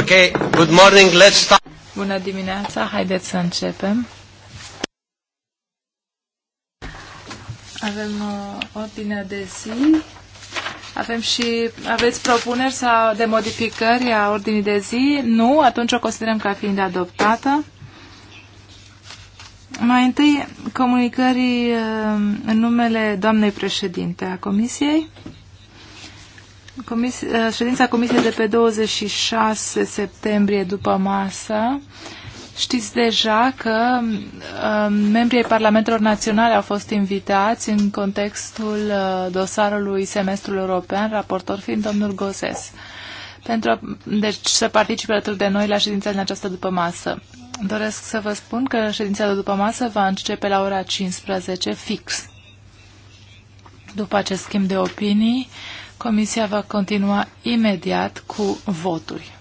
Ok, good morning, let's start. Bună dimineața, haideți să începem. Avem uh, ordinea de zi. Avem și, aveți propuneri sau de modificări a ordinii de zi? Nu, atunci o considerăm ca fiind adoptată. Mai întâi, comunicării uh, în numele doamnei președinte a Comisiei comis, uh, ședința comisiei de pe 26 septembrie după masă. Știți deja că uh, membrii Parlamentelor Naționale au fost invitați în contextul uh, dosarului semestrul european, raportor fiind domnul Goses, pentru a, deci, să participe alături de noi la ședința din această după masă. Doresc să vă spun că ședința de după masă va începe la ora 15 fix. După acest schimb de opinii, uh, Comisia va continua imediat cu voturi.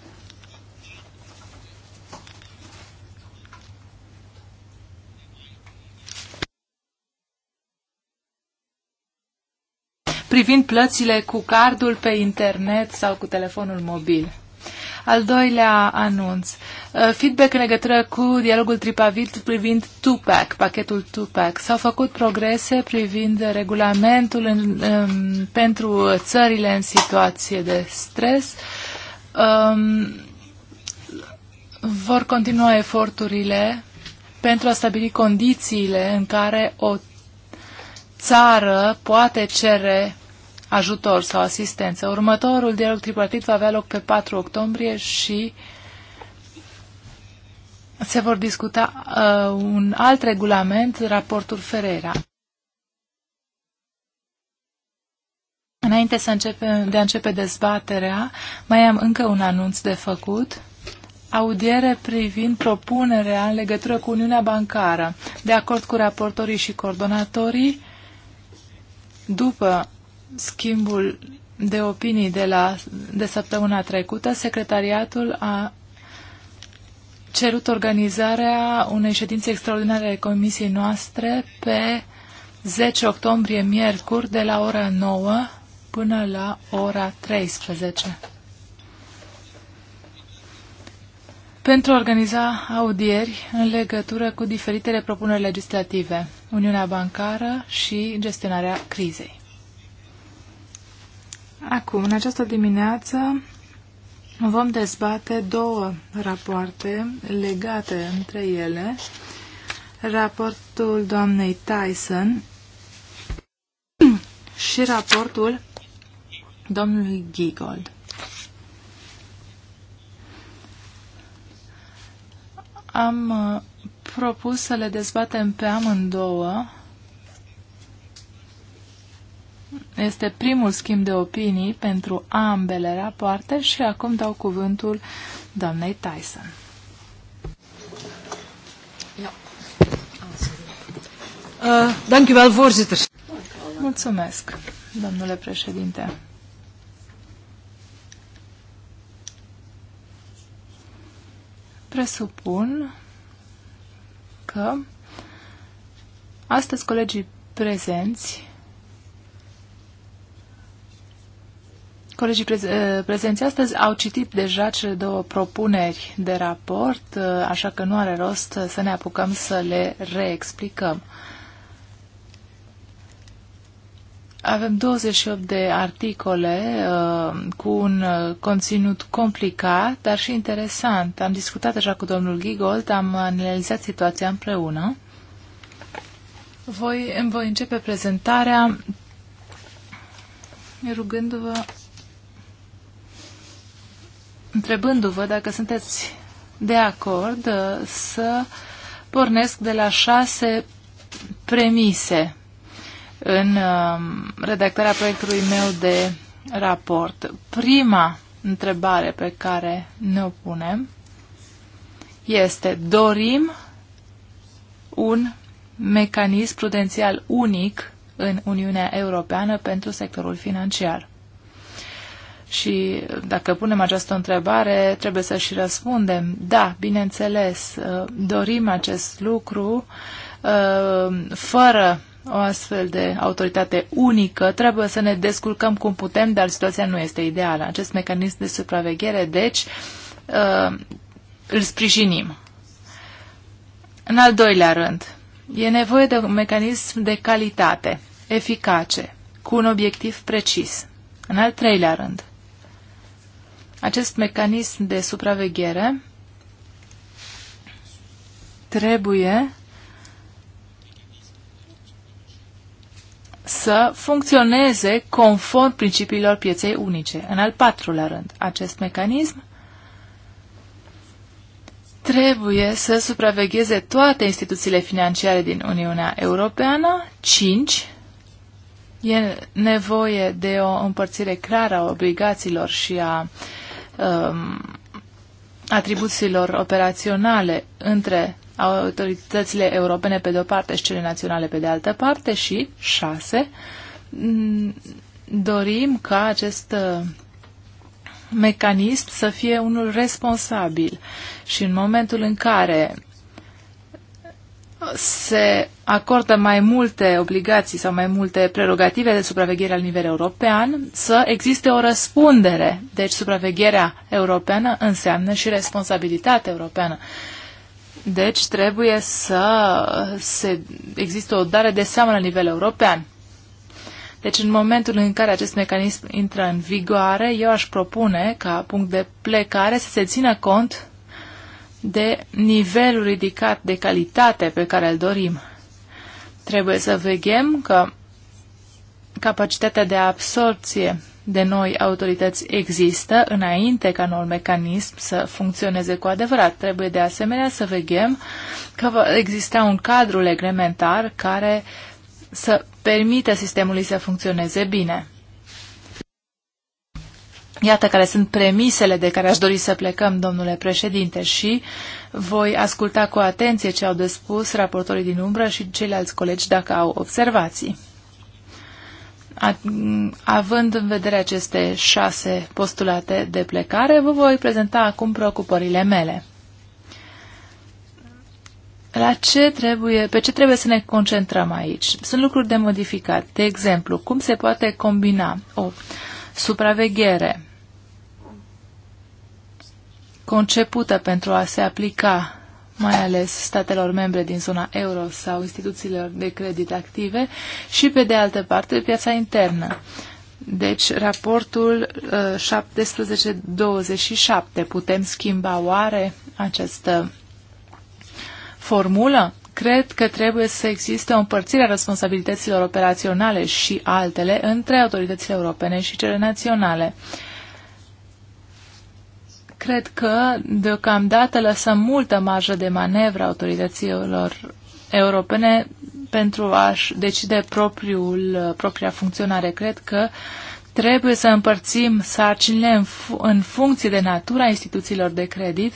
privind plățile cu cardul pe internet sau cu telefonul mobil. Al doilea anunț. Uh, feedback în legătură cu dialogul tripavit privind Tupac, pachetul Tupac. S-au făcut progrese privind regulamentul în, în, um, pentru țările în situație de stres. Um, vor continua eforturile pentru a stabili condițiile în care o țară poate cere ajutor sau asistență. Următorul dialog tripartit va avea loc pe 4 octombrie și se vor discuta uh, un alt regulament, raportul Ferreira. Înainte să începe, de a începe dezbaterea, mai am încă un anunț de făcut. Audiere privind propunerea în legătură cu Uniunea Bancară, de acord cu raportorii și coordonatorii, după schimbul de opinii de, la, de săptămâna trecută, secretariatul a cerut organizarea unei ședințe extraordinare a comisiei noastre pe 10 octombrie, miercuri, de la ora 9 până la ora 13. pentru a organiza audieri în legătură cu diferitele propuneri legislative, Uniunea Bancară și gestionarea crizei. Acum, în această dimineață, vom dezbate două rapoarte legate între ele. Raportul doamnei Tyson și raportul domnului Giggold. Am uh, propus să le dezbatem pe amândouă este primul schimb de opinii pentru ambele rapoarte și acum dau cuvântul doamnei Tyson. Ah, eh, Mulțumesc, domnule președinte. Presupun că astăzi colegii prezenți Colegii eh, prezenți astăzi au citit deja cele două propuneri de raport, eh, așa că nu are rost eh, să ne apucăm să le reexplicăm. Avem 28 de articole uh, cu un conținut complicat, dar și interesant. Am discutat deja cu domnul Gigold, am analizat situația împreună. Voi, îmi voi începe prezentarea rugându-vă întrebându-vă dacă sunteți de acord uh, să pornesc de la șase premise în um, redactarea proiectului meu de raport. Prima întrebare pe care ne-o punem este dorim un mecanism prudențial unic în Uniunea Europeană pentru sectorul financiar. Și dacă punem această întrebare, trebuie să și răspundem. Da, bineînțeles, uh, dorim acest lucru uh, fără o astfel de autoritate unică, trebuie să ne descurcăm cum putem, dar situația nu este ideală. Acest mecanism de supraveghere, deci, uh, îl sprijinim. În al doilea rând, e nevoie de un mecanism de calitate, eficace, cu un obiectiv precis. În al treilea rând, acest mecanism de supraveghere trebuie să funcționeze conform principiilor pieței unice. În al patrulea rând, acest mecanism trebuie să supravegheze toate instituțiile financiare din Uniunea Europeană. 5. E nevoie de o împărțire clară a obligațiilor și a uh, atribuțiilor operaționale între autoritățile europene pe de-o parte și cele naționale pe de altă parte și, șase, mm, dorim ca acest uh, mecanism să fie unul responsabil și în momentul în care se acordă mai multe obligații sau mai multe prerogative de supraveghere la nivel european, să existe o răspundere. Deci supravegherea europeană înseamnă și responsabilitatea europeană. Deci trebuie să se, există o dare de seamă la nivel european. Deci în momentul în care acest mecanism intră în vigoare, eu aș propune ca punct de plecare să se țină cont de nivelul ridicat de calitate pe care îl dorim. Trebuie să vegem că capacitatea de absorpție de noi autorități există înainte ca noul mecanism să funcționeze cu adevărat. Trebuie de asemenea să vegem că va exista un cadru reglementar care să permită sistemului să funcționeze bine. Iată care sunt premisele de care aș dori să plecăm, domnule președinte, și voi asculta cu atenție ce au de spus raportorii din umbră și ceilalți colegi dacă au observații. Având în vedere aceste șase postulate de plecare, vă voi prezenta acum preocupările mele. La ce trebuie, pe ce trebuie să ne concentrăm aici? Sunt lucruri de modificat. De exemplu, cum se poate combina o supraveghere concepută pentru a se aplica mai ales statelor membre din zona euro sau instituțiilor de credit active și, pe de altă parte, piața internă. Deci, raportul uh, 17-27, putem schimba oare această formulă? Cred că trebuie să existe o împărțire a responsabilităților operaționale și altele între autoritățile europene și cele naționale. Uh, Cred că deocamdată lăsăm multă marjă de manevră autorităților europene pentru a-și decide propriul, propria funcționare. Cred că trebuie să împărțim sarcinile în, în funcție de natura instituțiilor de credit.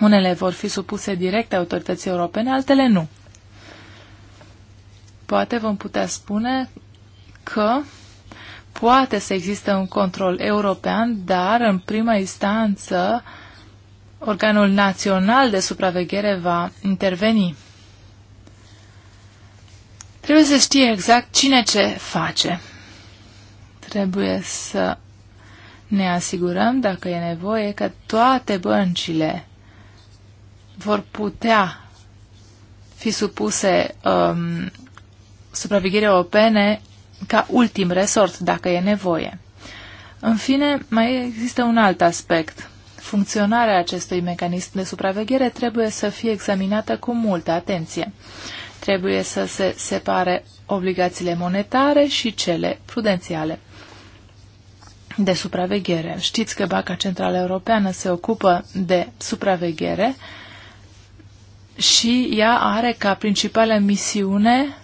Unele vor fi supuse direct autorității europene, altele nu. Poate vom putea spune că poate să existe un control european, dar în prima instanță organul național de supraveghere va interveni. Trebuie să știe exact cine ce face. Trebuie să ne asigurăm, dacă e nevoie, că toate băncile vor putea fi supuse um, supraveghere europene ca ultim resort, dacă e nevoie. În fine, mai există un alt aspect. Funcționarea acestui mecanism de supraveghere trebuie să fie examinată cu multă atenție. Trebuie să se separe obligațiile monetare și cele prudențiale de supraveghere. Știți că Banca Centrală Europeană se ocupă de supraveghere și ea are ca principală misiune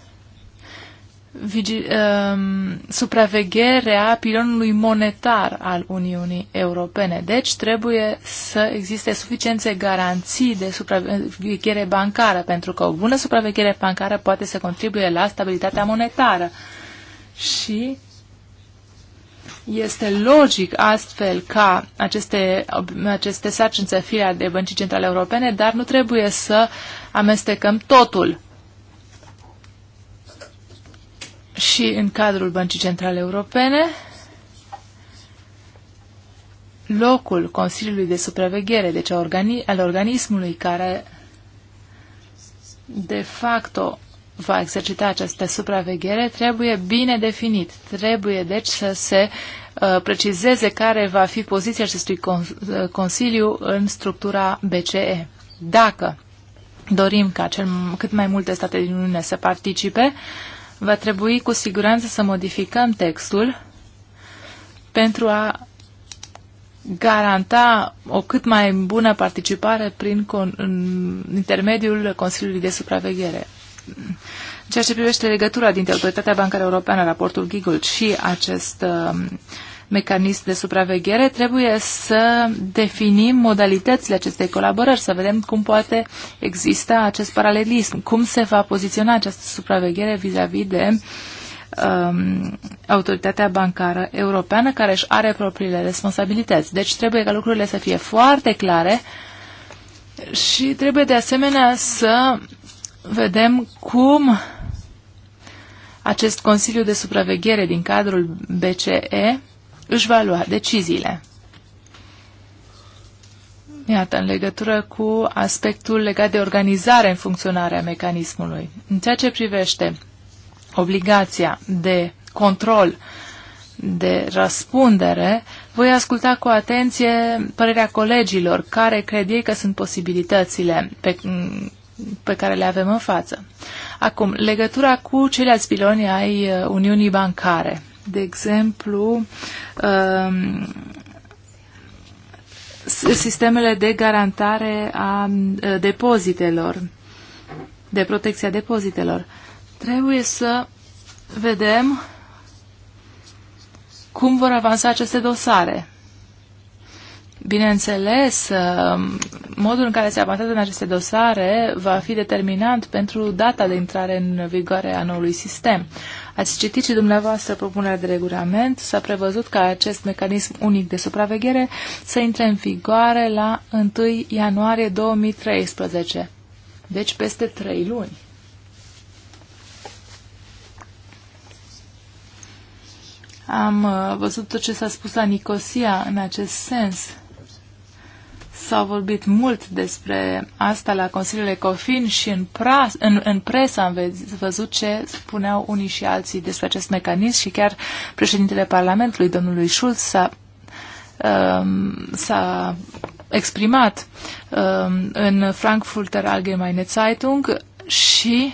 vigi, um, supravegherea pilonului monetar al Uniunii Europene. Deci trebuie să existe suficiente garanții de supraveghere bancară, pentru că o bună supraveghere bancară poate să contribuie la stabilitatea monetară. Și este logic astfel ca aceste, aceste sarcini să fie de băncii centrale europene, dar nu trebuie să amestecăm totul și în cadrul Băncii Centrale Europene, locul Consiliului de Supraveghere, deci al organismului care de facto va exercita această supraveghere, trebuie bine definit. Trebuie deci să se uh, precizeze care va fi poziția acestui uh, Consiliu în structura BCE. Dacă dorim ca cel, cât mai multe state din Uniune să participe, uh, Va trebui cu siguranță să modificăm textul pentru a garanta o cât mai bună participare prin con, în intermediul Consiliului de Supraveghere. În ceea ce privește legătura dintre Autoritatea Bancară Europeană, raportul Giggle și acest uh, mecanism de supraveghere, trebuie să definim modalitățile acestei colaborări, să vedem cum poate exista acest paralelism, cum se va poziționa această supraveghere vis-a-vis -vis de um, autoritatea bancară europeană care își are propriile responsabilități. Deci trebuie ca lucrurile să fie foarte clare și trebuie de asemenea să vedem cum acest Consiliu de Supraveghere din cadrul BCE își va lua deciziile. Iată, în legătură cu aspectul legat de organizare în funcționarea mecanismului. În ceea ce privește obligația de control, de răspundere, voi asculta cu atenție părerea colegilor care cred ei că sunt posibilitățile pe, pe care le avem în față. Acum, legătura cu ceilalți piloni ai Uniunii Bancare de exemplu, um, sistemele de garantare a uh, depozitelor, de protecția depozitelor. Trebuie să vedem cum vor avansa aceste dosare. Bineînțeles, um, modul în care se avansează în aceste dosare va fi determinant pentru data de intrare în vigoare a noului sistem. Ați citit și dumneavoastră propunerea de regulament. S-a prevăzut ca acest mecanism unic de supraveghere să intre în vigoare la 1 ianuarie 2013, deci peste 3 luni. Am uh, văzut tot ce s-a spus la Nicosia în acest sens. S-a vorbit mult despre asta la Consiliul Ecofin și în, pras, în, în presă am văzut ce spuneau unii și alții despre acest mecanism și chiar președintele Parlamentului, domnului Schulz, s-a, um, s-a exprimat um, în Frankfurter Allgemeine Zeitung și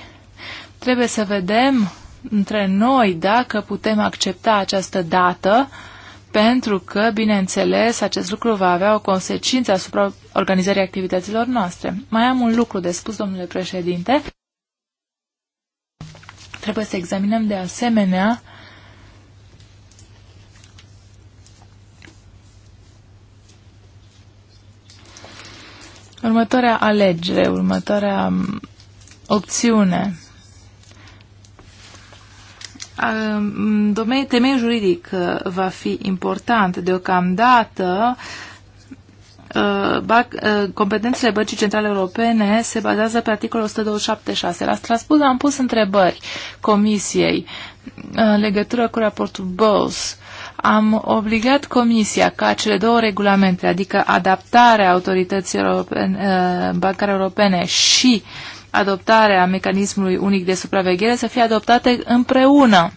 trebuie să vedem între noi dacă putem accepta această dată uh, pentru că, bineînțeles, acest lucru va avea o consecință asupra organizării activităților noastre. Mai am un lucru de spus, domnule președinte. Trebuie să examinăm de asemenea următoarea alegere, următoarea um, opțiune Mm, temeiul juridic uh, va fi important. Deocamdată, uh, uh, competențele Băncii Centrale Europene se bazează pe articolul 127.6. La Strasbourg am pus întrebări comisiei în legătură cu raportul Bose am obligat Comisia ca cele două regulamente, adică adaptarea autorităților europene, bancare europene și uh, adoptarea mecanismului unic de supraveghere să fie adoptate împreună.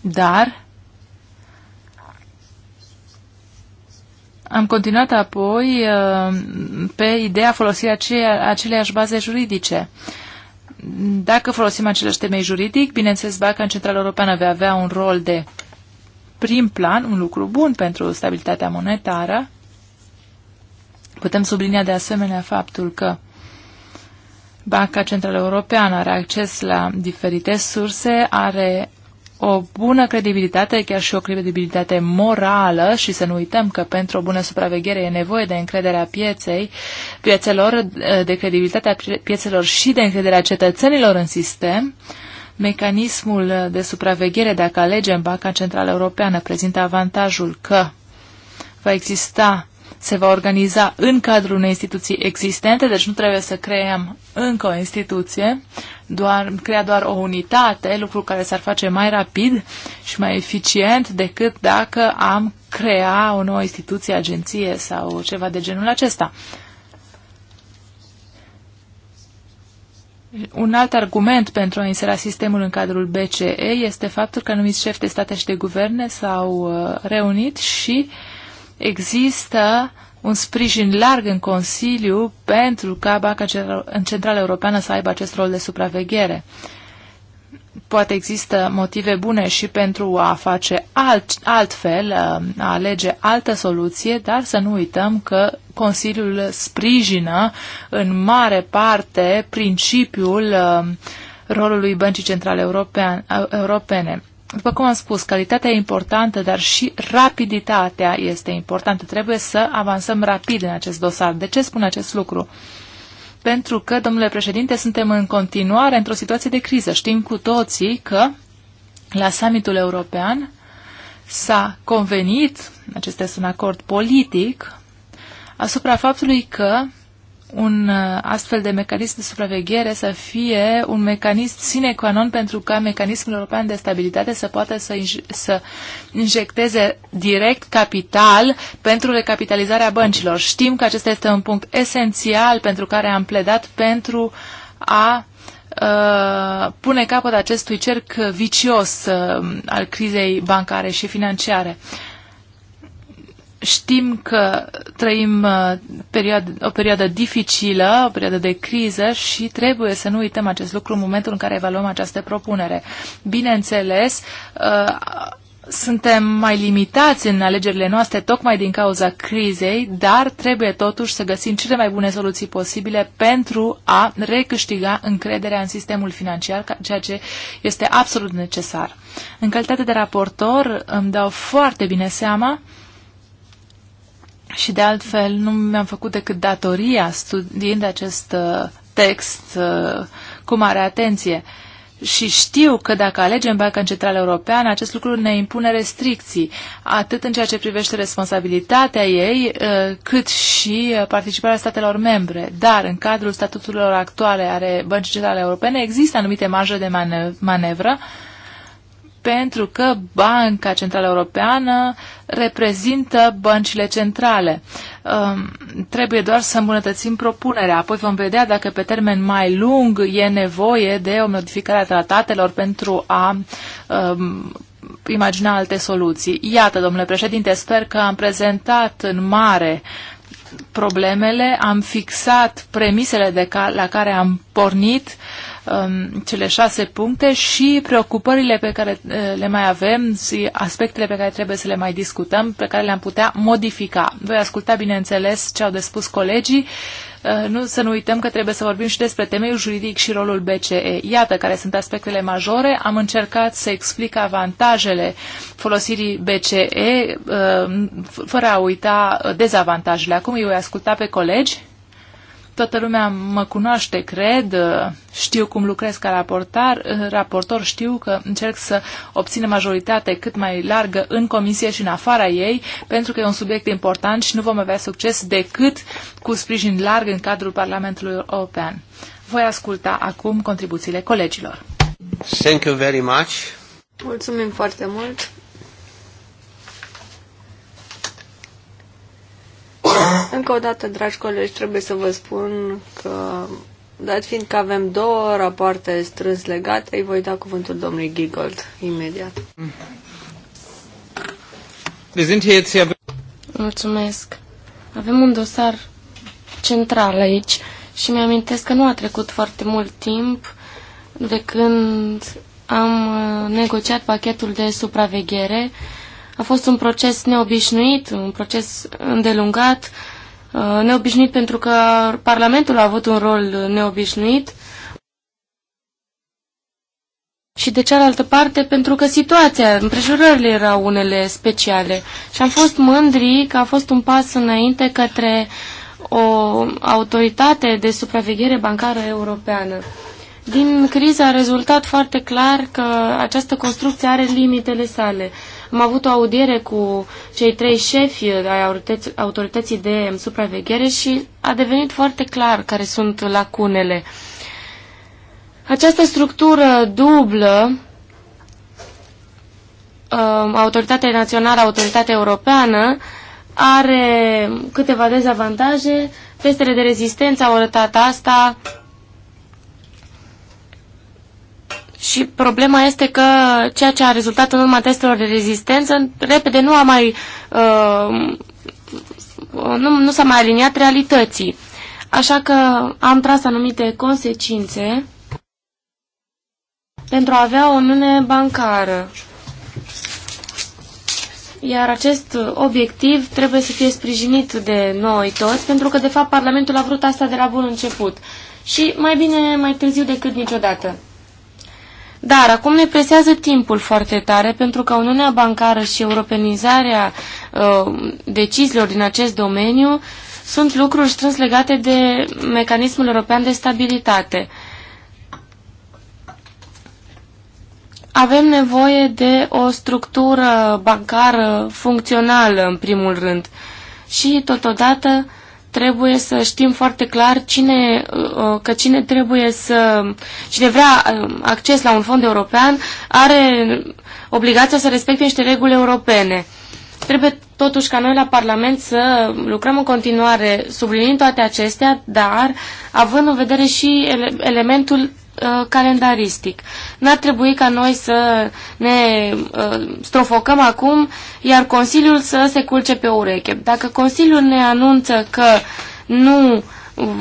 Dar am continuat apoi uh, pe ideea folosirii aceleiași baze juridice. Dacă folosim același temei juridic, bineînțeles, Banca Centrală Europeană va avea un rol de prim plan, un lucru bun pentru stabilitatea monetară. Putem sublinia de asemenea faptul că Banca Centrală Europeană are acces la diferite surse, are o bună credibilitate, chiar și o credibilitate morală și să nu uităm că pentru o bună supraveghere e nevoie de încrederea pieței, piețelor, de credibilitatea piețelor și de încrederea cetățenilor în sistem. Mecanismul de supraveghere, dacă alegem Banca Centrală Europeană, prezintă avantajul că va exista se va organiza în cadrul unei instituții existente, deci nu trebuie să creăm încă o instituție, doar, crea doar o unitate, lucru care s-ar face mai rapid și mai eficient decât dacă am crea o nouă instituție, agenție sau ceva de genul acesta. Un alt argument pentru a insera sistemul în cadrul BCE este faptul că anumiți șefi de state și de guverne s-au uh, reunit și uh, Există un sprijin larg în Consiliu pentru ca Banca Centrală Europeană să aibă acest rol de supraveghere. Poate există motive bune și pentru a face alt, altfel, a alege altă soluție, dar să nu uităm că Consiliul sprijină în mare parte principiul um, rolului Băncii Centrale Europene. După cum am spus, calitatea e importantă, dar și rapiditatea este importantă. Trebuie să avansăm rapid în acest dosar. De ce spun acest lucru? Pentru că, domnule președinte, suntem în continuare într-o situație de criză. Știm cu toții că la summitul european s-a convenit, acesta este un acord politic, asupra faptului că un uh, astfel de mecanism de supraveghere să fie un mecanism sine qua non pentru ca mecanismul european de stabilitate să poată să, inj- să injecteze direct capital pentru recapitalizarea băncilor. Știm că acesta este un punct esențial pentru care am pledat pentru a uh, pune capăt acestui cerc vicios uh, al crizei bancare și financiare. Știm că trăim uh, perioadă, o perioadă dificilă, o perioadă de criză și trebuie să nu uităm acest lucru în momentul în care evaluăm această propunere. Bineînțeles, uh, suntem mai limitați în alegerile noastre tocmai din cauza crizei, dar trebuie totuși să găsim cele mai bune soluții posibile pentru a recâștiga încrederea în sistemul financiar, ceea ce este absolut necesar. În calitate de raportor îmi dau foarte bine seama și de altfel nu mi-am făcut decât datoria studiind acest uh, text uh, cu mare atenție. Și știu că dacă alegem Banca Centrală Europeană, acest lucru ne impune restricții, atât în ceea ce privește responsabilitatea ei, uh, cât și participarea statelor membre. Dar în cadrul statuturilor actuale ale Băncii Centrale Europene există anumite marje de manevră pentru că Banca Centrală Europeană reprezintă băncile centrale. Um, trebuie doar să îmbunătățim propunerea, apoi vom vedea dacă pe termen mai lung e nevoie de o modificare a tratatelor pentru a um, imagina alte soluții. Iată, domnule președinte, sper că am prezentat în mare problemele, am fixat premisele de ca- la care am pornit uh, um, cele șase puncte și preocupările pe care uh, le mai avem și aspectele pe care trebuie să le mai discutăm, pe care le-am putea modifica. Voi asculta, bineînțeles, ce au de spus colegii. Uh, nu, să nu uităm că trebuie să vorbim și despre temeiul juridic și rolul BCE. Iată care sunt aspectele majore. Am încercat să explic avantajele folosirii BCE, uh, fără a uita dezavantajele. Acum eu voi asculta pe colegi. Toată lumea mă cunoaște, cred, știu cum lucrez ca raportar, raportor, știu că încerc să obțin majoritate cât mai largă în comisie și în afara ei, pentru că e un subiect important și nu vom avea succes decât cu sprijin larg în cadrul Parlamentului European. Voi asculta acum contribuțiile colegilor. Thank you very much. Mulțumim foarte mult. Încă o dată, dragi colegi, trebuie să vă spun că, dat fiind că avem două rapoarte strâns legate, îi voi da cuvântul domnului Gigold imediat. Mulțumesc. Avem un dosar central aici și mi-amintesc că nu a trecut foarte mult timp de când am uh, negociat pachetul de supraveghere a fost un proces neobișnuit, un proces îndelungat, uh, neobișnuit pentru că Parlamentul a avut un rol neobișnuit și de cealaltă parte pentru că situația, împrejurările erau unele speciale și am fost mândri că a fost un pas înainte către o autoritate de supraveghere bancară europeană. Din criză a rezultat foarte clar că această construcție are limitele sale. Am avut o audiere cu cei trei șefi ai autorității de supraveghere și a devenit foarte clar care sunt lacunele. Această structură dublă, um, autoritatea națională, autoritatea europeană, are câteva dezavantaje. Testele de rezistență au arătat asta, Și problema este că ceea ce a rezultat în urma testelor de rezistență repede nu a mai uh, nu, nu s-a mai aliniat realității. Așa că am tras anumite consecințe pentru a avea o uniune bancară. Iar acest obiectiv trebuie să fie sprijinit de noi toți, pentru că, de fapt, Parlamentul a vrut asta de la bun început. Și mai bine mai târziu decât niciodată. Dar acum ne presează timpul foarte tare pentru că Uniunea Bancară și europenizarea uh, deciziilor din acest domeniu sunt lucruri strâns legate de mecanismul european de stabilitate. Avem nevoie de o structură bancară funcțională, în primul rând, și totodată trebuie să știm foarte clar cine, uh, uh, că cine trebuie să, cine vrea uh, acces la un fond european are obligația să respecte niște reguli europene. Trebuie totuși ca noi la Parlament să lucrăm în continuare sublinind toate acestea, dar având în vedere și ele elementul Uh, calendaristic. N-ar trebui ca noi să ne uh, strofocăm acum, iar Consiliul să se culce pe ureche. Dacă Consiliul ne anunță că nu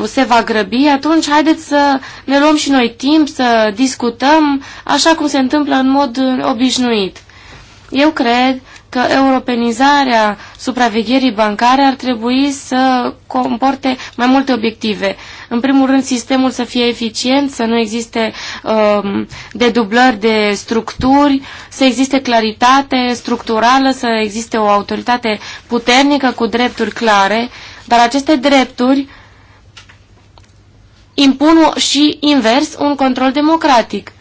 se va grăbi, atunci haideți să ne luăm și noi timp să discutăm așa cum se întâmplă în mod obișnuit. Eu cred că europenizarea supravegherii bancare ar trebui să comporte mai multe obiective. În primul rând, sistemul să fie eficient, să nu existe um, dedublări de structuri, să existe claritate structurală, să existe o autoritate puternică cu drepturi clare, dar aceste drepturi impun și invers un control democratic.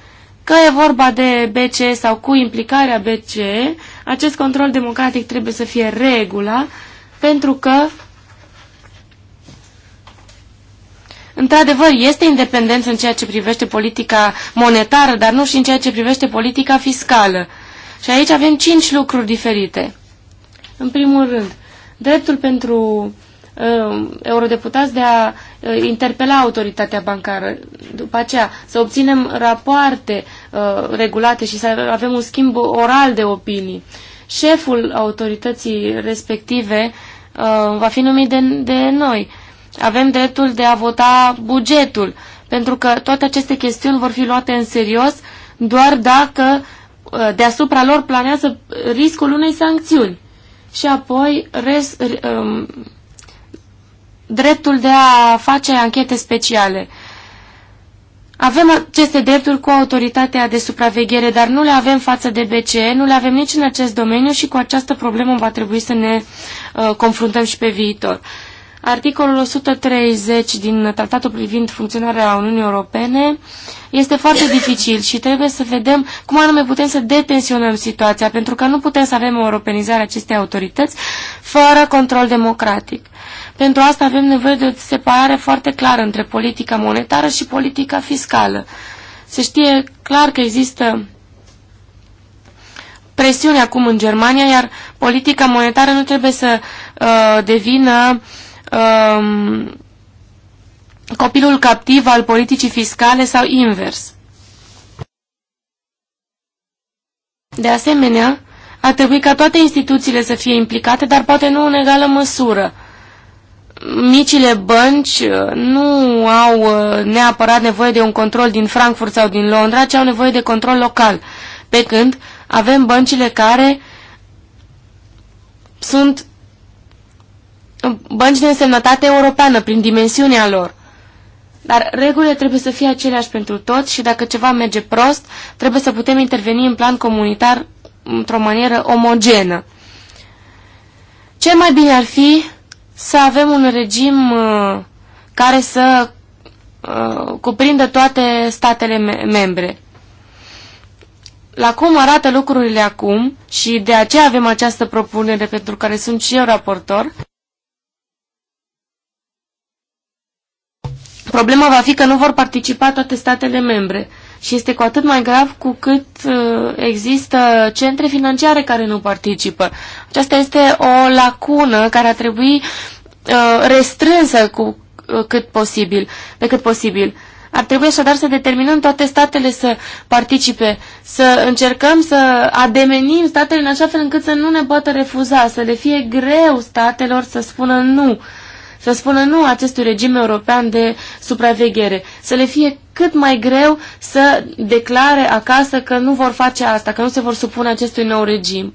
Că e vorba de BCE sau cu implicarea BCE, acest control democratic trebuie să fie regula, pentru că Într-adevăr, este independență în ceea ce privește politica monetară, dar nu și în ceea ce privește politica fiscală. Și aici avem cinci lucruri diferite. În primul rând, dreptul pentru uh, eurodeputați de a uh, interpela autoritatea bancară. După aceea, să obținem rapoarte uh, regulate și să avem un schimb oral de opinii. Șeful autorității respective uh, va fi numit de, de noi. Avem dreptul de a vota bugetul, pentru că toate aceste chestiuni vor fi luate în serios doar dacă uh, deasupra lor planează riscul unei sancțiuni. Și apoi res, um, dreptul de a face anchete speciale. Avem aceste drepturi cu autoritatea de supraveghere, dar nu le avem față de BCE, nu le avem nici în acest domeniu și cu această problemă va trebui să ne uh, confruntăm și pe viitor. Articolul 130 din Tratatul privind funcționarea Uniunii Europene este foarte dificil și trebuie să vedem cum anume putem să detensionăm situația, pentru că nu putem să avem o europenizare a acestei autorități fără control democratic. Pentru asta avem nevoie de o separare foarte clară între politica monetară și politica fiscală. Se știe clar că există presiune acum în Germania, iar politica monetară nu trebuie să uh, devină uh, um, copilul captiv al politicii fiscale sau invers. De asemenea, ar trebui ca toate instituțiile să fie implicate, dar poate nu în egală măsură. Micile bănci uh, nu au uh, neapărat nevoie de un control din Frankfurt sau din Londra, ci au nevoie de control local. Pe când avem băncile care sunt bănci de însemnătate europeană prin dimensiunea lor. Dar regulile trebuie să fie aceleași pentru toți și dacă ceva merge prost, trebuie să putem interveni în plan comunitar într-o manieră omogenă. ce mai bine ar fi să avem un regim uh, care să uh, cuprindă toate statele membre. La cum arată lucrurile acum și de aceea avem această propunere pentru care sunt și eu raportor, Problema va fi că nu vor participa toate statele membre. Și este cu atât mai grav cu cât uh, există centre financiare care nu participă. Aceasta este o lacună care ar trebui uh, restrânsă cu uh, cât posibil, pe cât posibil. Ar trebui așadar să determinăm toate statele să participe, să încercăm să ademenim statele în așa fel încât să nu ne poată refuza, să le fie greu statelor să spună nu să spună nu acestui regim european de supraveghere, să le fie cât mai greu să declare acasă că nu vor face asta, că nu se vor supune acestui nou regim.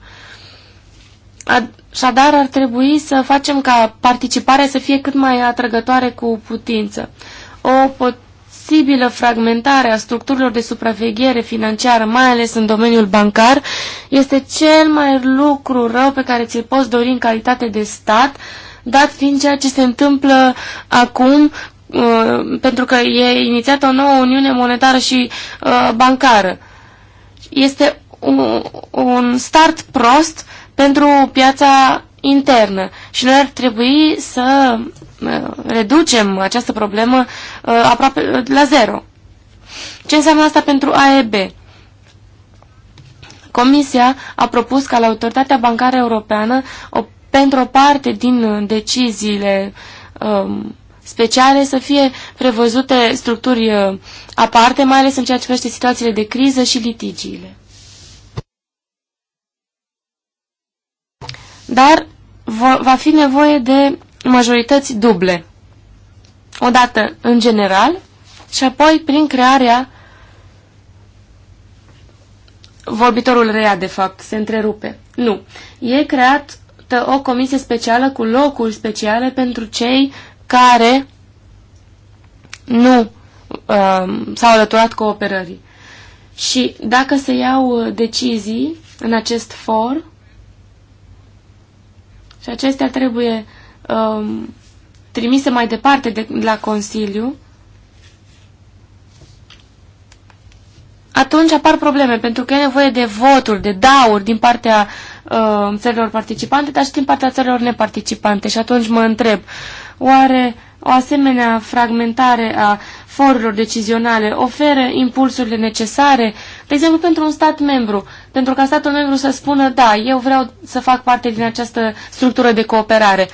Așadar, ar trebui să facem ca participarea să fie cât mai atrăgătoare cu putință. O posibilă fragmentare a structurilor de supraveghere financiară, mai ales în domeniul bancar, este cel mai lucru rău pe care ți-l poți dori în calitate de stat, dat fiind ceea ce se întâmplă acum, uh, pentru că e inițiată o nouă uniune monetară și uh, bancară. Este un, start prost pentru piața internă și noi ar trebui să uh, reducem această problemă aproape la zero. Ce înseamnă asta pentru AEB? Comisia a propus ca la Autoritatea Bancară Europeană o pentru o parte din uh, deciziile um, speciale să fie prevăzute structuri uh, aparte, mai ales în ceea ce privește situațiile de criză și litigiile. Dar va fi nevoie de majorități duble. Odată în general și apoi prin crearea vorbitorul rea, de fapt, se întrerupe. Nu. E creat adoptă o comisie specială cu locuri speciale pentru cei care nu uh, s-au alăturat cooperării. Și dacă se iau uh, decizii în acest for, și acestea trebuie uh, trimise mai departe de, la Consiliu, atunci apar probleme, pentru că e nevoie de voturi, de dauri din partea uh, țărilor participante, dar și din partea țărilor neparticipante. Și atunci mă întreb, oare o asemenea fragmentare a forurilor decizionale oferă impulsurile necesare, de exemplu pentru un stat membru, pentru ca statul membru să spună, da, eu vreau să fac parte din această structură de cooperare.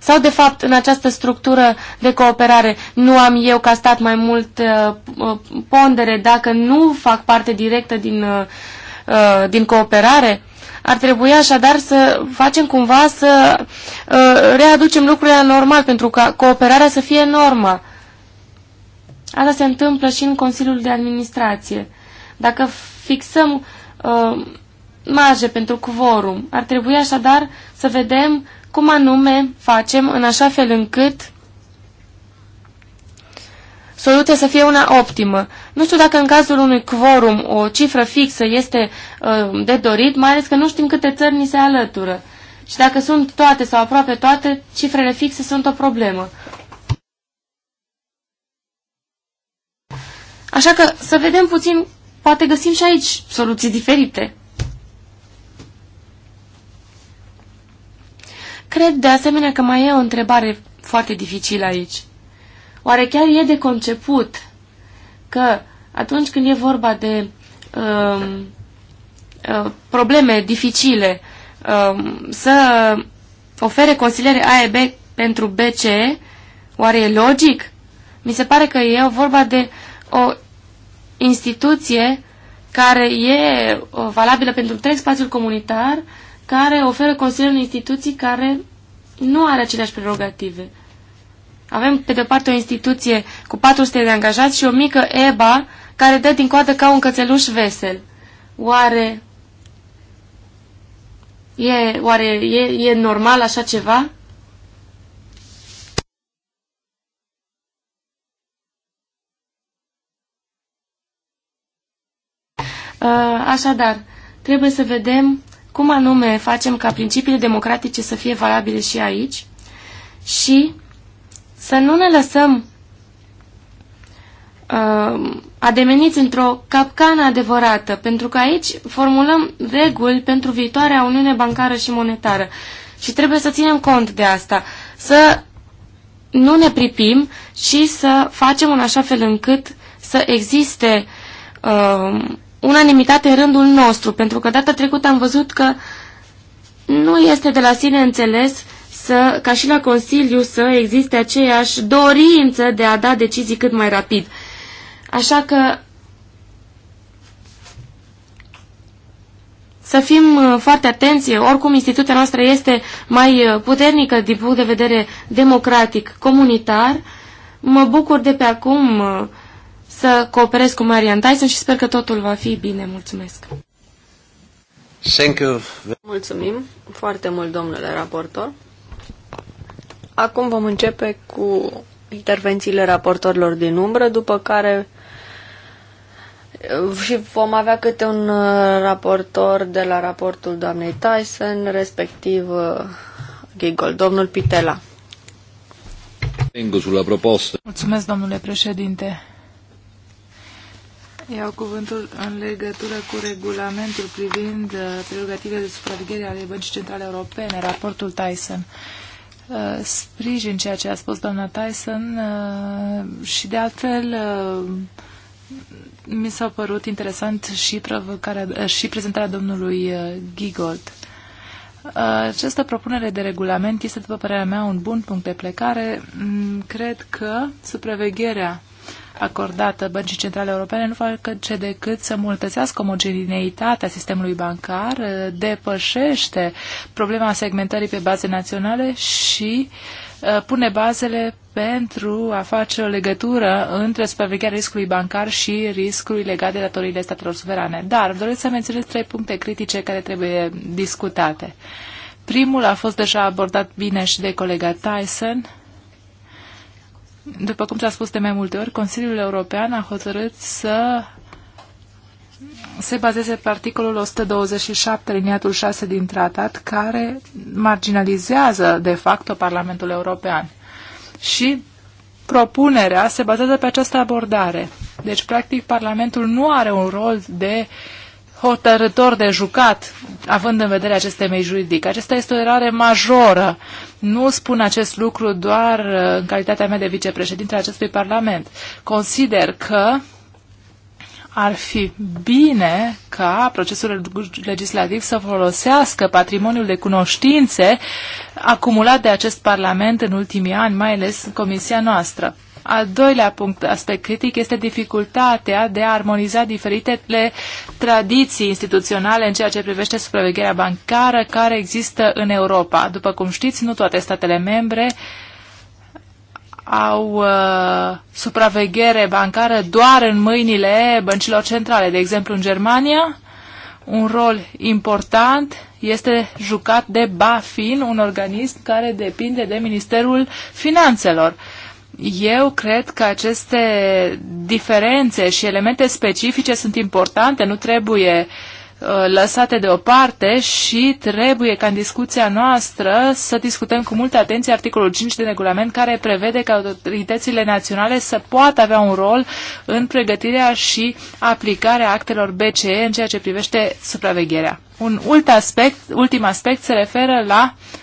Sau, de fapt, în această structură de cooperare nu am eu ca stat mai mult uh, uh pondere dacă nu fac parte directă din, uh, uh din cooperare? Ar trebui așadar să facem cumva să uh, readucem lucrurile normal pentru ca cooperarea să fie normă. Asta se întâmplă și în Consiliul de Administrație. Dacă fixăm uh, marge pentru quorum, ar trebui așadar să vedem cum anume facem în așa fel încât soluția să fie una optimă. Nu știu dacă în cazul unui quorum o cifră fixă este uh, de dorit, mai ales că nu știm câte țări ni se alătură. Și dacă sunt toate sau aproape toate, cifrele fixe sunt o problemă. Așa că să vedem puțin, poate găsim și aici soluții diferite. Cred de asemenea că mai e o întrebare foarte dificilă aici. Oare chiar e de conceput că atunci când e vorba de uh, uh, probleme dificile, uh, să ofere consiliere A e B pentru BCE, oare e logic? Mi se pare că e vorba de o instituție care e uh, valabilă pentru întreg spațiul comunitar, care oferă consiliere în instituții care nu are aceleași prerogative. Avem, pe de-o parte, o instituție cu 400 de angajați și o mică EBA care dă din coadă ca un cățeluș vesel. Oare e, oare e, e normal așa ceva? Uh, așadar, trebuie să vedem cum anume facem ca principiile democratice să fie valabile și aici și să nu ne lăsăm uh, ademeniți într-o capcană adevărată, pentru că aici formulăm reguli pentru viitoarea Uniune Bancară și Monetară. Și trebuie să ținem cont de asta, să nu ne pripim și să facem în așa fel încât să existe uh, unanimitate în rândul nostru, pentru că data trecută am văzut că nu este de la sine înțeles uh, să, ca și la Consiliu să existe aceeași dorință de a da decizii cât mai rapid. Așa că să fim uh, foarte atenți. Oricum, instituția noastră este mai uh, puternică din punct de vedere democratic, comunitar. Mă bucur de pe acum uh, să cooperez cu Marian Tyson și sper că totul va fi bine. Mulțumesc! Thank you. Mulțumim foarte mult, domnule raportor. Acum vom începe cu intervențiile raportorilor din umbră, după care uh, și vom avea câte un uh, raportor de la raportul doamnei Tyson, respectiv uh, Gigol, domnul Pitela. Mulțumesc, domnule președinte. Iau cuvântul în legătură cu regulamentul privind prerogativele de supraveghere ale Băncii Centrale Europene, raportul Tyson. Uh, Uh, sprijin ceea ce a spus doamna Tyson uh, și de altfel uh, mi s-a părut interesant și, provocarea, și prezentarea domnului Gigold. Această propunere de regulament este, după părerea mea, un bun punct de plecare. Mm, cred că supravegherea acordată Băncii Centrale Europene nu face decât să multățească omogeneitatea sistemului bancar, depășește problema segmentării pe baze naționale și uh, pune bazele pentru a face o legătură între supravegherea riscului bancar și riscului legat de datoriile statelor suverane. Dar doresc să menționez trei puncte critice care trebuie discutate. Primul a fost deja abordat bine și de colega Tyson, după cum s-a spus de mai multe ori, Consiliul European a hotărât să se bazeze pe articolul 127, liniatul 6 din tratat, care marginalizează, de facto, Parlamentul European. Și propunerea se bazează pe această abordare. Deci, practic, Parlamentul nu are un rol de uh, hotărător de jucat, având în vedere aceste mei juridic. Acesta este o eroare majoră. Nu spun acest lucru doar uh, în calitatea mea de vicepreședinte a acestui Parlament. Consider că ar fi bine ca procesul legislativ să folosească patrimoniul de cunoștințe acumulat de acest Parlament în ultimii ani, mai ales în comisia noastră. Al doilea punct, aspect critic, este dificultatea de a armoniza diferitele tradiții instituționale în ceea ce privește supravegherea bancară care există în Europa. După cum știți, nu toate statele membre au uh, supraveghere bancară doar în mâinile băncilor centrale. De exemplu, în Germania, un rol important este jucat de BaFin, un organism care depinde de Ministerul Finanțelor. Uh, eu cred că aceste diferențe și elemente specifice sunt importante, nu trebuie uh, lăsate deoparte și trebuie ca în discuția noastră să discutăm cu multă atenție articolul 5 din regulament care prevede că autoritățile naționale să poată avea un rol în pregătirea și aplicarea actelor BCE în ceea ce privește supravegherea. Un ult aspect, ultim aspect se referă la uh,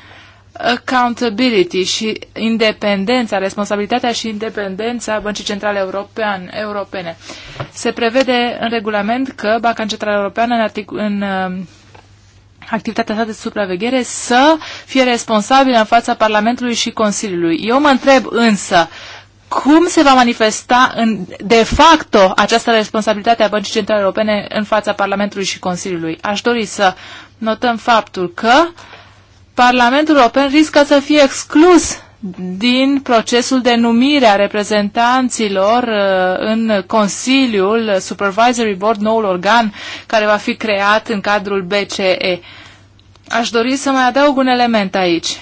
accountability și independența, responsabilitatea și independența Băncii Centrale European, Europene. Se prevede în regulament că Banca Centrală Europeană în, artic- în uh, activitatea sa de supraveghere să fie responsabilă în fața Parlamentului și Consiliului. Eu mă întreb însă cum se va manifesta în, de facto această responsabilitate a Băncii Centrale Europene în fața Parlamentului și Consiliului. Aș dori să notăm faptul că uh, Parlamentul European riscă să fie exclus din procesul de numire a reprezentanților uh, în Consiliul Supervisory Board, noul organ care va fi creat în cadrul BCE. Aș dori să mai adaug un element aici.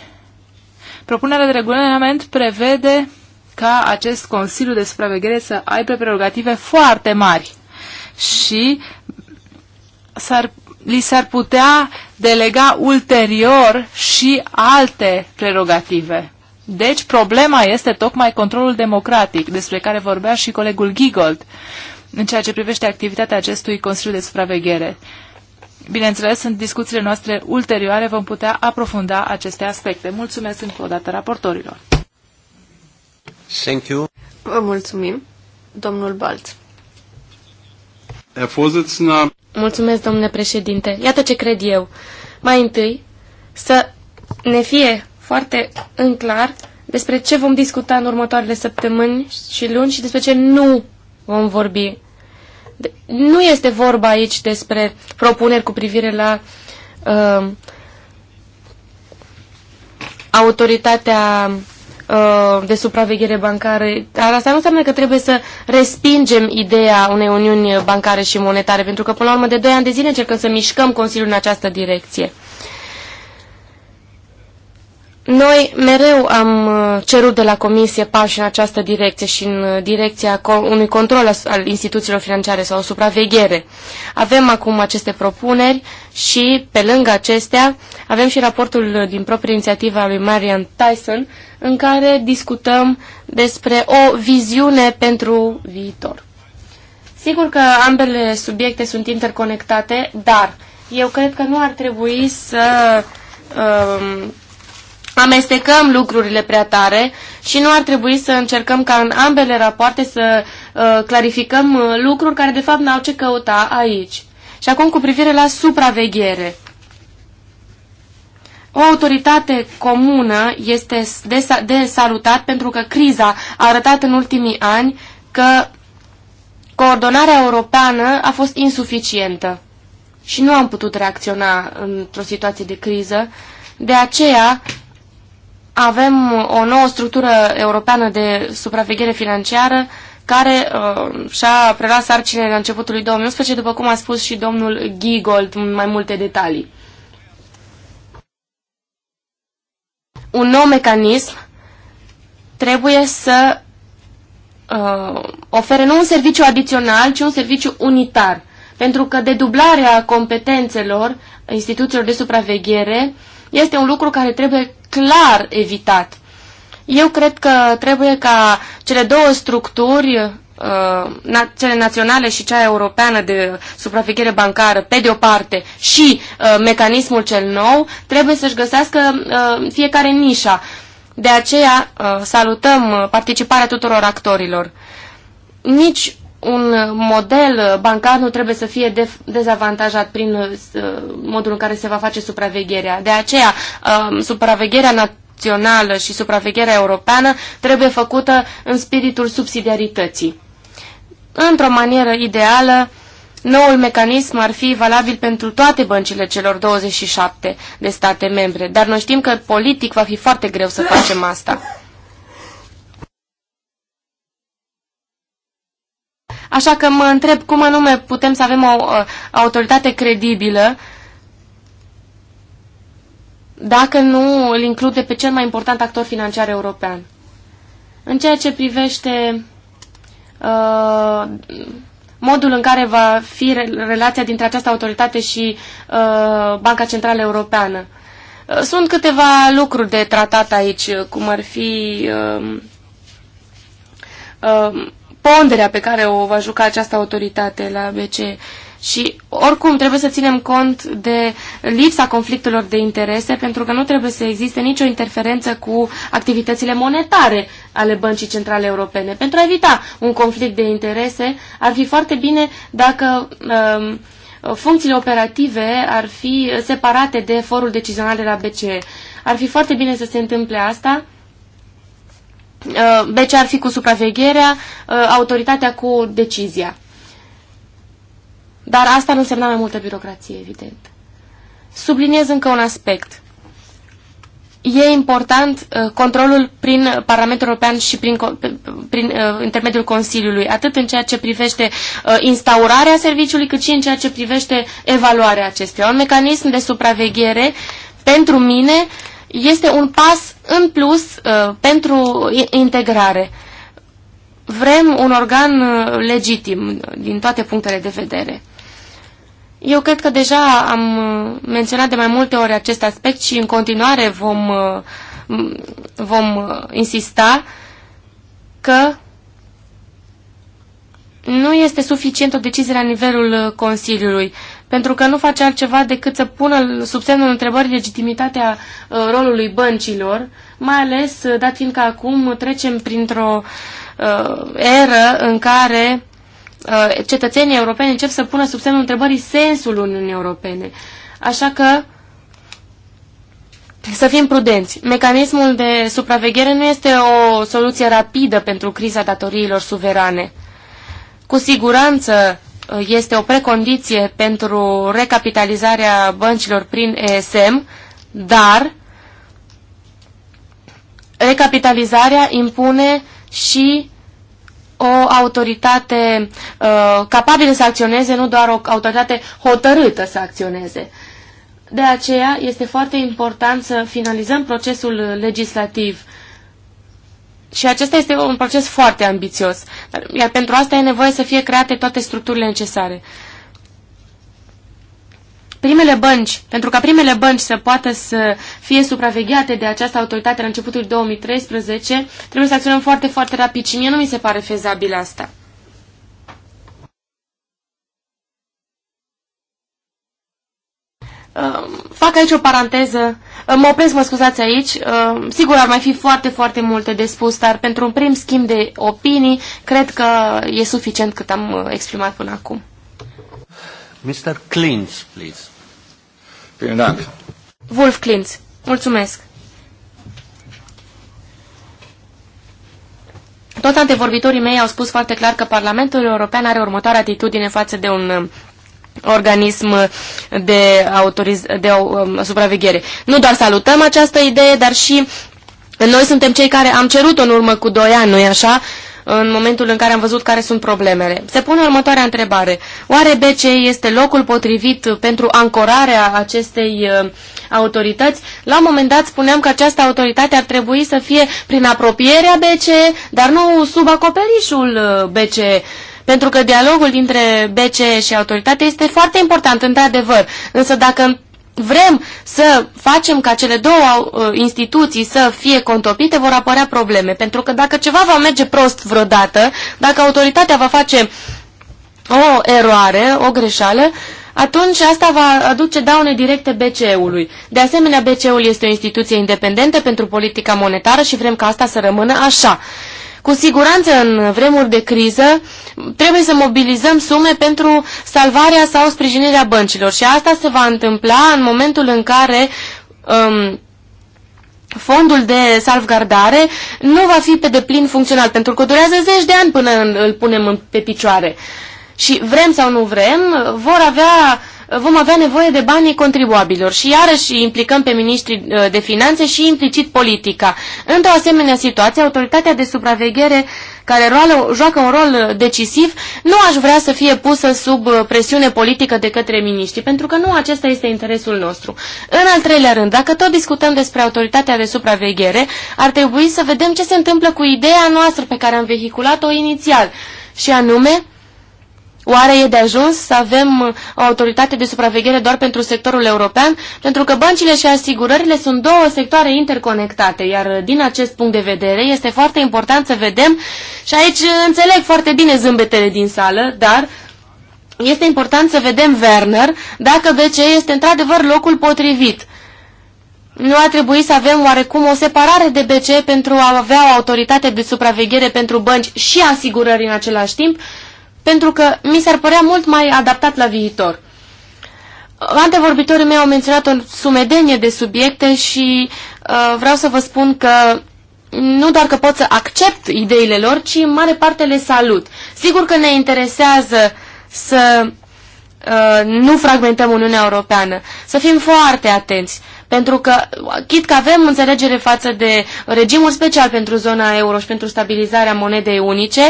Propunerea de regulament prevede ca acest Consiliu de Supraveghere să aibă prerogative foarte mari și s-ar li s-ar putea delega ulterior și alte prerogative. Deci problema este tocmai controlul democratic, despre care vorbea și colegul Gigold, în ceea ce privește activitatea acestui Consiliu de Supraveghere. Bineînțeles, în discuțiile noastre ulterioare vom putea aprofunda aceste aspecte. Mulțumesc încă o dată raportorilor. Thank you. Vă mulțumim, domnul Balț. Mulțumesc, domnule președinte. Iată ce cred eu. Mai întâi, să ne fie foarte în clar despre ce vom discuta în următoarele săptămâni și luni și despre ce nu vom vorbi. Nu este vorba aici despre propuneri cu privire la uh, autoritatea Uh, de supraveghere bancară, dar asta nu înseamnă că trebuie să respingem ideea unei uniuni bancare și monetare, pentru că până la urmă de 2 ani de zile încercăm să mișcăm Consiliul în această direcție. Noi mereu am uh, cerut de la Comisie pași în această direcție și în uh, direcția unui control al instituțiilor financiare sau o supraveghere. Avem acum aceste propuneri și, pe lângă acestea, avem și raportul uh, din proprie inițiativă a lui Marian Tyson, în care discutăm despre o viziune pentru viitor. Sigur că ambele subiecte sunt interconectate, dar eu cred că nu ar trebui să... Uh, amestecăm lucrurile prea tare și nu ar trebui să încercăm ca în ambele rapoarte să uh, clarificăm uh, lucruri care de fapt n-au ce căuta aici. Și acum cu privire la supraveghere. O autoritate comună este de, de salutat pentru că criza a arătat în ultimii ani că coordonarea europeană a fost insuficientă și nu am putut reacționa într-o situație de criză. De aceea avem uh, o nouă structură europeană de supraveghere financiară care uh, și-a preluat sarcinile la începutul lui 2011, după cum a spus și domnul Gigold în mai multe detalii. Un nou mecanism trebuie să uh, ofere nu un serviciu adițional, ci un serviciu unitar, pentru că dedublarea competențelor instituțiilor de supraveghere uh, este un lucru care trebuie clar evitat. Eu cred că trebuie ca cele două structuri, uh, cele naționale și cea europeană de supraveghere bancară, pe de o parte, și uh, mecanismul cel nou, trebuie să-și găsească uh, fiecare nișa. De aceea salutăm participarea tuturor actorilor. Nici un model bancar nu trebuie să fie de dezavantajat prin uh, uh, modul în care se va face supravegherea. De aceea, um, supravegherea națională și supravegherea europeană trebuie făcută în spiritul subsidiarității. Într-o manieră ideală, Noul mecanism ar fi valabil pentru toate băncile celor 27 de state membre, dar noi știm că politic va fi foarte greu să facem asta. Așa că mă întreb cum anume putem să avem o, o autoritate credibilă dacă nu îl include pe cel mai important actor financiar european. În ceea ce privește uh, modul în care va fi relația dintre această autoritate și uh, Banca Centrală Europeană. Uh, sunt câteva lucruri de tratat aici, cum ar fi uh, uh, ponderea pe care o va juca această autoritate la BCE. Și oricum trebuie să ținem cont de lipsa conflictelor de interese pentru că nu trebuie să existe nicio interferență cu activitățile monetare ale Băncii Centrale Europene. Pentru a evita un conflict de interese ar fi foarte bine dacă um, funcțiile operative ar fi separate de forul decizional de la BCE. Ar fi foarte bine să se întâmple asta Uh, BC ar fi cu supravegherea, uh, autoritatea cu decizia. Dar asta nu însemna mai multă birocrație, evident. Subliniez încă un aspect. E important uh, controlul prin Parlamentul European și prin, prin intermediul Consiliului, atât în ceea ce privește instaurarea serviciului, cât și în ceea ce privește evaluarea acestuia. Un mecanism de supraveghere, pentru mine, este un pas în plus, uh, pentru integrare, vrem un organ uh, legitim din toate punctele de vedere. Eu cred că deja am uh, menționat de mai multe ori acest aspect și în continuare vom, vom insista că nu este suficient o decizie la nivelul Consiliului pentru că nu face altceva decât să pună sub semnul întrebării legitimitatea uh, rolului băncilor, mai ales uh, dat fiindcă acum trecem printr-o uh, eră în care uh, cetățenii europeni încep să pună sub semnul întrebării sensul Uniunii Europene. Așa că să fim prudenți. Mecanismul de supraveghere nu este o soluție rapidă pentru criza datoriilor suverane. Cu siguranță Uh, este o precondiție pentru recapitalizarea băncilor prin ESM, dar recapitalizarea impune și o autoritate uh, capabilă să acționeze, nu doar o autoritate hotărâtă să acționeze. De aceea este foarte important să finalizăm procesul legislativ uh, și acesta este un proces foarte ambițios. Iar pentru asta e nevoie să fie create toate structurile necesare. Primele bănci, pentru ca primele bănci să poată să fie supravegheate de această autoritate la începutul 2013, trebuie să acționăm foarte, foarte rapid și mie nu mi se pare fezabil asta. fac aici o paranteză Mă opresc, mă scuzați aici. Ă, sigur, ar mai fi foarte, foarte multe de spus, dar pentru un prim schimb de opinii, cred că e suficient cât am ă, exprimat până acum. Mr. Klintz, please. Vielen Dank. Wolf Klintz, mulțumesc. Toți antevorbitorii mei au spus foarte clar că Parlamentul European are următoarea atitudine față de un organism de, autoriz- de um, supraveghere. Nu doar salutăm această idee, dar și noi suntem cei care am cerut-o în urmă cu doi ani, nu-i așa? în momentul în care am văzut care sunt problemele. Se pune următoarea întrebare. Oare BCE este locul potrivit pentru ancorarea acestei uh, autorități? La un moment dat spuneam că această autoritate ar trebui să fie prin apropierea BCE, dar nu sub acoperișul uh, BCE. Pentru că dialogul dintre BCE și autoritate este foarte important, într-adevăr. Însă dacă vrem să facem ca cele două uh, instituții să fie contopite, vor apărea probleme. Pentru că dacă ceva va merge prost vreodată, dacă autoritatea va face o eroare, o greșeală, atunci asta va aduce daune directe BCE-ului. De asemenea, BCE-ul este o instituție independentă pentru politica monetară și vrem ca asta să rămână așa. Cu siguranță în vremuri de criză trebuie să mobilizăm sume pentru salvarea sau sprijinirea băncilor și asta se va întâmpla în momentul în care um, fondul de salvgardare nu va fi pe deplin funcțional pentru că durează zeci de ani până îl punem pe picioare. Și vrem sau nu vrem, vor avea vom avea nevoie de banii contribuabilor și iarăși implicăm pe ministrii uh, de finanțe și implicit politica. Într-o asemenea situație, autoritatea de supraveghere care roală, joacă un rol uh, decisiv, nu aș vrea să fie pusă sub uh, presiune politică de către miniștri, pentru că nu acesta este interesul nostru. În al treilea rând, dacă tot discutăm despre autoritatea de supraveghere, ar trebui să vedem ce se întâmplă cu ideea noastră pe care am vehiculat-o inițial, și anume Oare e de ajuns să avem uh, o autoritate de supraveghere doar pentru sectorul european? Pentru că băncile și asigurările sunt două sectoare interconectate, iar uh, din acest punct de vedere este foarte important să vedem, și aici uh, înțeleg foarte bine zâmbetele din sală, dar este important să vedem, Werner, dacă BCE este într-adevăr locul potrivit. Nu a trebuit să avem oarecum o separare de BCE pentru a avea o autoritate de supraveghere pentru bănci și asigurări în același timp? pentru că mi s-ar părea mult mai adaptat la viitor. Antevorbitorii mei au menționat o sumedenie de subiecte și uh, vreau să vă spun că nu doar că pot să accept ideile lor, ci în mare parte le salut. Sigur că ne interesează să uh, nu fragmentăm Uniunea Europeană, să fim foarte atenți. Uh, pentru că, chit că avem înțelegere față de regimul special pentru zona euro și pentru stabilizarea monedei unice,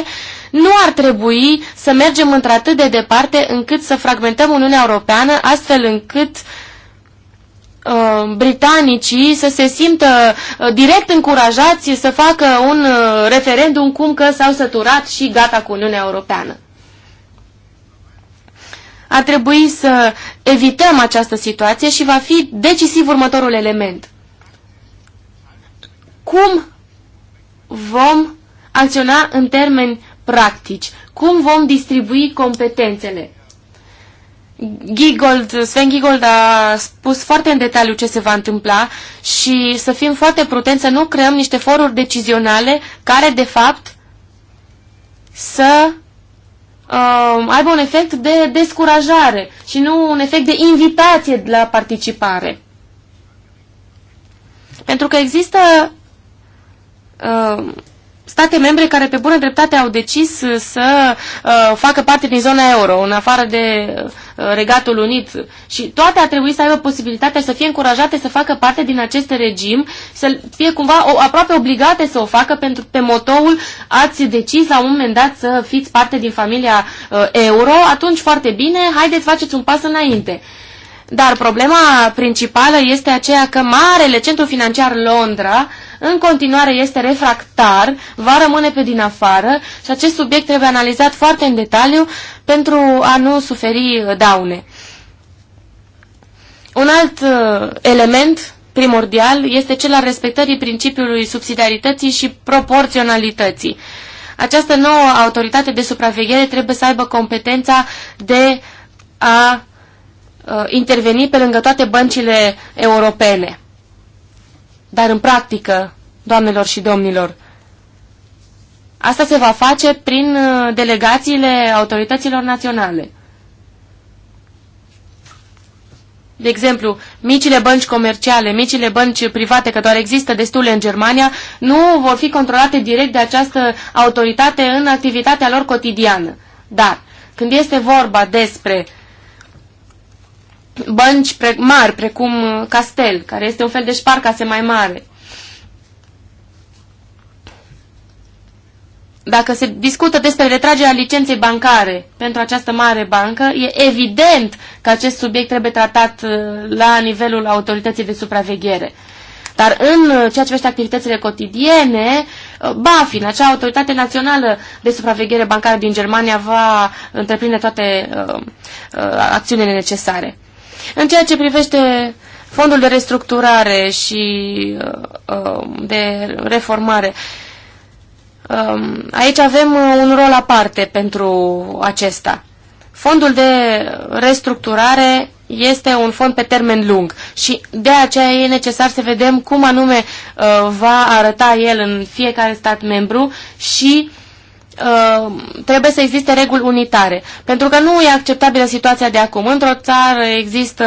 nu ar trebui să mergem într-atât de departe încât să fragmentăm Uniunea Europeană astfel încât uh, britanicii să se simtă uh, direct încurajați să facă un uh, referendum cum că s-au săturat și gata cu Uniunea Europeană. Ar trebui să evităm această situație și va fi decisiv următorul element. Cum vom acționa în termeni practici? Cum vom distribui competențele? Gigold, Sven Gigold a spus foarte în detaliu ce se va întâmpla și să fim foarte prudenți, să nu creăm niște foruri decizionale care, de fapt, să uh, aibă un efect de descurajare și nu un efect de invitație la participare. Pentru că există uh, state membre care pe bună dreptate au decis uh, să uh, facă parte din zona euro, în afară de uh, Regatul Unit. Și toate ar trebui să aibă posibilitatea să fie încurajate să facă parte din acest regim, să fie cumva o, aproape obligate să o facă pentru pe motoul ați decis la un moment dat să fiți parte din familia uh, euro, atunci foarte bine, haideți faceți un pas înainte. Uh, dar problema principală este aceea că marele centru financiar Londra în continuare este refractar, va rămâne pe din afară și acest subiect trebuie analizat foarte în detaliu pentru a nu suferi uh, daune. Un alt uh, element primordial este cel al respectării principiului subsidiarității și proporționalității. Această nouă autoritate de supraveghere trebuie să aibă competența de a Uh, interveni pe lângă toate băncile europene. Dar în practică, doamnelor și domnilor, asta se va face prin uh, delegațiile autorităților naționale. De exemplu, micile bănci comerciale, micile bănci private, că doar există destule în Germania, nu vor fi controlate direct de această autoritate în activitatea lor cotidiană. Dar, când este vorba despre uh, bănci pre mari, precum uh, Castel, care este un fel de șparcase mai mare. Dacă se discută despre retragerea licenței bancare pentru această mare bancă, e evident că acest subiect trebuie tratat uh, la nivelul autorității de supraveghere. Dar în uh, ceea ce vește activitățile cotidiene, BaFin, acea autoritate națională de supraveghere bancară din Germania, va întreprinde toate uh, uh, acțiunile necesare. În ceea ce privește fondul de restructurare și uh, um, de reformare, um, aici avem uh, un rol aparte pentru acesta. Fondul de restructurare este un fond pe termen lung și de aceea e necesar să vedem cum anume uh, va arăta el în fiecare stat membru și uh, Uh, trebuie să existe reguli unitare. Pentru că nu e acceptabilă situația de acum. Într-o țară există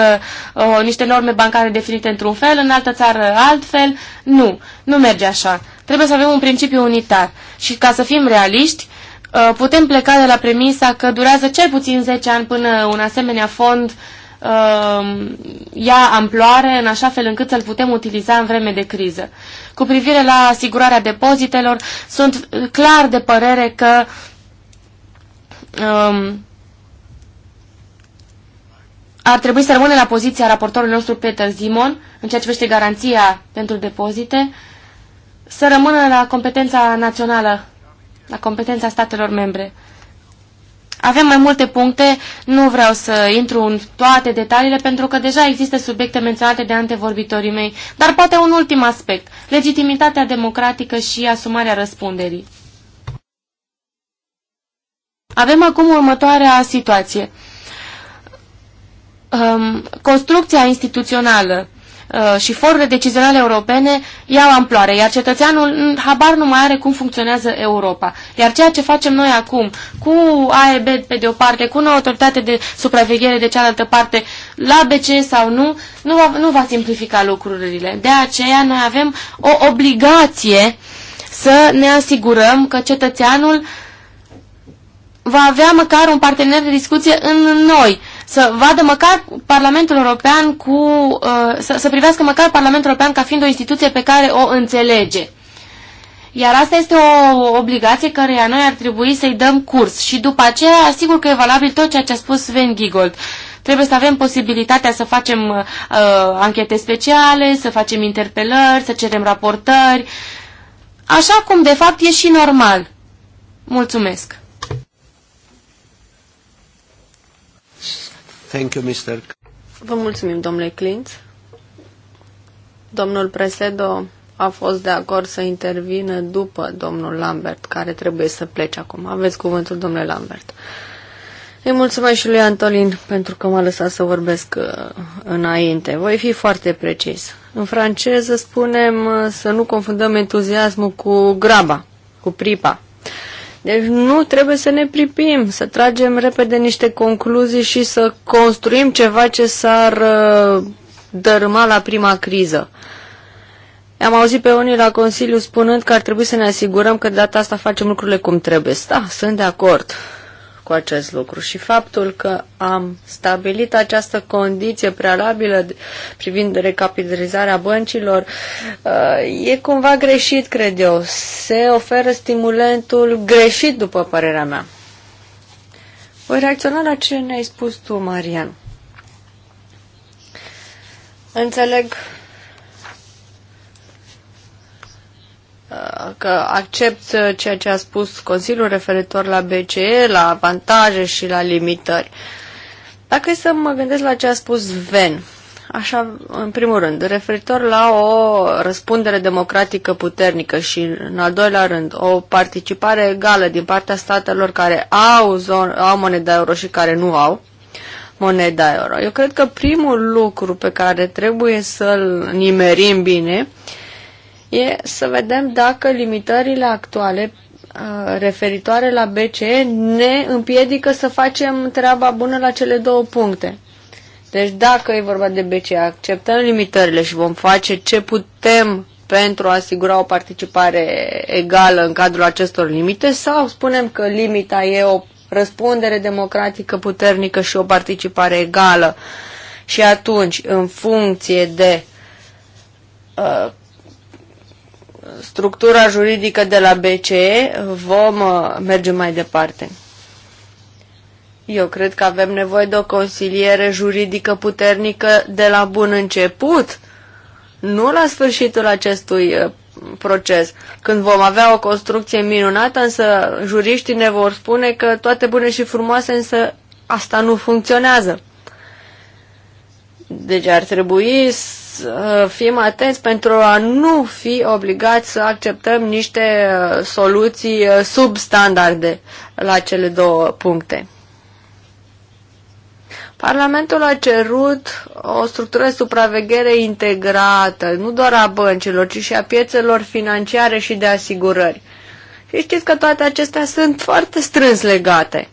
uh, niște norme bancare definite într-un fel, în altă țară altfel. Nu, nu merge așa. Trebuie să avem un principiu unitar. Și ca să fim realiști, uh, putem pleca de la premisa că durează cel puțin 10 ani până un asemenea fond uh, Um, ia amploare în așa fel încât să-l putem utiliza în vreme de criză. Cu privire la asigurarea depozitelor, sunt clar de părere că um, ar trebui să rămâne la poziția raportorului nostru Peter Zimon în ceea ce privește garanția pentru depozite, să rămână la competența națională, la competența statelor membre. Avem mai multe puncte, nu vreau să intru în toate detaliile pentru că deja există subiecte menționate de antevorbitorii mei, dar poate un ultim aspect, legitimitatea democratică și asumarea răspunderii. Avem acum următoarea situație. Um, construcția instituțională Uh, și forurile decizionale europene iau amploare, iar cetățeanul mm, habar nu mai are cum funcționează Europa. Iar ceea ce facem noi acum, cu AEB pe de o parte, cu o autoritate de supraveghere de cealaltă parte, la BC sau nu, nu va, nu va simplifica lucrurile. De aceea noi avem o obligație să ne asigurăm că cetățeanul va avea măcar un partener de discuție în noi, să vadă măcar Parlamentul European cu, uh, să, să privească măcar Parlamentul European ca fiind o instituție pe care o înțelege. Iar asta este o obligație care noi ar trebui să-i dăm curs și după aceea asigur că e valabil tot ceea ce a spus Sven Giegold. Trebuie să avem posibilitatea să facem uh, anchete speciale, să facem interpelări, să cerem raportări, așa cum de fapt e și normal. Mulțumesc! Thank you, Mr. Vă mulțumim, domnule Clint. Domnul Presedo a fost de acord să intervină după domnul Lambert, care trebuie să plece acum. Aveți cuvântul, domnule Lambert. Îi mulțumesc și lui Antolin pentru că m-a lăsat să vorbesc uh, înainte. Voi fi foarte precis. În franceză spunem uh, să nu confundăm entuziasmul cu graba, cu pripa. Deci nu trebuie să ne pripim, să tragem repede niște concluzii și să construim ceva ce s-ar uh, dărâma la prima criză. Am auzit pe unii la Consiliu spunând că ar trebui să ne asigurăm că de data asta facem lucrurile cum trebuie. Da, sunt de acord cu acest lucru și faptul că am stabilit această condiție prealabilă privind recapitalizarea băncilor uh, e cumva greșit, cred eu. Se oferă stimulentul greșit, după părerea mea. Voi reacționa la ce ne-ai spus tu, Marian. Înțeleg Uh, că accept uh, ceea ce a spus Consiliul referitor la BCE, la avantaje și la limitări. Dacă e să mă gândesc la ce a spus Ven, așa, în primul rând, referitor la o răspundere democratică puternică și, în al doilea rând, o participare egală din partea statelor care au, zon, au moneda euro și care nu au moneda euro. Eu cred că primul lucru pe care trebuie să-l nimerim bine uh, e să vedem dacă limitările actuale uh, referitoare la BCE ne împiedică să facem treaba bună la cele două puncte. Deci dacă e vorba de BCE, acceptăm limitările și vom face ce putem pentru a asigura o participare egală în cadrul acestor limite sau spunem că limita e o răspundere democratică puternică și o participare egală și atunci, în funcție de uh, structura juridică de la BCE vom uh, merge mai departe. Eu cred că avem nevoie de o consiliere juridică puternică de la bun început, nu la sfârșitul acestui uh, proces. Când vom avea o construcție minunată, însă juriștii ne vor spune că toate bune și frumoase, însă asta nu funcționează. Deci ar trebui să fim atenți pentru a nu fi obligați să acceptăm niște uh, soluții uh, substandarde la cele două puncte. Parlamentul a cerut o structură de supraveghere integrată, nu doar a băncilor, ci și a piețelor financiare și de asigurări. Și știți că toate acestea sunt foarte strâns legate.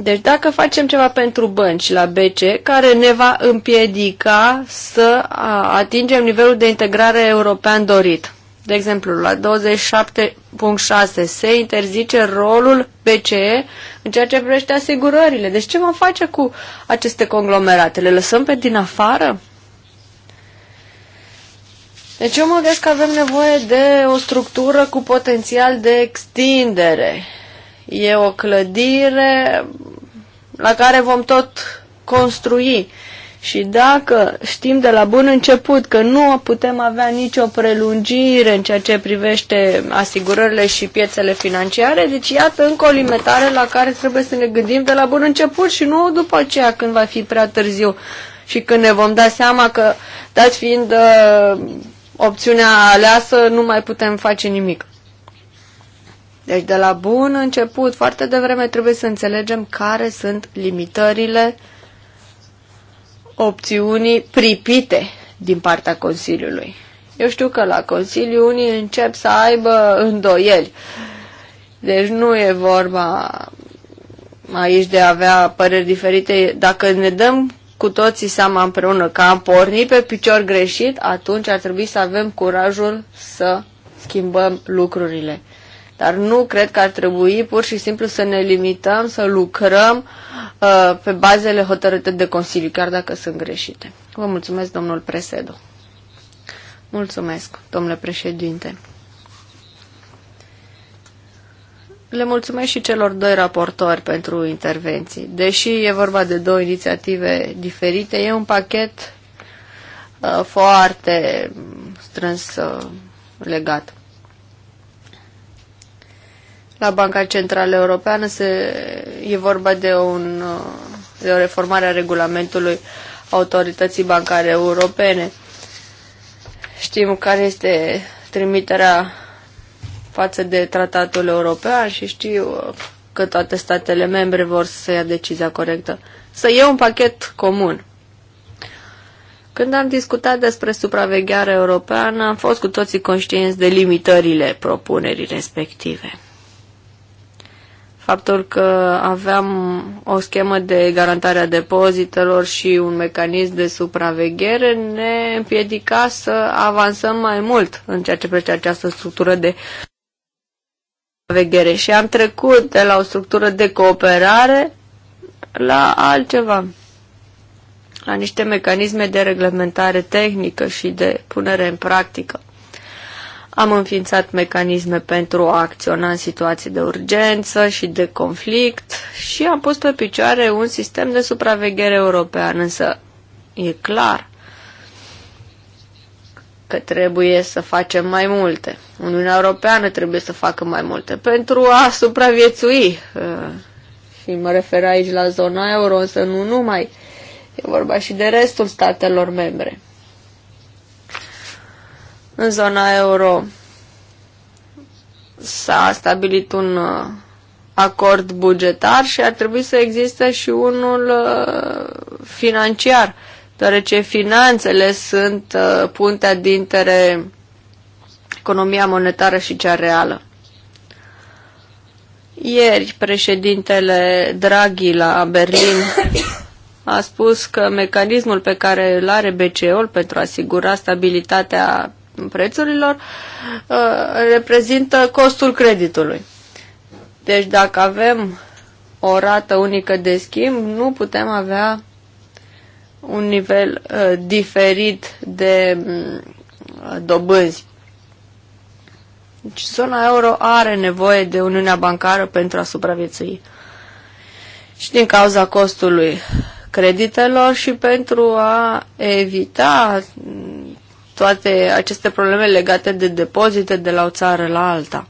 Deci dacă facem ceva pentru bănci la BC, care ne va împiedica să atingem nivelul de integrare european dorit. De exemplu, la 27.6 se interzice rolul BCE în ceea ce privește asigurările. Deci ce vom face cu aceste conglomerate? Le lăsăm pe din afară? Deci eu mă gândesc că avem nevoie de o structură cu potențial de extindere E o clădire la care vom tot construi. Și dacă știm de la bun început că nu putem avea nicio prelungire în ceea ce privește asigurările și piețele financiare, deci iată încă o limitare la care trebuie să ne gândim de la bun început și nu după aceea când va fi prea târziu și când ne vom da seama că, dat fiind uh, opțiunea aleasă, nu mai putem face nimic. Deci de la bun început, foarte devreme, trebuie să înțelegem care sunt limitările opțiunii pripite din partea Consiliului. Eu știu că la Consiliu unii încep să aibă îndoieli. Deci nu e vorba aici de a avea păreri diferite. Dacă ne dăm cu toții seama împreună că am pornit pe picior greșit, atunci ar trebui să avem curajul să schimbăm lucrurile. Dar nu cred că ar trebui pur și simplu să ne limităm, să lucrăm uh, pe bazele hotărâte de Consiliu, chiar dacă sunt greșite. Vă mulțumesc, domnul Presedo. Mulțumesc, domnule președinte. Le mulțumesc și celor doi raportori pentru intervenții. Deși e vorba de două inițiative diferite, e un pachet uh, foarte strâns uh, legat la Banca Centrală Europeană se, e vorba de, un, de o reformare a regulamentului autorității bancare europene. Știm care este trimiterea față de tratatul european și știu că toate statele membre vor să ia decizia corectă. Să iau un pachet comun. Când am discutat despre supravegherea europeană, am fost cu toții conștienți de limitările propunerii respective faptul că aveam o schemă de garantare a depozitelor și un mecanism de supraveghere ne împiedica să avansăm mai mult în ceea ce privește această structură de supraveghere și am trecut de la o structură de cooperare la altceva, la niște mecanisme de reglementare tehnică și de punere în practică. Am înființat mecanisme pentru a acționa în situații de urgență și de conflict și am pus pe picioare un sistem de supraveghere european, însă e clar că trebuie să facem mai multe. Uniunea Europeană trebuie să facă mai multe pentru a supraviețui. Uh, și mă refer aici la zona euro, însă nu numai. E vorba și de restul statelor membre în zona euro s-a stabilit un uh, acord bugetar și ar trebui să existe și unul uh, financiar, deoarece finanțele sunt uh, puntea dintre economia monetară și cea reală. Ieri, președintele Draghi la Berlin a spus că mecanismul pe care îl are BCE-ul pentru a asigura stabilitatea prețurilor uh, reprezintă costul creditului. Deci dacă avem o rată unică de schimb, nu putem avea un nivel uh, diferit de mm, dobânzi. Deci zona euro are nevoie de Uniunea Bancară pentru a supraviețui. Și din cauza costului creditelor și pentru a evita mm, toate aceste probleme legate de depozite de la o țară la alta.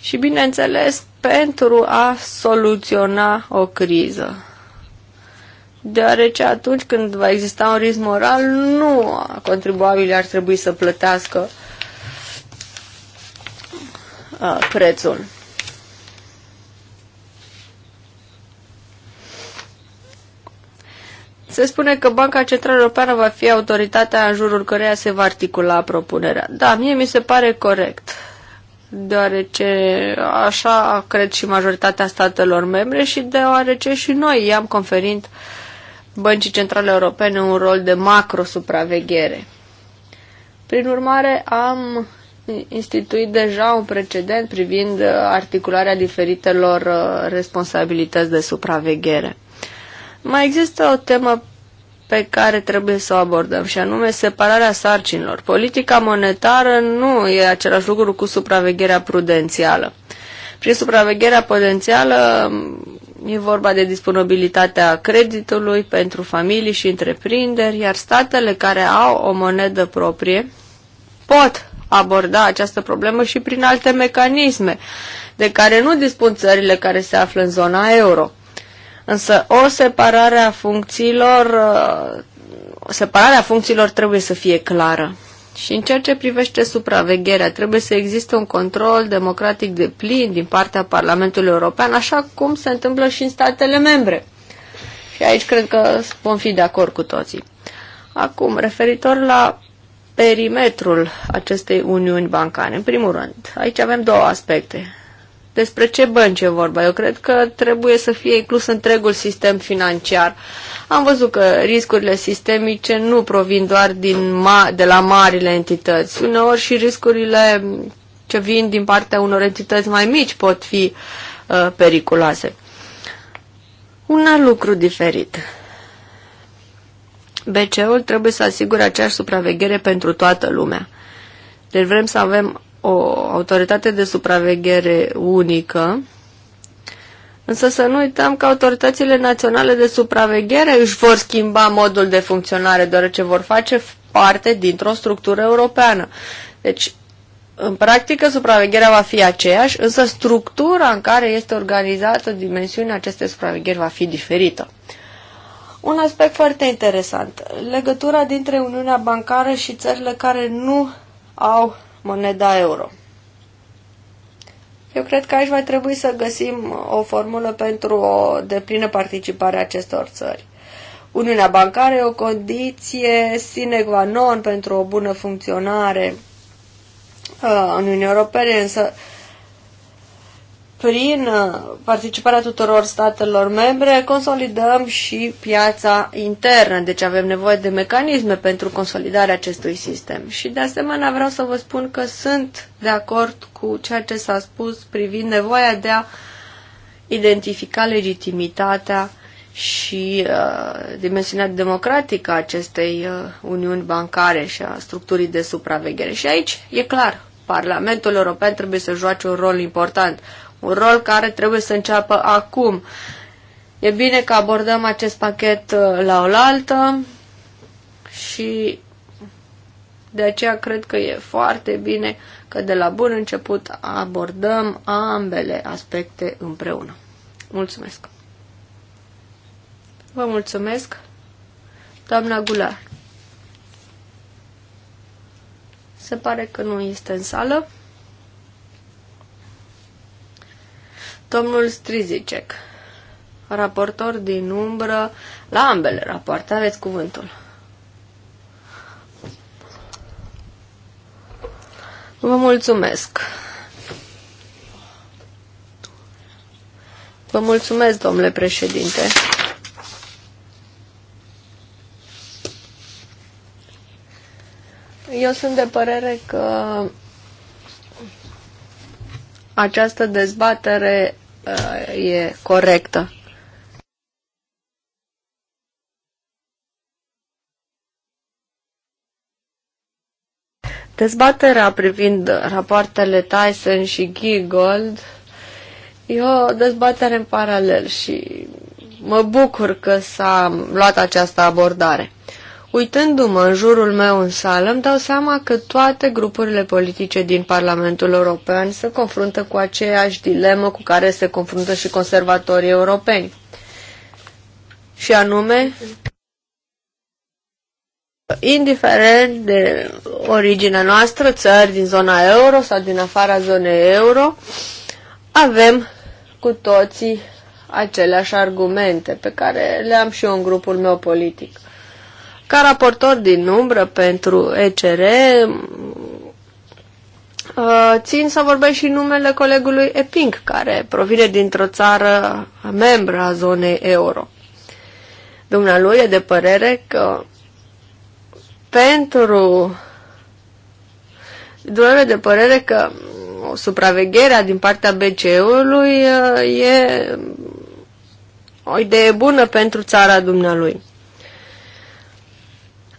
Și bineînțeles, pentru a soluționa o criză. Deoarece atunci când va exista un risc moral, nu contribuabilii ar trebui să plătească uh, prețul. Se spune că Banca Centrală Europeană va fi autoritatea în jurul căreia se va articula propunerea. Da, mie mi se pare corect, deoarece așa cred și majoritatea statelor membre și deoarece și noi i-am conferit Băncii Centrale Europene un rol de macro-supraveghere. Prin urmare, am instituit deja un precedent privind articularea diferitelor uh, responsabilități de supraveghere. Mai există o temă pe care trebuie să o abordăm și anume separarea sarcinilor. Politica monetară nu e același lucru cu supravegherea prudențială. Prin supravegherea prudențială mm, e vorba de disponibilitatea creditului pentru familii și întreprinderi, iar statele care au o monedă proprie pot aborda această problemă și prin alte mecanisme de care nu dispun țările care se află în zona euro. Însă o separare a funcțiilor, uh, separarea funcțiilor trebuie să fie clară. Și în ceea ce privește supravegherea, trebuie să existe un control democratic de plin din partea Parlamentului European, așa cum se întâmplă și în statele membre. Și aici cred că vom fi de acord cu toții. Acum, referitor la perimetrul acestei uniuni bancare, în primul rând, aici avem două aspecte despre ce bănci e vorba. Eu cred că trebuie să fie inclus întregul sistem financiar. Am văzut că riscurile sistemice nu provin doar din ma- de la marile entități. Uneori și riscurile ce vin din partea unor entități mai mici pot fi uh, periculoase. Un alt lucru diferit. BCE-ul trebuie să asigure aceeași supraveghere pentru toată lumea. Deci vrem să avem o autoritate de supraveghere unică, însă să nu uităm că autoritățile naționale de supraveghere își vor schimba modul de funcționare, deoarece vor face parte dintr-o structură europeană. Deci, în practică, supravegherea va fi aceeași, însă structura în care este organizată dimensiunea acestei supravegheri va fi diferită. Un aspect foarte interesant, legătura dintre Uniunea Bancară și țările care nu au moneda euro. Eu cred că aici va trebui să găsim o formulă pentru o deplină participare a acestor țări. Uniunea bancară e o condiție sine qua non pentru o bună funcționare uh, a Uniunii Europene, însă prin uh, participarea tuturor statelor membre, consolidăm și piața internă, deci avem nevoie de mecanisme pentru consolidarea acestui sistem. Și de asemenea vreau să vă spun că sunt de acord cu ceea ce s-a spus privind nevoia de a identifica legitimitatea și uh, dimensiunea democratică a acestei uh, uniuni bancare și a structurii de supraveghere. Și aici e clar, Parlamentul European trebuie să joace un rol important. Un rol care trebuie să înceapă acum. E bine că abordăm acest pachet uh, la oaltă și de aceea cred că e foarte bine că de la bun început abordăm ambele aspecte împreună. Mulțumesc! Vă mulțumesc, doamna Gular. Se pare că nu este în sală. Domnul Strizicek, raportor din umbră, la ambele rapoarte aveți cuvântul. Vă mulțumesc. Vă mulțumesc, domnule președinte. Eu sunt de părere că această dezbatere Uh, e corectă. Dezbaterea privind rapoartele Tyson și Giggold e o dezbatere în paralel și mă bucur că s-a luat această abordare. Uitându-mă în jurul meu în sală, îmi dau seama că toate grupurile politice din Parlamentul European se confruntă cu aceeași dilemă cu care se confruntă și conservatorii europeni. Și anume, indiferent de originea noastră, țări din zona euro sau din afara zonei euro, avem cu toții aceleași argumente pe care le am și eu în grupul meu politic. Ca raportor din umbră pentru ECR, uh, țin să vorbesc și numele colegului Eping, care provine dintr-o țară membră a zonei euro. Dumnealui e de părere că pentru Dumnealui e de părere că supravegherea din partea BCE-ului uh, e o idee bună pentru țara dumnealui.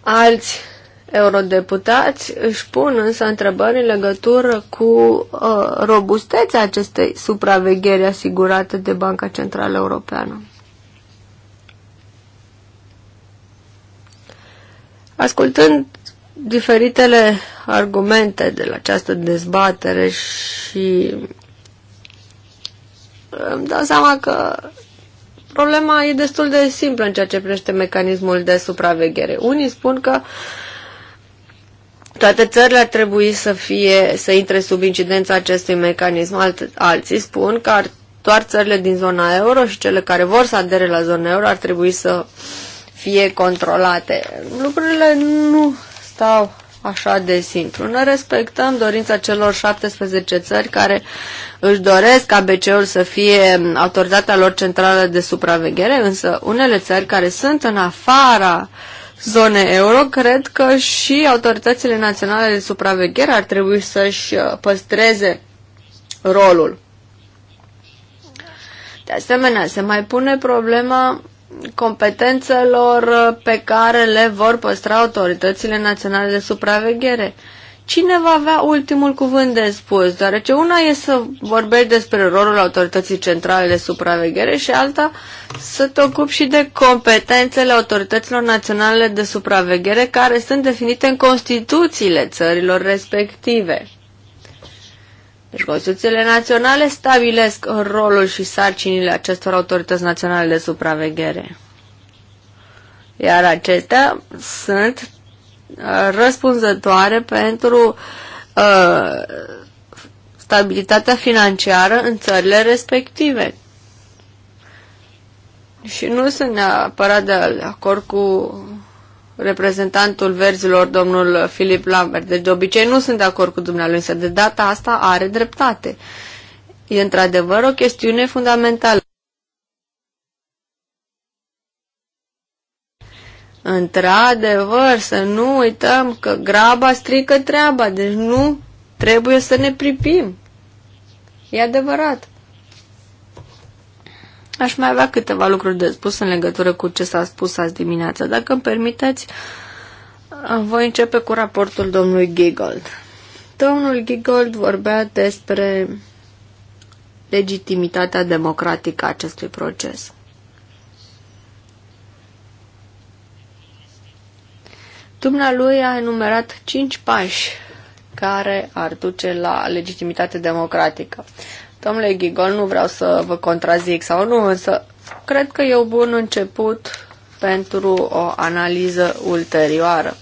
Alți eurodeputați își pun însă întrebări în legătură cu uh, robustețea acestei supravegheri asigurate de Banca Centrală Europeană. Ascultând diferitele argumente de la această dezbatere și îmi dau seama că Problema e destul de simplă în ceea ce privește mecanismul de supraveghere. Unii spun că toate țările ar trebui să fie, să intre sub incidența acestui mecanism. Alt, alții spun că ar, doar țările din zona euro și cele care vor să adere la zona euro ar trebui să fie controlate. Lucrurile nu stau așa de simplu. Noi respectăm dorința celor 17 țări care își doresc ca BCE-ul să fie autoritatea lor centrală de supraveghere, însă unele țări care sunt în afara zone euro, cred că și autoritățile naționale de supraveghere ar trebui să-și uh, păstreze rolul. De asemenea, se mai pune problema competențelor pe care le vor păstra autoritățile naționale de supraveghere. Cine va avea ultimul cuvânt de spus? Deoarece una e să vorbești despre rolul autorității centrale de supraveghere și alta să te ocupi și de competențele autorităților naționale de supraveghere care sunt definite în Constituțiile țărilor respective. Deci Constituțiile naționale stabilesc rolul și sarcinile acestor autorități naționale de supraveghere. Iar acestea sunt uh, răspunzătoare pentru uh, stabilitatea financiară în țările respective. Și nu sunt neapărat de acord cu reprezentantul verzilor, domnul Filip Lambert. Deci, de obicei, nu sunt de acord cu dumnealui, însă de data asta are dreptate. E într-adevăr o chestiune fundamentală. Într-adevăr, să nu uităm că graba strică treaba, deci nu trebuie să ne pripim. E adevărat. Aș mai avea câteva lucruri de spus în legătură cu ce s-a spus azi dimineața. Dacă îmi permiteți, voi începe cu raportul domnului Giggold. Domnul Giggold vorbea despre legitimitatea democratică a acestui proces. Dumnealui a enumerat cinci pași care ar duce la legitimitate democratică. Domnule Ghigol, nu vreau să vă contrazic sau nu, însă cred că e un bun început pentru o analiză ulterioară.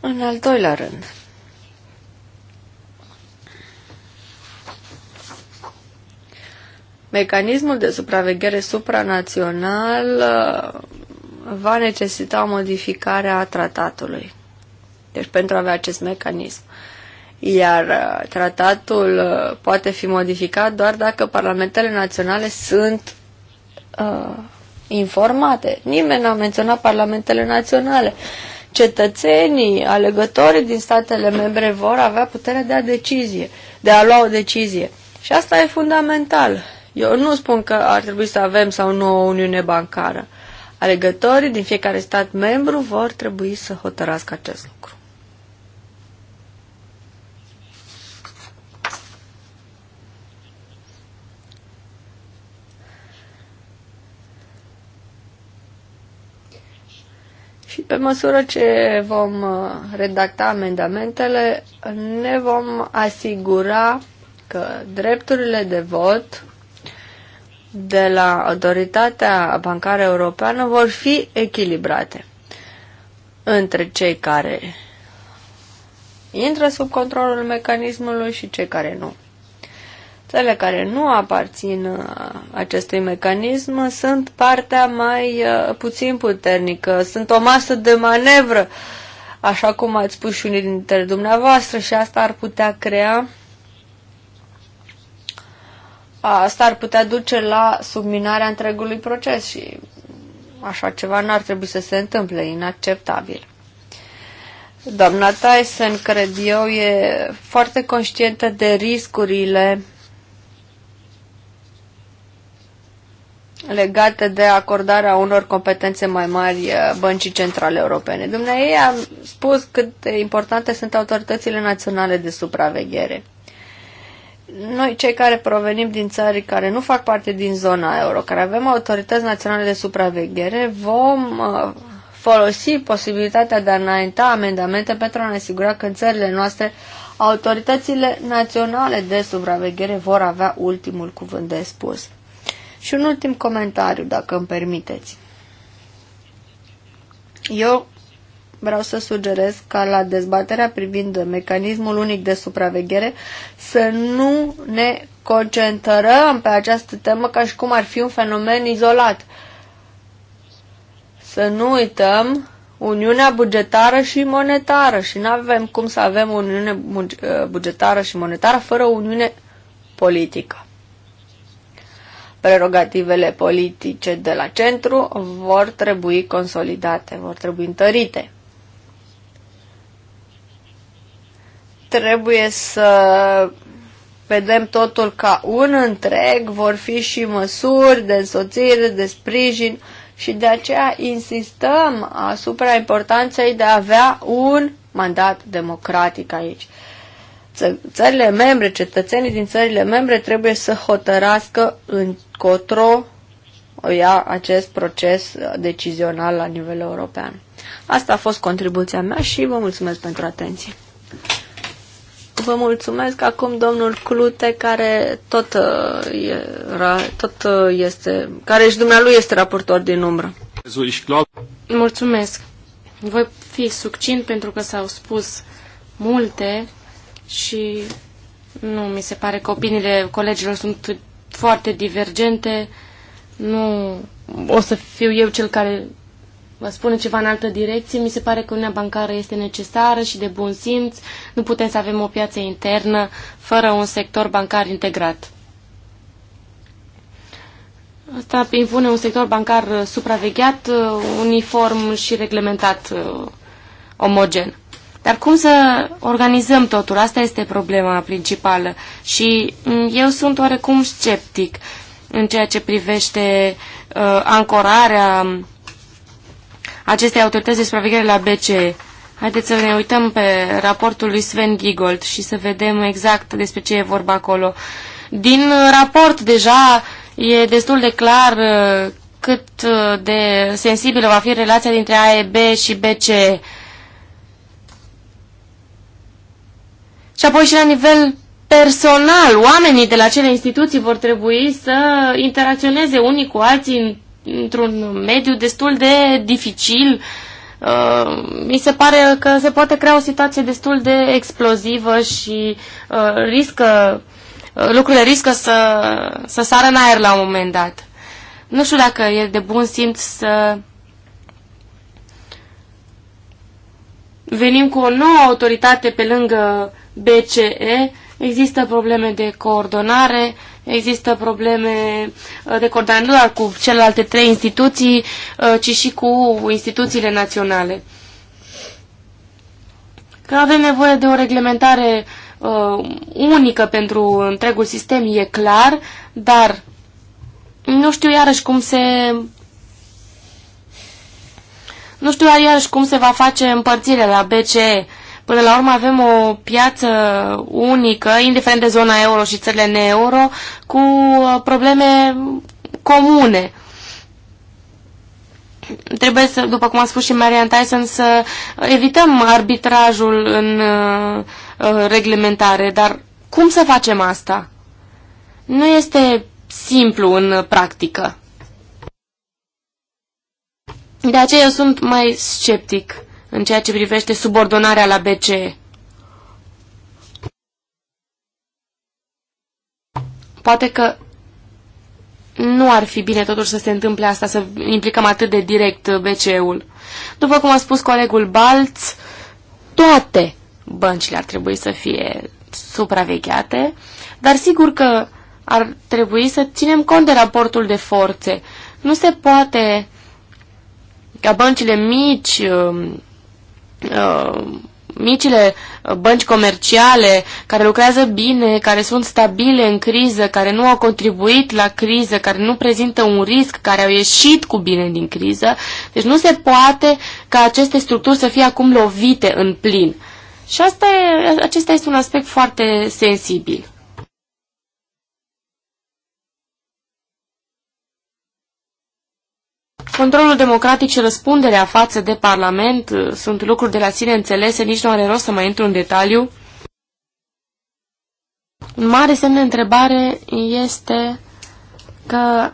În al doilea rând, mecanismul de supraveghere supranațional uh, va necesita modificarea tratatului. Deci pentru a avea acest mecanism. Uh, iar uh, tratatul uh, poate fi modificat doar dacă parlamentele naționale sunt uh, informate. Nimeni n-a menționat parlamentele naționale. Cetățenii, alegătorii din statele membre vor avea puterea de a decizie, de a lua o decizie. Și asta e fundamental. Eu nu spun că ar trebui să avem sau nu o uniune bancară. Alegătorii din fiecare stat membru vor trebui să hotărască acest lucru. pe măsură ce vom uh, redacta amendamentele, ne vom asigura că drepturile de vot de la Autoritatea Bancară Europeană vor fi echilibrate între cei care intră sub controlul mecanismului și cei care nu. Țările care nu aparțin uh, acestui mecanism sunt partea mai uh, puțin puternică, sunt o masă de manevră, așa cum ați spus și unii dintre dumneavoastră, și asta ar putea crea asta ar putea duce la subminarea întregului proces și așa ceva n-ar trebui să se întâmple, inacceptabil. Doamna Tyson, cred eu, e foarte conștientă de riscurile legate de acordarea unor competențe mai mari eh, băncii centrale europene. Dumnezeu a spus cât de importante sunt autoritățile naționale de supraveghere. Noi, cei care provenim din țări care nu fac parte din zona euro, care avem autorități naționale de supraveghere, vom eh, folosi posibilitatea de a înainta amendamente pentru a ne asigura că în țările noastre autoritățile naționale de supraveghere vor avea ultimul cuvânt de spus. Și un ultim comentariu, dacă îmi permiteți. Eu vreau să sugerez ca la dezbaterea privind mecanismul unic de supraveghere să nu ne concentrăm pe această temă ca și cum ar fi un fenomen izolat. Să nu uităm Uniunea bugetară și monetară și nu avem cum să avem Uniune bugetară și monetară fără Uniune politică prerogativele politice de la centru vor trebui consolidate, vor trebui întărite. Trebuie să vedem totul ca un întreg, vor fi și măsuri de însoțire, de sprijin și de aceea insistăm asupra importanței de a avea un mandat democratic aici țările membre, cetățenii din țările membre trebuie să hotărască încotro o ia acest proces uh, decizional la nivel european. Asta a fost contribuția mea și vă mulțumesc pentru atenție. Vă mulțumesc acum domnul Clute care tot, uh, e, tot uh, este, care și dumnealui este raportor din umbră. Mulțumesc. Voi fi succint pentru că s-au spus multe și nu mi se pare că opiniile colegilor sunt foarte divergente. Nu o să fiu eu cel care vă spune ceva în altă direcție. Mi se pare că uniunea bancară este necesară și de bun simț. Nu putem să avem o piață internă fără un sector bancar integrat. Asta impune un sector bancar supravegheat, uniform și reglementat, uh, omogen. Dar cum să organizăm totul? Asta este problema principală. Și mm, eu sunt oarecum sceptic în ceea ce privește uh, ancorarea acestei autorități de supraveghere la BCE. Haideți să ne uităm pe raportul lui Sven Giegold și să vedem exact despre ce e vorba acolo. Din uh, raport deja e destul de clar uh, cât uh, de sensibilă va fi relația dintre AEB și BCE. Și apoi și la nivel personal, oamenii de la cele instituții vor trebui să interacționeze unii cu alții într-un mediu destul de dificil. Uh, mi se pare că se poate crea o situație destul de explozivă și uh, riscă, uh, lucrurile riscă să, să sară în aer la un moment dat. Nu știu dacă e de bun simț să venim cu o nouă autoritate pe lângă BCE, există probleme de coordonare, există probleme uh, de coordonare nu doar cu celelalte trei instituții, uh, ci și cu instituțiile naționale. Că avem nevoie de o reglementare uh, unică pentru întregul sistem e clar, dar nu știu iarăși cum se nu știu iarăși cum se va face împărțirea la BCE. Până la urmă avem o piață unică, indiferent de zona euro și țările neeuro, cu uh, probleme comune trebuie să, după cum a spus și Marian Tyson, să evităm arbitrajul în uh, uh, reglementare, dar cum să facem asta? Nu este simplu în practică. De aceea eu sunt mai sceptic în ceea ce privește subordonarea la BCE. Poate că nu ar fi bine totuși să se întâmple asta, să implicăm atât de direct BCE-ul. După cum a spus colegul Balț, toate băncile ar trebui să fie supravegheate, dar sigur că ar trebui să ținem cont de raportul de forțe. Nu se poate ca băncile mici, um, um, micile bănci comerciale care lucrează bine, care sunt stabile în criză, care nu au contribuit la criză, care nu prezintă un risc, care au ieșit cu bine din criză. Deci nu se poate ca aceste structuri să fie acum lovite în plin. Și asta e, acesta este un aspect foarte sensibil. Controlul democratic și răspunderea față de Parlament uh, sunt lucruri de la sine înțelese, nici nu are rost să mai intru în detaliu. Un mare semn de întrebare este că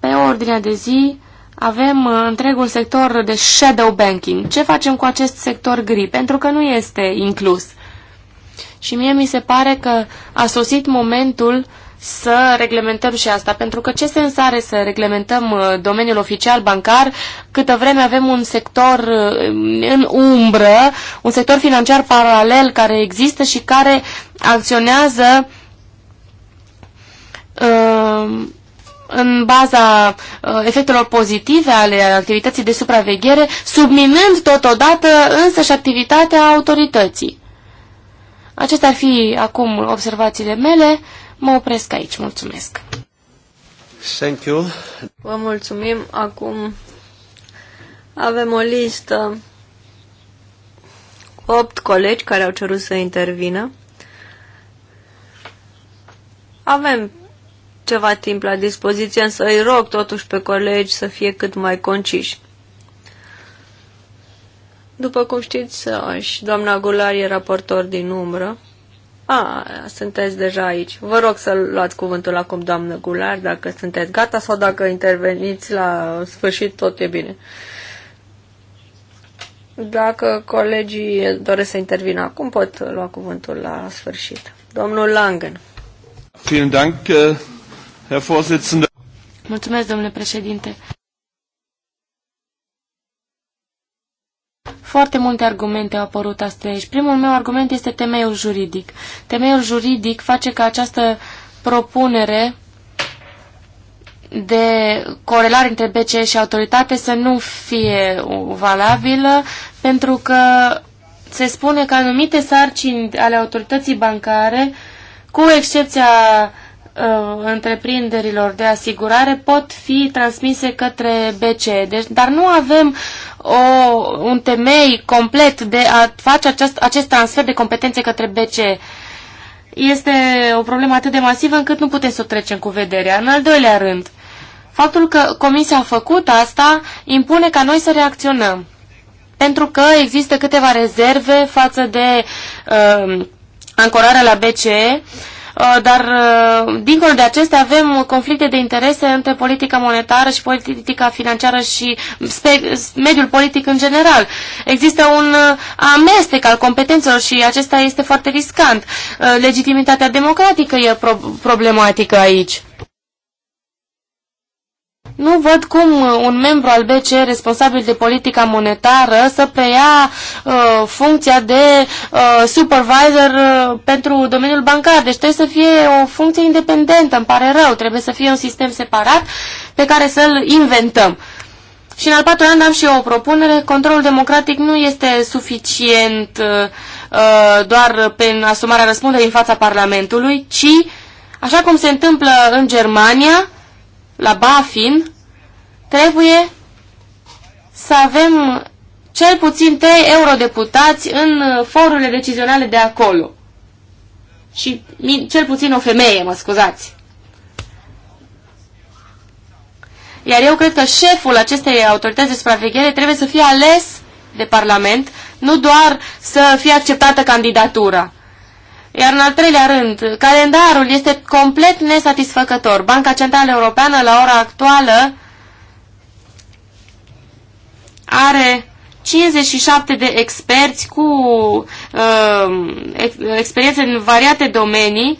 pe ordinea de zi avem uh, întregul sector de shadow banking. Ce facem cu acest sector gri? Pentru că nu este inclus. Și mie mi se pare că a sosit momentul să reglementăm și asta, pentru că ce sens are să reglementăm uh, domeniul oficial bancar câtă vreme avem un sector uh, în umbră, un sector financiar paralel care există și care acționează uh, în baza efectelor pozitive ale activității de supraveghere, subminând totodată însă și activitatea autorității. Acestea ar fi acum observațiile mele. Mă opresc aici. Mulțumesc. Thank you. Vă mulțumim. Acum avem o listă cu opt colegi care au cerut să intervină. Avem ceva timp la dispoziție, însă îi rog totuși pe colegi să fie cât mai conciși. După cum știți, și doamna Gular e raportor din umbră a, sunteți deja aici. Vă rog să luați cuvântul acum, doamnă Gular, dacă sunteți gata sau dacă interveniți la sfârșit, tot e bine. Dacă colegii doresc să intervină acum, pot lua cuvântul la sfârșit. Domnul Langen. Vielen Dank, äh, Herr Vorsitzender. Mulțumesc, domnule președinte. Foarte multe argumente au apărut astăzi. Primul meu argument este temeiul juridic. Temeiul juridic face ca această propunere de corelare între BCE și autoritate să nu fie valabilă, pentru că se spune că anumite sarcini ale autorității bancare, cu excepția uh, întreprinderilor de asigurare pot fi transmise către BCE. Deci, dar nu avem o, un temei complet de a face acest, acest transfer de competențe către BCE. Este o problemă atât de masivă încât nu putem să o trecem cu vederea. În al doilea rând, faptul că Comisia a făcut asta impune ca noi să reacționăm. Pentru că există câteva rezerve față de uh, ancorarea la BCE uh, Uh, dar uh, dincolo de acestea avem conflicte de interese între politica monetară și politica financiară și mediul politic în general. Există un uh, amestec al competențelor și acesta este foarte riscant. Legitimitatea democratică e problematică aici. Nu văd cum uh, un membru al BCE responsabil de politica monetară să preia uh, funcția de uh, supervisor uh, pentru domeniul bancar. Deci trebuie să fie o funcție independentă, îmi pare rău, trebuie să fie un sistem separat pe care să-l inventăm. Și în al patrulea an am și eu o propunere. Controlul democratic nu este suficient uh, uh doar prin asumarea răspunderii în fața Parlamentului, ci, așa cum se întâmplă în Germania, la BaFin, trebuie să avem cel puțin trei eurodeputați în uh, forurile decizionale de acolo. Și cel puțin o femeie, mă scuzați. Iar eu cred că șeful acestei autorități de supraveghere trebuie să fie ales de Parlament, nu doar să fie acceptată candidatura. Iar în al treilea rând, calendarul este complet nesatisfăcător. Banca Centrală Europeană la ora actuală are 57 de experți cu uh, experiențe în variate domenii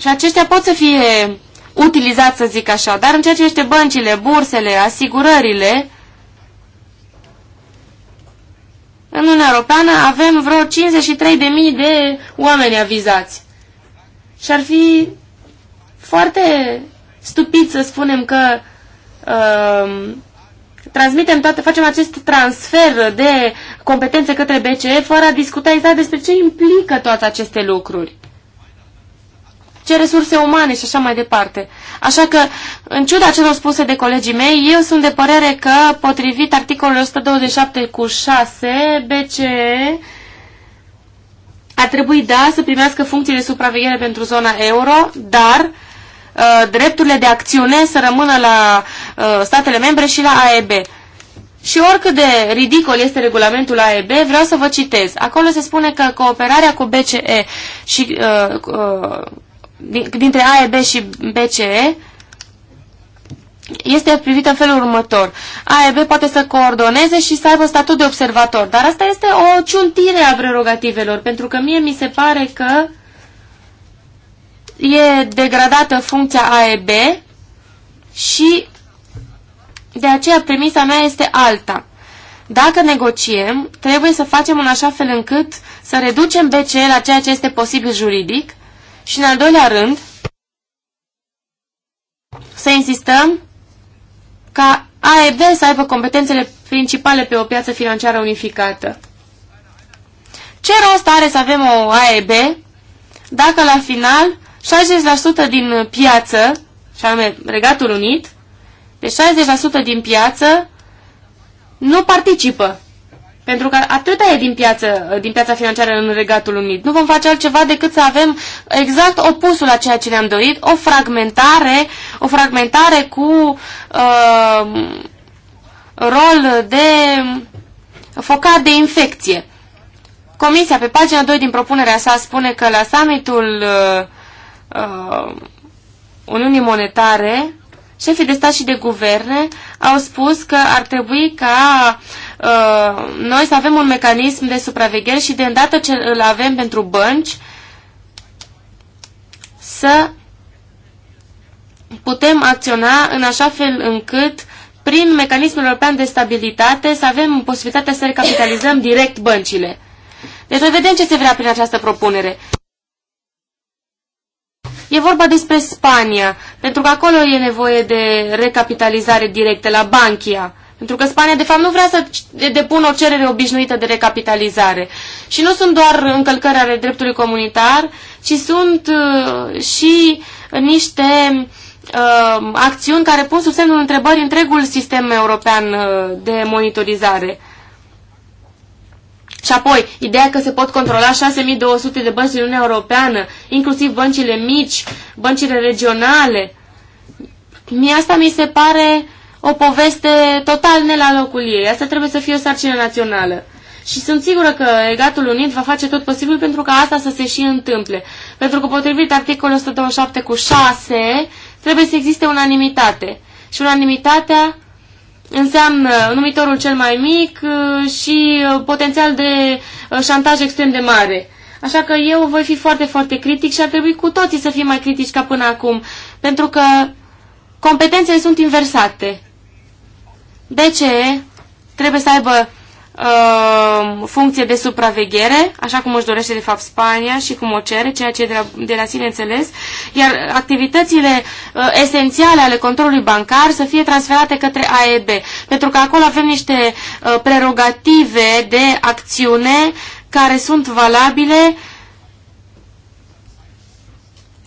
și aceștia pot să fie utilizați, să zic așa, dar în ceea ce este băncile, bursele, asigurările, În Uniunea Europeană avem vreo 53.000 de oameni avizați. Și ar fi foarte stupid să spunem că uh, transmitem toate, facem acest transfer de competențe către BCE fără a discuta exact despre ce implică toate aceste lucruri ce resurse umane și așa mai departe. Așa că, în ciuda celor spuse de colegii mei, eu sunt de părere că, potrivit articolului 127 cu 6, BCE ar trebui, da, să primească funcții de supraveghere pentru zona euro, dar uh, drepturile de acțiune să rămână la uh, statele membre și la AEB. Și oricât de ridicol este regulamentul AEB, vreau să vă citez. Acolo se spune că cooperarea cu BCE și uh, uh, dintre A, B și BCE este privită în felul următor. AEB poate să coordoneze și să aibă statut de observator, dar asta este o ciuntire a prerogativelor, pentru că mie mi se pare că e degradată funcția AEB și de aceea premisa mea este alta. Dacă negociem, trebuie să facem în așa fel încât să reducem BCE la ceea ce este posibil juridic și în al doilea rând, să insistăm ca AEB să aibă competențele principale pe o piață financiară unificată. Ce rost are să avem o AEB dacă la final 60% din piață, și anume Regatul Unit, de deci 60% din piață nu participă pentru că atâta e din, piața, din piața financiară în Regatul Unit. Nu vom face altceva decât să avem exact opusul a ceea ce ne-am dorit, o fragmentare, o fragmentare cu uh, rol de focat de infecție. Comisia, pe pagina 2 din propunerea sa, spune că la summitul uh, uh, Uniunii Monetare, șefii de stat și de guverne au spus că ar trebui ca uh, Uh, noi să avem un mecanism de supraveghere și de îndată ce îl avem pentru bănci, să putem acționa în așa fel încât prin mecanismul european de stabilitate să avem posibilitatea să recapitalizăm direct băncile. Deci noi vedem ce se vrea prin această propunere. E vorba despre Spania, pentru că acolo e nevoie de recapitalizare directă la Bankia. Pentru că Spania, de fapt, nu vrea să depună o cerere obișnuită de recapitalizare. Și nu sunt doar încălcări ale dreptului comunitar, ci sunt uh, și niște uh, acțiuni care pun sub semnul întrebării întregul sistem european uh, de monitorizare. Și apoi, ideea că se pot controla 6200 de bănci din Uniunea Europeană, inclusiv băncile mici, băncile regionale, mie asta mi se pare o poveste total ne la locul ei. Asta trebuie să fie o sarcină națională. Și sunt sigură că Egatul Unit va face tot posibil pentru ca asta să se și întâmple. Pentru că potrivit articolul 127 cu 6 trebuie să existe unanimitate. Și unanimitatea înseamnă numitorul cel mai mic uh, și uh, potențial de uh, șantaj extrem de mare. Așa că eu voi fi foarte, foarte critic și ar trebui cu toții să fim mai critici ca până acum, pentru că competențele sunt inversate. BCE trebuie să aibă uh, funcție de supraveghere, așa cum își dorește de fapt Spania și cum o cere, ceea ce e de la, de la sine înțeles, iar activitățile uh, esențiale ale controlului bancar să fie transferate către AEB, pentru că acolo avem niște uh, prerogative de acțiune care sunt valabile uh,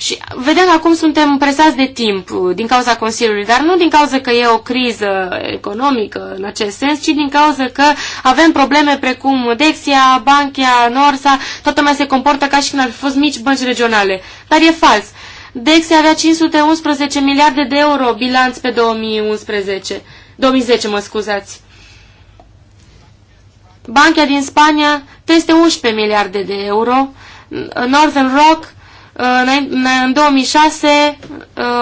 și vedem acum suntem presați de timp din cauza Consiliului, dar nu din cauza că e o criză economică în acest sens, ci din cauza că avem probleme precum Dexia, Banchia, Norsa, toată lumea se comportă ca și când ar fi fost mici bănci regionale. Dar e fals. Dexia avea 511 miliarde de euro bilanț pe 2011. 2010, mă scuzați. Banca din Spania peste 11 miliarde de euro, Northern Rock Uh, în 2006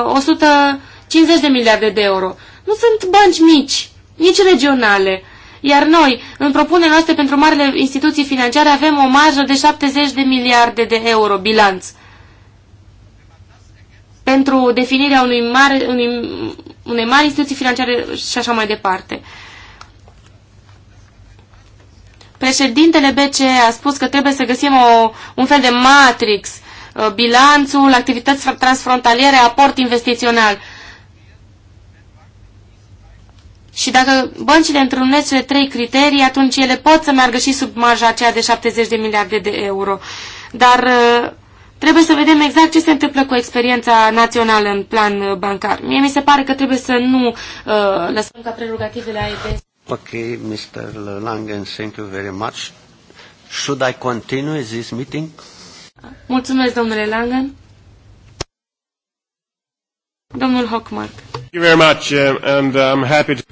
150 uh, de miliarde de euro. Nu sunt bănci mici, nici regionale. Iar noi, în propunerea noastră pentru marile instituții financiare, avem o marjă de 70 de miliarde de euro bilanț. Pentru definirea unui mare, unui, unei mari instituții financiare și așa mai departe. Președintele BCE a spus că trebuie să găsim o, un fel de matrix Uh, bilanțul, activități transfrontaliere, aport investițional. Și dacă băncile întrunesc cele trei criterii, atunci ele pot să meargă și sub marja aceea de 70 de miliarde de euro. Dar uh, trebuie să vedem exact ce se întâmplă cu experiența națională în plan uh, bancar. Mie mi se pare că trebuie să nu uh, lăsăm ca prerogativele AEB. Ok, Mr. Langen, thank you very much. Should I continue this meeting? Mulțumesc, domnule Langen. Domnul Hockmark.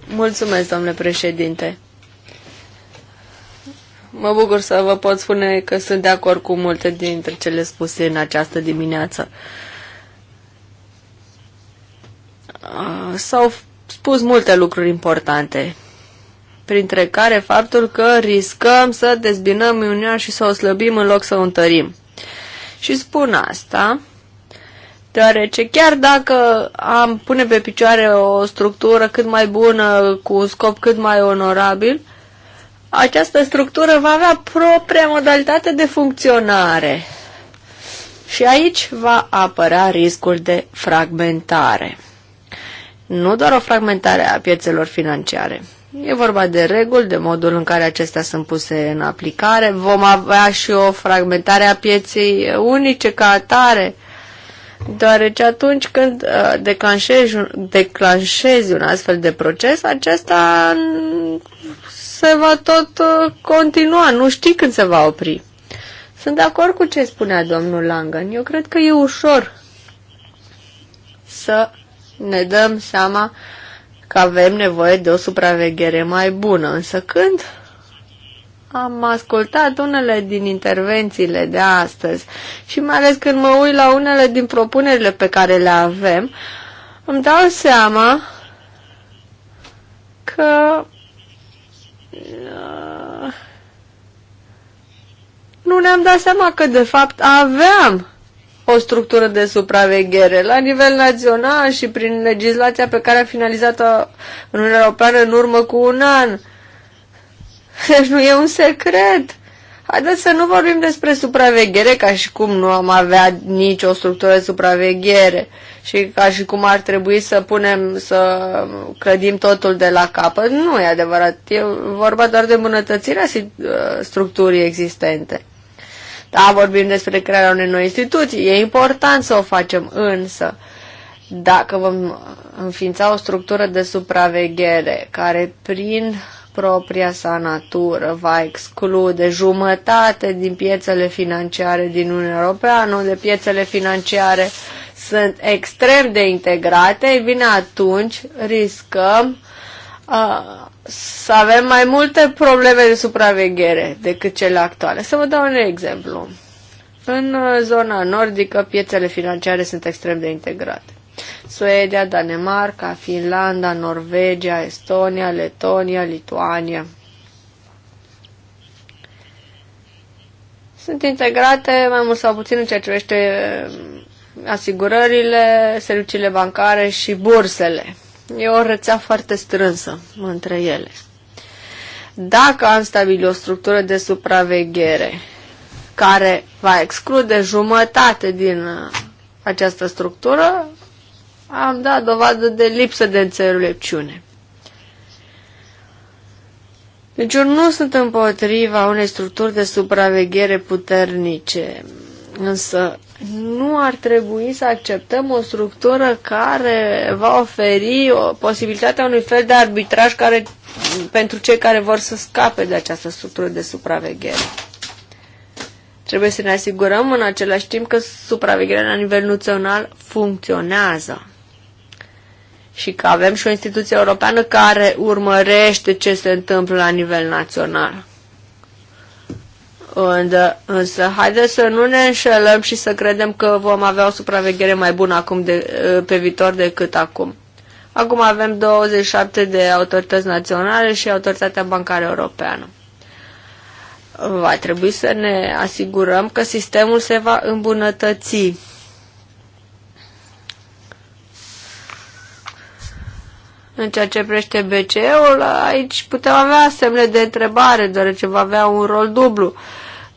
Mulțumesc, domnule președinte. Mă bucur să vă pot spune că sunt de acord cu multe dintre cele spuse în această dimineață. Uh, s-au spus multe lucruri importante, printre care faptul că riscăm să dezbinăm Uniunea și să o slăbim în loc să o întărim. Și spun asta deoarece chiar dacă am pune pe picioare o structură cât mai bună, cu un scop cât mai onorabil, această structură va avea propria modalitate de funcționare. Și aici va apărea riscul de fragmentare. Nu doar o fragmentare a piețelor financiare, E vorba de reguli, de modul în care acestea sunt puse în aplicare. Vom avea și o fragmentare a pieței unice ca atare, deoarece atunci când uh, declanșezi un, declanșezi un astfel de proces, acesta se va tot uh, continua, nu știi când se va opri. Sunt de acord cu ce spunea domnul Langan. Eu cred că e ușor să ne dăm seama uh, că avem nevoie de o supraveghere mai bună, însă când am ascultat unele din intervențiile de astăzi și mai ales când mă uit la unele din propunerile pe care le avem, îmi dau seama că uh, nu ne-am dat seama că de fapt aveam o structură de supraveghere la nivel național și prin legislația pe care a finalizat-o în Uniunea Europeană în urmă cu un an. Deci nu e un secret. Haideți să nu vorbim despre supraveghere ca și cum nu am avea nicio structură de supraveghere și ca și cum ar trebui să punem, să clădim totul de la capăt. Nu e adevărat, e vorba doar de îmbunătățirea ă, structurii existente. Da, vorbim despre crearea unei noi instituții, e important să o facem, însă dacă vom înființa o structură de supraveghere care prin propria sa natură va exclude jumătate din piețele financiare din Uniunea Europeană, unde piețele financiare sunt extrem de integrate, vine bine atunci riscăm uh, să avem mai multe probleme de supraveghere decât cele actuale. Să vă dau un exemplu. În uh, zona nordică, piețele financiare sunt extrem de integrate. Suedia, Danemarca, Finlanda, Norvegia, Estonia, Letonia, Lituania. Sunt integrate mai mult sau puțin în ceea ce privește uh, asigurările, serviciile bancare și bursele. E o rețea foarte strânsă între ele. Dacă am stabilit o structură de supraveghere care va exclude jumătate din uh, această structură, am dat dovadă de lipsă de înțelepciune. Deci eu nu sunt împotriva unei structuri de supraveghere puternice, însă nu ar trebui să acceptăm o structură care va oferi o posibilitatea unui fel de arbitraj care, pentru cei care vor să scape de această structură de supraveghere. Trebuie să ne asigurăm în același timp că supravegherea la nivel național funcționează și că avem și o instituție europeană care urmărește ce se întâmplă la nivel național. Unde, însă, haideți să nu ne înșelăm și să credem că vom avea o supraveghere mai bună acum de, ă, pe viitor decât acum. Acum avem 27 de autorități naționale și Autoritatea Bancară Europeană. Va trebui să ne asigurăm că sistemul se va îmbunătăți. În ceea ce prește BCE-ul, aici putem avea semne de întrebare, deoarece va avea un rol dublu. Uh,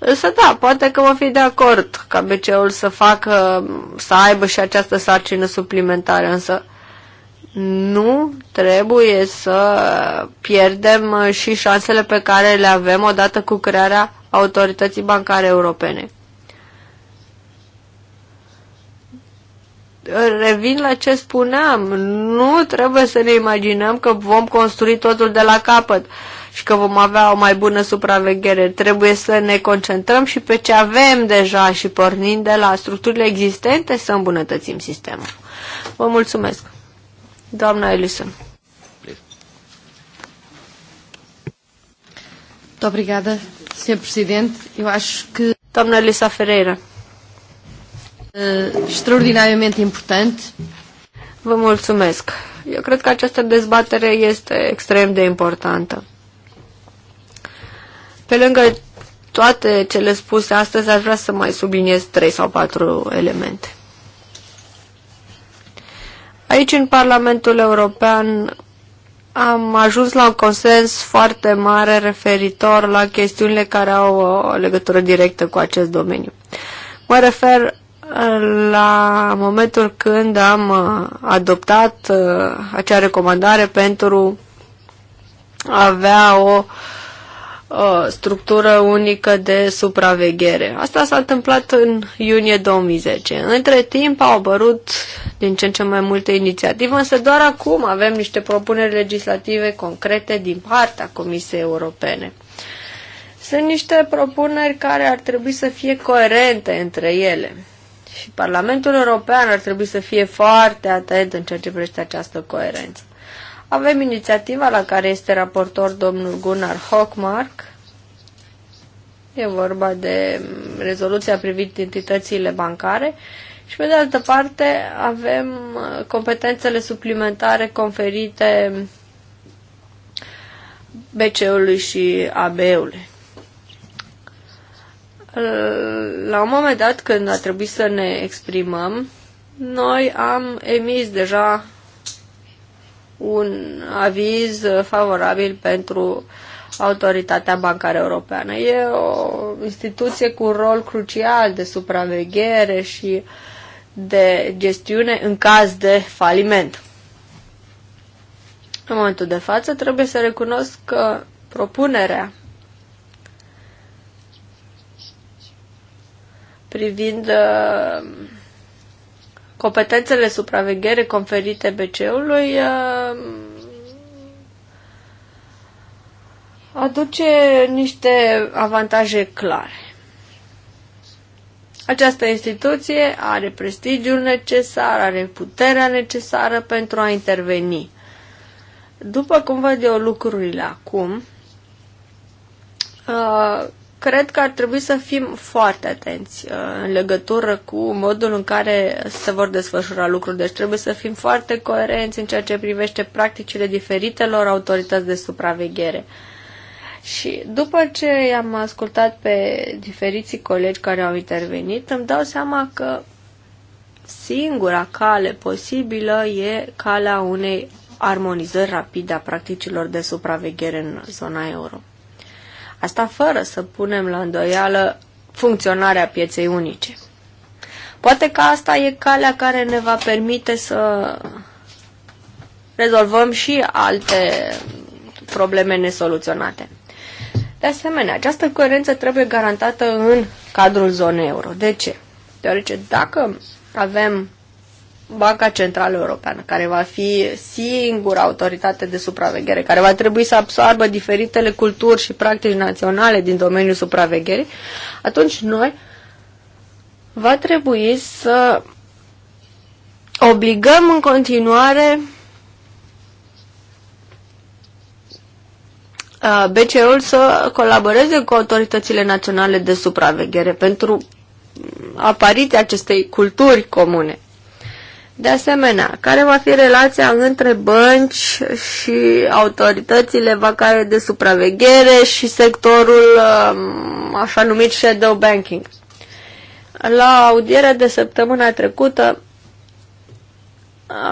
Însă da, poate că vom fi de acord ca BCE-ul să facă, să aibă și această sarcină suplimentară, însă nu trebuie să pierdem uh, și șansele pe care le avem odată cu crearea autorității bancare europene. Revin la ce spuneam, nu trebuie să ne imaginăm că vom construi totul de la capăt. Uh, și că vom avea o mai bună supraveghere. Trebuie să ne concentrăm și pe ce avem deja și pornind de la structurile existente să îmbunătățim sistemul. Vă mulțumesc. Doamna Ellison. Obrigada, Sr. Presidente. Eu acho que... Doamna Elisa Ferreira. Uh, extraordinariamente importante. Vă mulțumesc. Eu cred că această dezbatere este extrem de importantă. Pe lângă toate cele spuse astăzi, aș vrea să mai subliniez trei sau patru elemente. Aici, în Parlamentul European, am ajuns la un consens foarte mare referitor la chestiunile care au o legătură directă cu acest domeniu. Mă refer uh, la momentul când am uh, adoptat uh, acea recomandare pentru a avea o uh, Uh, structură unică de supraveghere. Asta s-a întâmplat în iunie 2010. Între timp au apărut din ce în ce mai multe inițiative, însă doar acum avem niște propuneri legislative concrete din partea Comisiei Europene. Sunt niște propuneri care ar trebui să fie coerente între ele. Și Parlamentul European ar trebui să fie foarte atent în ceea ce privește această coerență. Avem inițiativa la care este raportor domnul Gunnar Hockmark. E vorba de rezoluția privind entitățile bancare. Și pe de altă parte avem competențele suplimentare conferite BCE-ului și AB-ului. La un moment dat, când a trebuit să ne exprimăm, noi am emis deja un aviz favorabil pentru Autoritatea Bancară Europeană. E o instituție cu un rol crucial de supraveghere și de gestiune în caz de faliment. În momentul de față trebuie să recunosc că propunerea privind uh, competențele supraveghere conferite bc ului uh, aduce niște avantaje clare. Această instituție are prestigiul necesar, are puterea necesară pentru a interveni. După cum văd eu lucrurile acum, uh, cred că ar trebui să fim foarte atenți uh, în legătură cu modul în care se vor desfășura lucruri. Deci trebuie să fim foarte coerenți în ceea ce privește practicile diferitelor autorități de supraveghere. Și după ce am ascultat pe diferiții colegi care au intervenit, îmi dau seama că singura cale posibilă e calea unei armonizări rapide a practicilor de supraveghere în zona euro. Asta fără să punem la îndoială funcționarea pieței unice. Poate că asta e calea care ne va permite să rezolvăm și alte probleme nesoluționate. De asemenea, această coerență trebuie garantată în cadrul zonei euro. De ce? Deoarece dacă avem Banca Centrală Europeană, care va fi singura autoritate de supraveghere, care va trebui să absorbă diferitele culturi și practici naționale din domeniul supravegherii, atunci noi va trebui să obligăm în continuare BCE-ul să colaboreze cu autoritățile naționale de supraveghere pentru apariția acestei culturi comune. De asemenea, care va fi relația între bănci și autoritățile bancare de supraveghere și sectorul um, așa numit shadow banking? La audierea de săptămâna trecută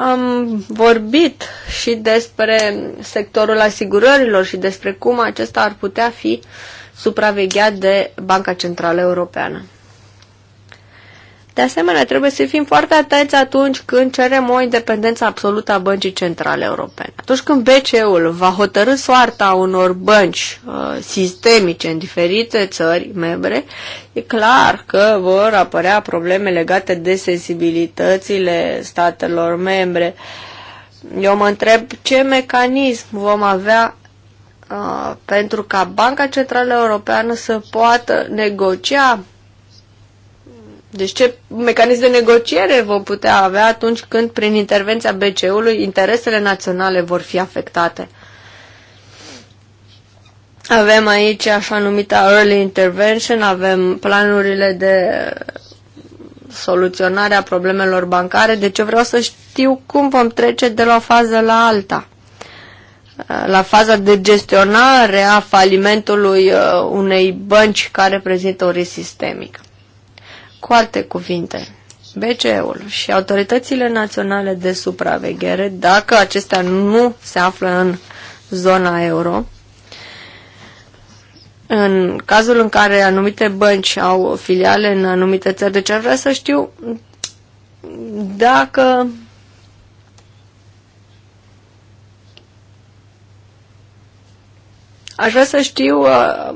am vorbit și despre sectorul asigurărilor și despre cum acesta ar putea fi supravegheat de Banca Centrală Europeană. De asemenea, trebuie să fim foarte atenți atunci când cerem o independență absolută a băncii centrale europene. Atunci când BCE-ul va hotărâ soarta unor bănci uh, sistemice în diferite țări membre, e clar că vor apărea probleme legate de sensibilitățile statelor membre. Eu mă întreb ce mecanism vom avea uh, pentru ca Banca Centrală Europeană să poată negocia deci ce mecanism de negociere vom putea avea atunci când prin intervenția BCE-ului interesele naționale vor fi afectate? Avem aici așa numita early intervention, avem planurile de soluționare a problemelor bancare, deci eu vreau să știu cum vom trece de la o fază la alta. La faza de gestionare a falimentului uh, unei bănci care prezintă o risc sistemică. Cu alte cuvinte, BCE-ul și autoritățile naționale de supraveghere, dacă acestea nu se află în zona euro, în cazul în care anumite bănci au filiale în anumite țări, deci ar vrea să știu dacă aș vrea să știu uh,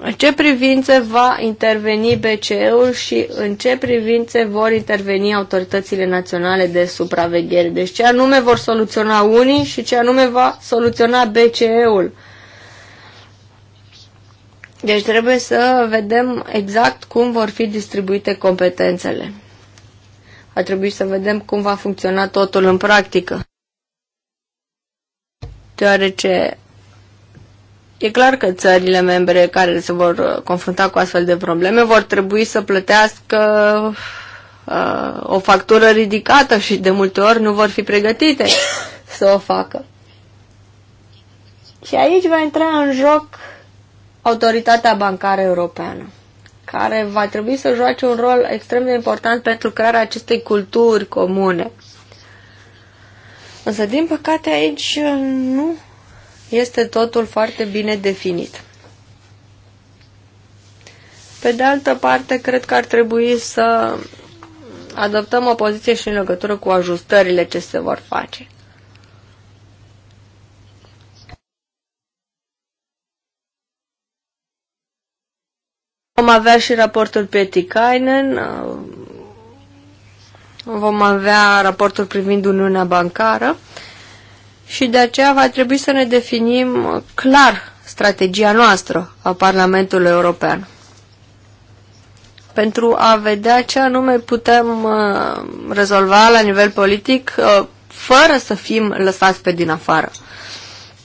în ce privințe va interveni BCE-ul și în ce privințe vor interveni autoritățile naționale de supraveghere. Deci ce anume vor soluționa unii și ce anume va soluționa BCE-ul. Deci trebuie să vedem exact cum vor fi distribuite competențele. A trebuit să vedem cum va funcționa totul în practică. Deoarece E clar că țările membre care se vor uh, confrunta cu astfel de probleme vor trebui să plătească uh, o factură ridicată și de multe ori nu vor fi pregătite să o facă. Și aici va intra în joc autoritatea bancară europeană, care va trebui să joace un rol extrem de important pentru crearea acestei culturi comune. Însă, din păcate, aici nu este totul foarte bine definit. Pe de altă parte, cred că ar trebui să adoptăm o poziție și în legătură cu ajustările ce se vor face. Vom avea și raportul Peti-Kainen. Uh, vom avea raportul privind Uniunea Bancară și de aceea va trebui să ne definim clar strategia noastră a Parlamentului European pentru a vedea ce anume putem uh, rezolva la nivel politic uh, fără să fim lăsați pe din afară.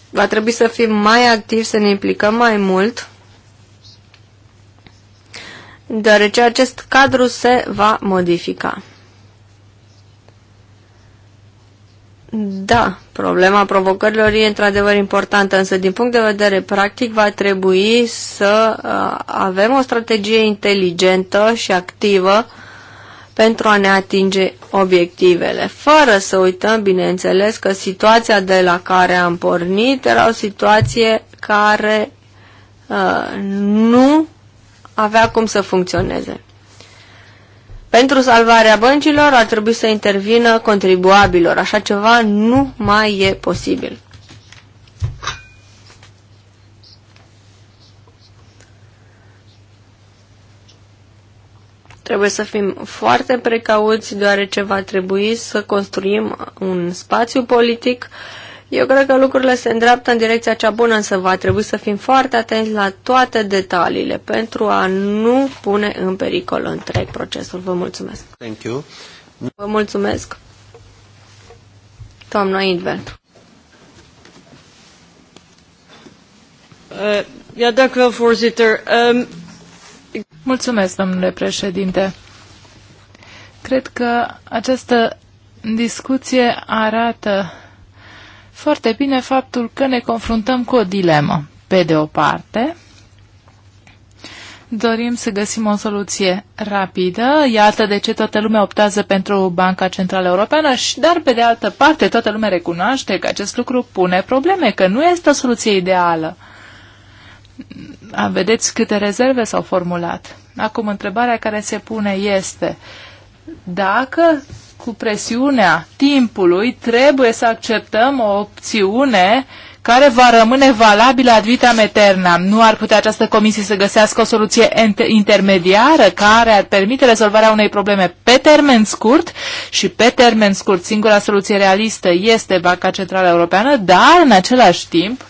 Va trebui să fim mai activi, să ne implicăm mai mult, deoarece acest cadru se va modifica. Da, problema provocărilor e într-adevăr importantă, însă din punct de vedere practic va trebui să uh, avem o strategie inteligentă și activă pentru a ne atinge obiectivele, fără să uităm, bineînțeles, că situația de la care am pornit era o situație care uh, nu avea cum să funcționeze. Pentru salvarea băncilor ar trebui să intervină contribuabilor. Așa ceva nu mai e posibil. Trebuie să fim foarte precauți, deoarece va trebui să construim un spațiu politic uh, eu cred că lucrurile se îndreaptă în direcția cea bună, însă va trebui să fim foarte atenți la toate detaliile pentru a nu pune în pericol întreg procesul. Vă mulțumesc. Thank you. Vă mulțumesc. Doamna Invert. Uh, ja, dank Um... Mulțumesc, domnule președinte. Cred că această discuție arată foarte bine faptul că ne confruntăm cu o dilemă. Pe de o parte, dorim să găsim o soluție rapidă. Iată de ce toată lumea optează pentru Banca Centrală Europeană, și, dar pe de altă parte toată lumea recunoaște că acest lucru pune probleme, că nu este o soluție ideală. A, vedeți câte rezerve s-au formulat. Acum, întrebarea care se pune este dacă cu presiunea timpului, trebuie să acceptăm o opțiune care va rămâne valabilă ad vitam aeternam. Nu ar putea această comisie să găsească o soluție intermediară care ar permite rezolvarea unei probleme pe termen scurt și pe termen scurt singura soluție realistă este Banca Centrală Europeană, dar în același timp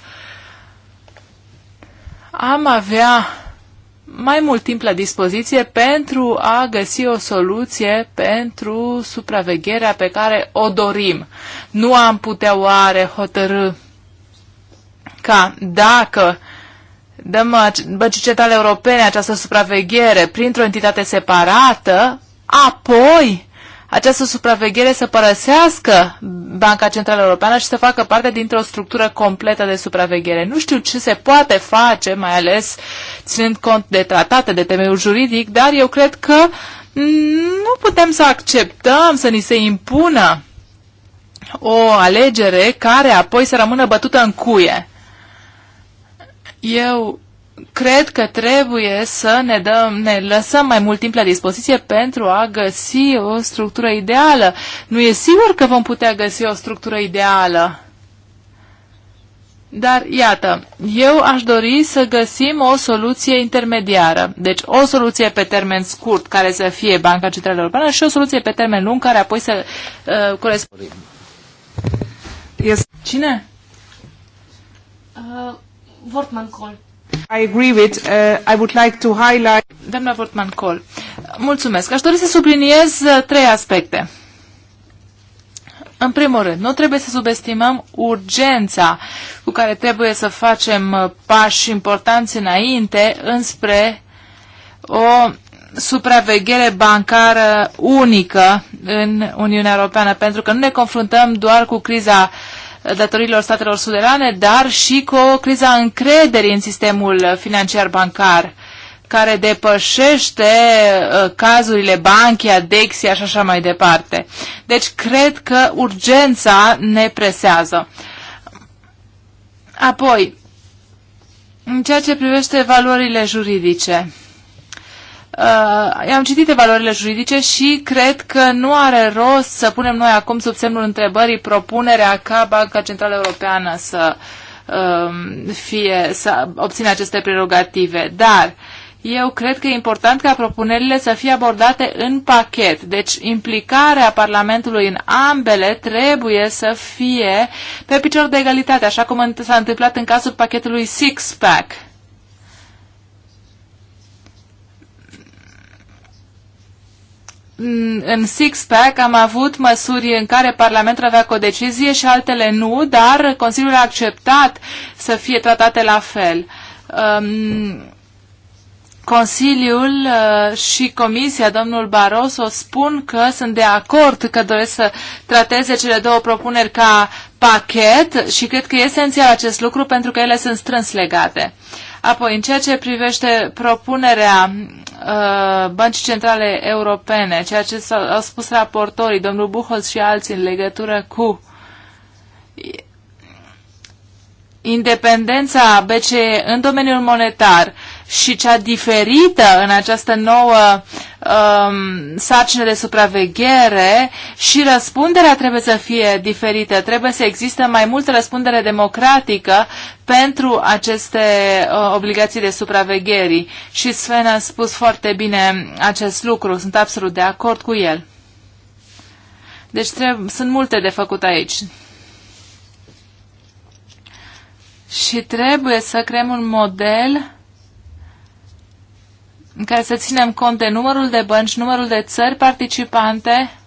am avea mai mult timp la dispoziție pentru a găsi o soluție pentru supravegherea pe care o dorim. Nu am putea oare hotărâ ca dacă dăm băcii europene această supraveghere printr-o entitate separată, apoi această supraveghere să părăsească Banca Centrală Europeană și să facă parte dintr-o structură completă de supraveghere. Nu știu ce se poate face, mai ales ținând cont de tratate, de temeiul juridic, dar eu cred că nu putem să acceptăm să ni se impună o alegere care apoi să rămână bătută în cuie. Eu cred că trebuie să ne, dăm, ne lăsăm mai mult timp la dispoziție pentru a găsi o structură ideală. Nu e sigur că vom putea găsi o structură ideală. Dar, iată, eu aș dori să găsim o soluție intermediară. Deci o soluție pe termen scurt, care să fie Banca Centrală Europeană, și o soluție pe termen lung, care apoi să uh, corespundă. Yes. Cine? Uh, Wortmann Call. I agree with, uh, I would like to highlight... Doamna Portman Col, mulțumesc. Aș dori să subliniez uh, trei aspecte. În primul rând, nu trebuie să subestimăm urgența cu care trebuie să facem uh, pași importanți înainte înspre o supraveghere bancară unică în Uniunea Europeană, pentru că nu ne confruntăm doar cu criza uh, datorilor statelor suderane dar și cu o criza încrederii în sistemul financiar bancar care depășește uh, cazurile banchi, Dexia și așa mai departe. Deci cred că urgența ne presează. Apoi, în ceea ce privește valorile juridice, Uh, am citit evaluările juridice și cred că nu are rost să punem noi acum sub semnul întrebării propunerea ca Banca Centrală Europeană să, uh, fie, să obțină aceste prerogative. Dar eu cred că e important ca propunerile să fie abordate în pachet. Deci implicarea Parlamentului în ambele trebuie să fie pe picior de egalitate, așa cum s-a întâmplat în cazul pachetului Six Pack în six-pack am avut măsuri în care Parlamentul avea o decizie și altele nu, dar Consiliul a acceptat să fie tratate la fel. Um, Consiliul uh, și Comisia, domnul Barroso, spun că sunt de acord că doresc să trateze cele două propuneri ca pachet și cred că e esențial acest lucru pentru că ele sunt strâns legate. Uh, Apoi, în ceea ce privește propunerea uh, Băncii Centrale Europene, ceea ce au spus raportorii, domnul Buhos și alții, în legătură cu independența BCE în domeniul monetar, și cea diferită în această nouă um, sarcină de supraveghere și răspunderea trebuie să fie diferită. Trebuie să existe mai multă răspundere democratică pentru aceste uh, obligații de supraveghere. Și Sven a spus foarte bine acest lucru. Sunt absolut de acord cu el. Deci trebuie, sunt multe de făcut aici. Și trebuie să creăm un model în care să ținem cont de numărul de bănci, numărul de țări participante.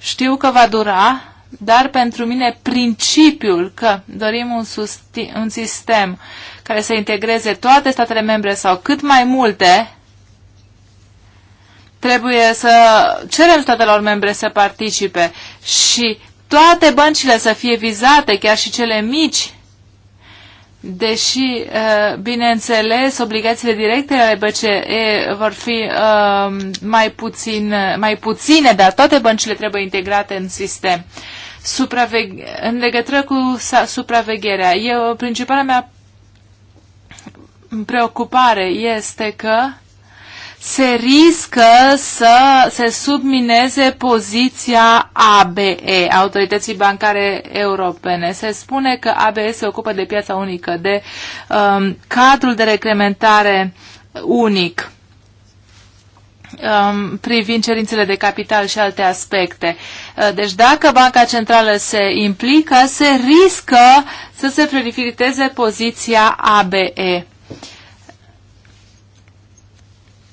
Știu că va dura, dar pentru mine principiul că dorim un, un sistem care să integreze toate statele membre sau cât mai multe, trebuie să cerem statelor membre să participe și toate băncile să fie vizate, chiar și cele mici, Deși, uh, bineînțeles, obligațiile directe ale BCE vor fi uh, mai, puțin, mai puține, dar toate băncile trebuie integrate în sistem. Supraveg- în legătură cu supravegherea, eu, principala mea preocupare este că se riscă să se submineze poziția ABE, Autorității Bancare Europene. Se spune că ABE se ocupă de piața unică, de um, cadrul de reglementare unic um, privind cerințele de capital și alte aspecte. Uh, deci dacă Banca Centrală se implică, se riscă să se prioriteze poziția ABE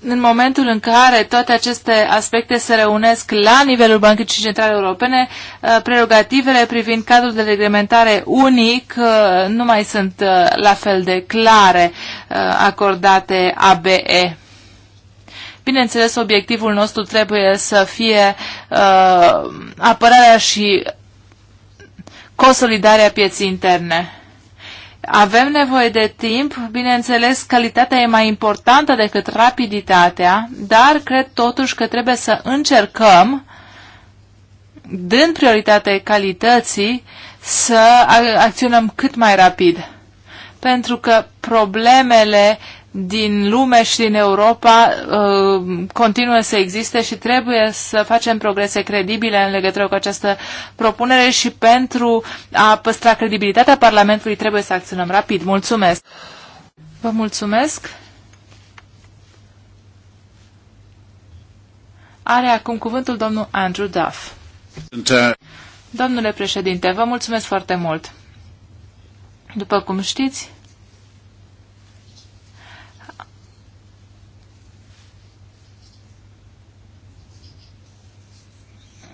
în momentul în care toate aceste aspecte se reunesc la nivelul Bancii Centrale Europene, uh, prerogativele privind cadrul de reglementare unic uh, nu mai sunt uh, la fel de clare acordate ABE. Bineînțeles, obiectivul nostru trebuie să fie uh, apărarea și consolidarea pieții interne. Avem nevoie de timp, bineînțeles, calitatea e mai importantă decât rapiditatea, dar cred totuși că trebuie să încercăm, dând prioritate calității, să acționăm cât mai rapid. Pentru că problemele din lume și din Europa uh, continuă să existe și trebuie să facem progrese credibile în legătură cu această propunere și pentru a păstra credibilitatea Parlamentului trebuie să acționăm rapid. Mulțumesc! Vă mulțumesc! Are acum cuvântul domnul Andrew Duff. Domnule președinte, vă mulțumesc foarte mult! După cum știți,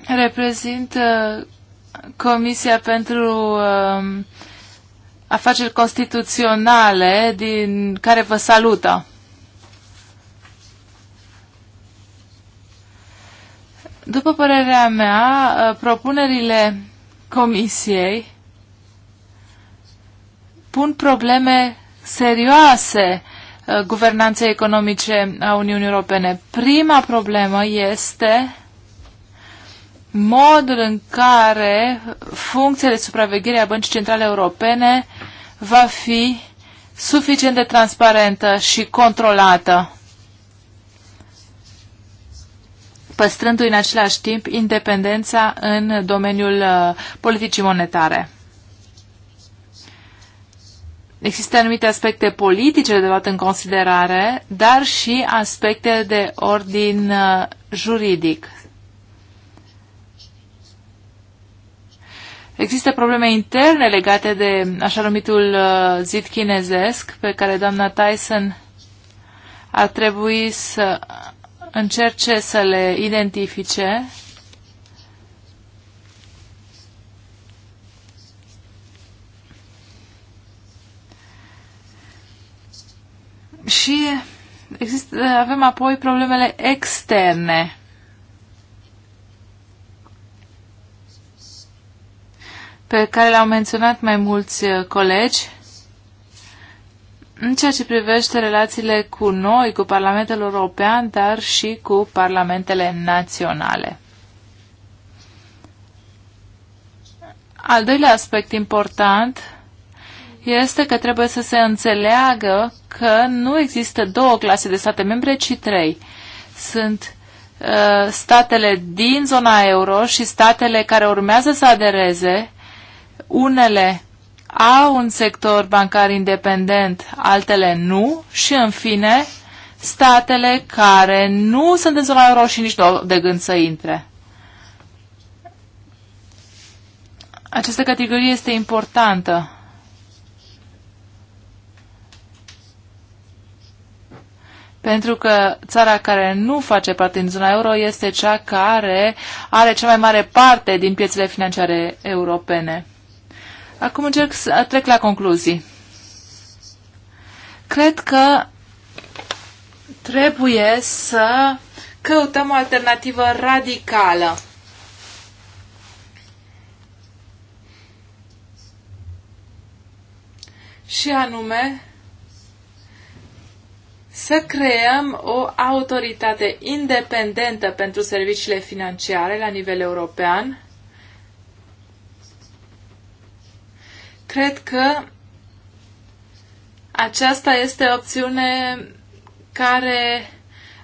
reprezint uh, Comisia pentru um, Afaceri Constituționale, din care vă salută. După părerea mea, uh, propunerile Comisiei pun probleme serioase uh, guvernanței economice a Uniunii Europene. Prima problemă este modul în care funcția de supraveghere a Băncii Centrale Europene va fi suficient de transparentă și controlată, păstrându-i în același timp independența în domeniul uh, politicii monetare. Există anumite aspecte politice de luat în considerare, dar și aspecte de ordin uh, juridic. Există probleme interne legate de așa numitul uh, zid chinezesc pe care doamna Tyson ar trebui să încerce să le identifice. Și există, avem apoi problemele externe. pe care l-au menționat mai mulți uh, colegi în ceea ce privește relațiile cu noi, cu Parlamentul European, dar și cu parlamentele naționale. Al doilea aspect important este că trebuie să se înțeleagă că nu există două clase de state membre, ci trei. Sunt uh, statele din zona euro și statele care urmează să adereze unele au un sector bancar independent, altele nu și, în fine, statele care nu sunt în zona euro și nici nu de gând să intre. Această categorie este importantă. Pentru că țara care nu face parte din zona euro este cea care are cea mai mare parte din piețele financiare europene. Acum încerc să trec la concluzii. Cred că trebuie să căutăm o alternativă radicală. Și anume să creăm o autoritate independentă pentru serviciile financiare la nivel european Cred că aceasta este o opțiune care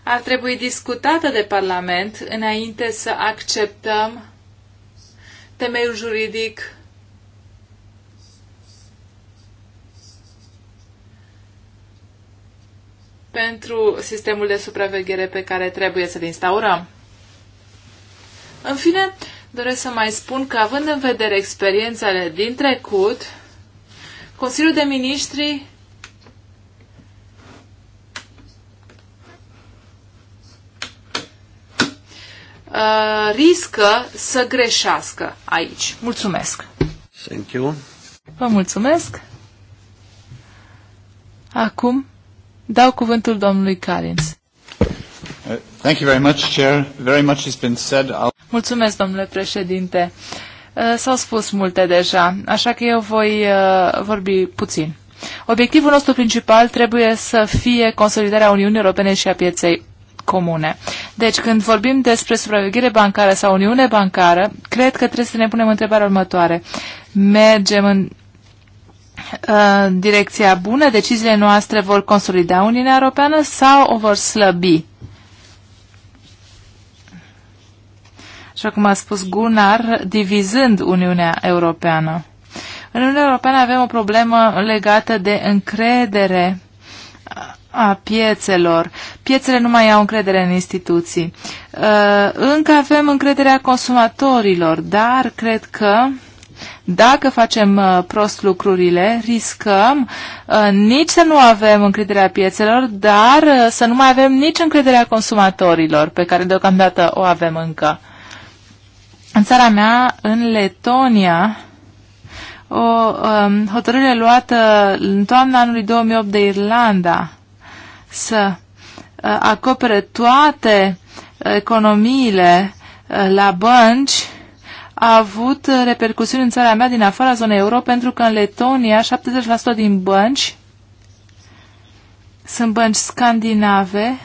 ar trebui discutată de Parlament înainte să acceptăm temeiul juridic pentru sistemul de supraveghere pe care trebuie să-l instaurăm. În fine, doresc să mai spun că având în vedere experiențele din trecut, Consiliul de Ministri uh, riscă să greșească aici. Mulțumesc! Thank you. Vă mulțumesc! Acum dau cuvântul domnului Carins. Uh, thank you very much, Chair. Very much has been said. I'll... Mulțumesc, domnule președinte. Uh, Uh, s-au spus multe deja, așa că eu voi uh, vorbi puțin. Obiectivul nostru principal trebuie să fie consolidarea Uniunii Europene și a pieței comune. Deci, când vorbim despre supraveghere bancară sau Uniune bancară, cred că trebuie să ne punem întrebarea următoare. Mergem în uh, direcția bună, deciziile noastre vor consolida Uniunea Europeană sau o vor slăbi? așa cum a spus Gunnar, divizând Uniunea Europeană. În Uniunea Europeană avem o problemă legată de încredere a piețelor. Piețele nu mai au încredere în instituții. Uh, încă avem încrederea consumatorilor, dar cred că dacă facem uh, prost lucrurile, riscăm uh, nici să nu avem încrederea piețelor, dar să nu mai avem nici încrederea consumatorilor, pe care deocamdată o avem încă. În țara mea, în Letonia, o um, hotărâre luată în toamna anului 2008 de Irlanda să uh, acopere toate uh, economiile uh, la bănci a avut uh, repercusiuni în țara mea din afara zonei euro pentru că în Letonia 70% din bănci sunt bănci scandinave,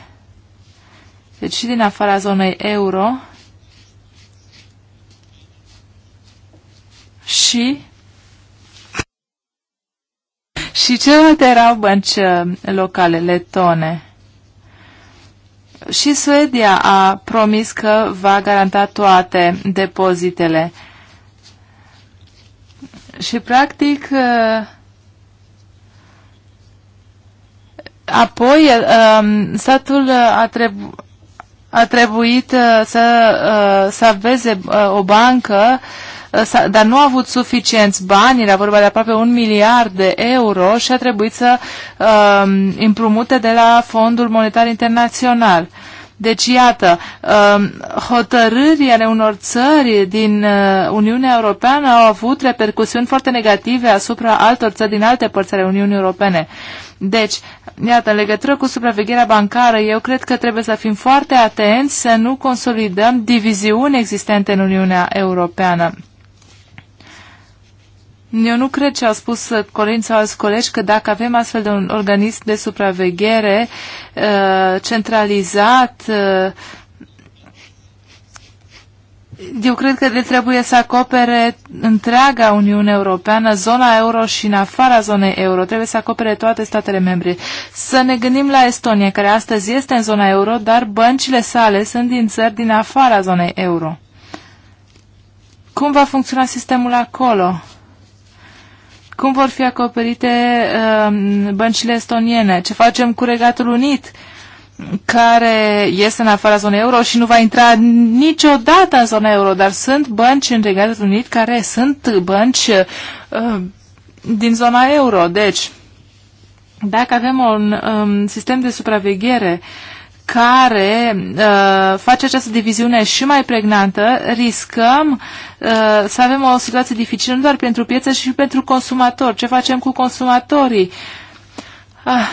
deci și din afara zonei euro, și și celelalte erau bănci uh, locale, letone. Și Suedia a promis că va garanta toate depozitele. Și, practic, uh, apoi uh, um, statul a, trebu a trebuit să salveze o bancă dar nu a avut suficienți bani, era vorba de aproape un miliard de euro și a trebuit să uh, împrumute de la Fondul Monetar Internațional. Deci, iată, ale um, unor țări din uh, Uniunea Europeană au avut repercusiuni foarte negative asupra altor țări din alte părți ale Uniunii Europene. Deci, iată, în legătură cu supravegherea bancară, eu cred că trebuie să fim foarte atenți să nu consolidăm diviziuni existente în Uniunea Europeană eu nu cred ce au spus Corin sau alți colegi că dacă avem astfel de un organism de supraveghere uh, centralizat, uh, eu cred că trebuie să acopere întreaga Uniune Europeană, zona euro și în afara zonei euro. Trebuie să acopere toate statele membre. Să ne gândim la Estonia, care astăzi este în zona euro, dar băncile sale sunt din țări din afara zonei euro. Cum va funcționa sistemul acolo? Cum vor fi acoperite uh, băncile estoniene? Ce facem cu Regatul Unit? care este în afara zonei euro și nu va intra niciodată în zona euro, dar sunt bănci în Regatul Unit care sunt bănci uh, din zona euro. Deci, dacă avem un um, sistem de supraveghere uh, care uh, face această diviziune și mai pregnantă, riscăm uh, să avem o situație dificilă nu doar pentru piețe, ci și pentru consumatori. Ce facem cu consumatorii? Ah.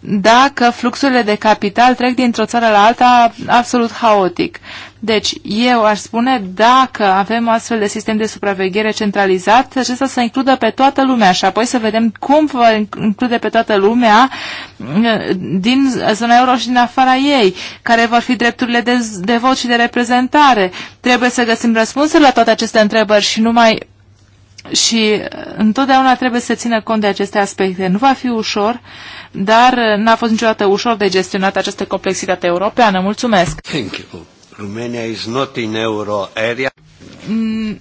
Dacă fluxurile de capital trec dintr-o țară la alta, absolut haotic. Deci, eu aș spune, dacă avem astfel de sistem de supraveghere centralizat, acesta să includă pe toată lumea și apoi să vedem cum va include pe toată lumea mm, din zona euro și din afara ei, care vor fi drepturile de, de vot și de reprezentare. Trebuie să găsim răspunsuri la toate aceste întrebări și numai și uh, întotdeauna trebuie să țină cont de aceste aspecte. Nu va fi ușor, dar uh, n-a fost niciodată ușor de gestionat această complexitate europeană. Mulțumesc! Thank you. Romania is not in euro area. Mm.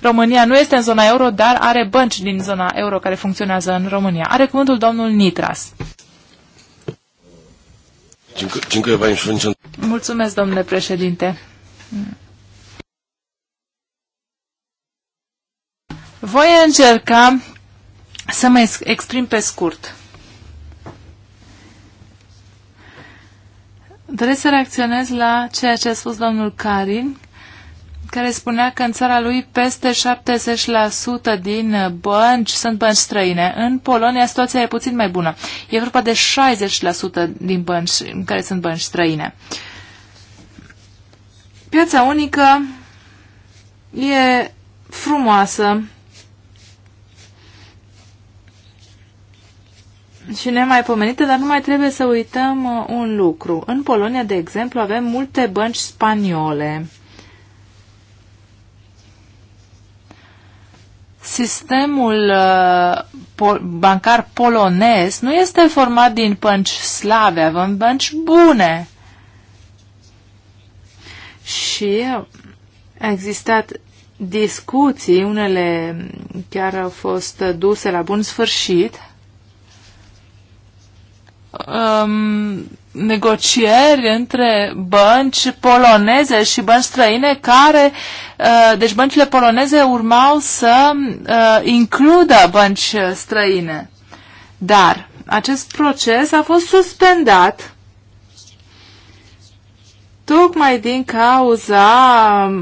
România nu este în zona euro, dar are bănci din zona euro care funcționează în România. Are cuvântul domnul Nitras. Mulțumesc, domnule președinte. Voi încerca să mă exprim pe scurt. Vreți să reacționez la ceea ce a spus domnul Karin, care spunea că în țara lui peste 70% din bănci sunt bănci străine. În Polonia situația e puțin mai bună. E vorba de 60% din bănci în care sunt bănci străine. Piața unică e frumoasă, și nemaipomenite, dar nu mai trebuie să uităm uh, un lucru. În Polonia, de exemplu, avem multe bănci spaniole. Sistemul uh, bancar polonez nu este format din bănci slave, avem bănci bune. Și a existat discuții, unele chiar au fost duse la bun sfârșit, um, negocieri între bănci poloneze și bănci străine care, uh, deci băncile poloneze urmau să uh, includă bănci străine. Dar acest proces a fost suspendat tocmai din cauza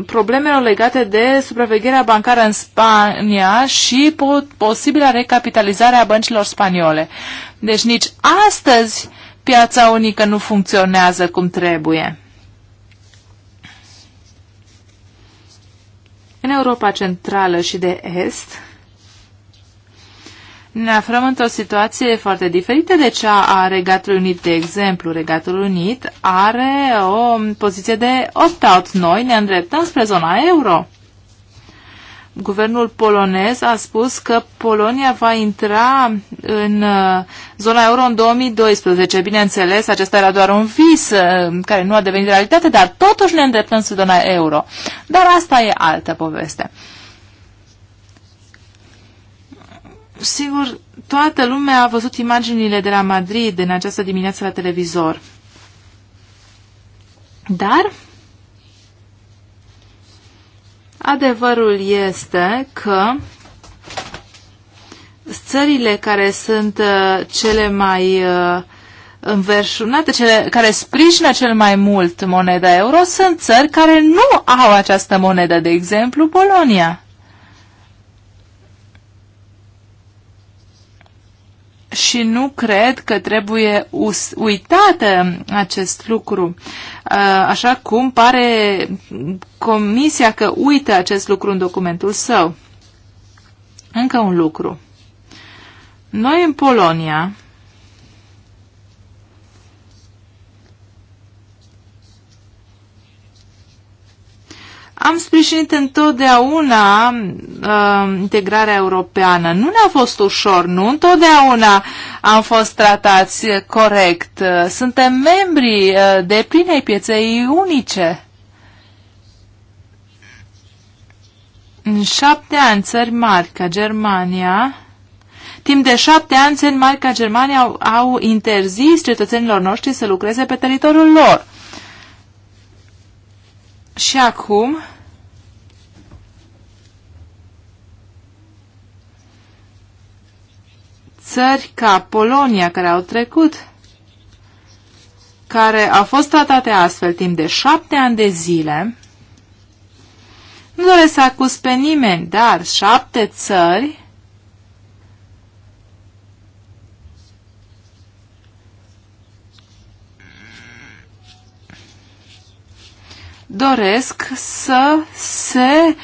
problemelor legate de supravegherea bancară în Spania și po posibila recapitalizare a băncilor spaniole. Deci nici astăzi piața unică nu funcționează cum trebuie. În Europa Centrală și de Est, ne aflăm într-o situație foarte diferită de cea a Regatului Unit. De exemplu, Regatul Unit are o poziție de opt-out. Noi ne îndreptăm spre zona euro. Guvernul polonez a spus că Polonia va intra în uh, zona euro în 2012. Bineînțeles, acesta era doar un vis uh, care nu a devenit realitate, dar totuși ne îndreptăm spre zona euro. Dar asta e altă poveste. Sigur, toată lumea a văzut imaginile de la Madrid în această dimineață la televizor. Dar adevărul este că țările care sunt uh, cele mai uh, înverșunate, cele care sprijină cel mai mult moneda euro, sunt țări care nu au această monedă, de exemplu Polonia. și nu cred că trebuie uitată acest lucru, așa cum pare comisia că uită acest lucru în documentul său. Încă un lucru. Noi în Polonia Am sprijinit întotdeauna uh, integrarea europeană. Nu ne-a fost ușor, nu întotdeauna am fost tratați corect. Suntem membri uh, de plinei pieței unice. În șapte ani, țări mari ca Germania, timp de șapte ani, țări mari ca Germania au, au interzis cetățenilor noștri să lucreze pe teritoriul lor. Și acum țări ca Polonia care au trecut, care au fost tratate astfel timp de șapte ani de zile, nu doresc să acuz pe nimeni, dar șapte țări doresc să se,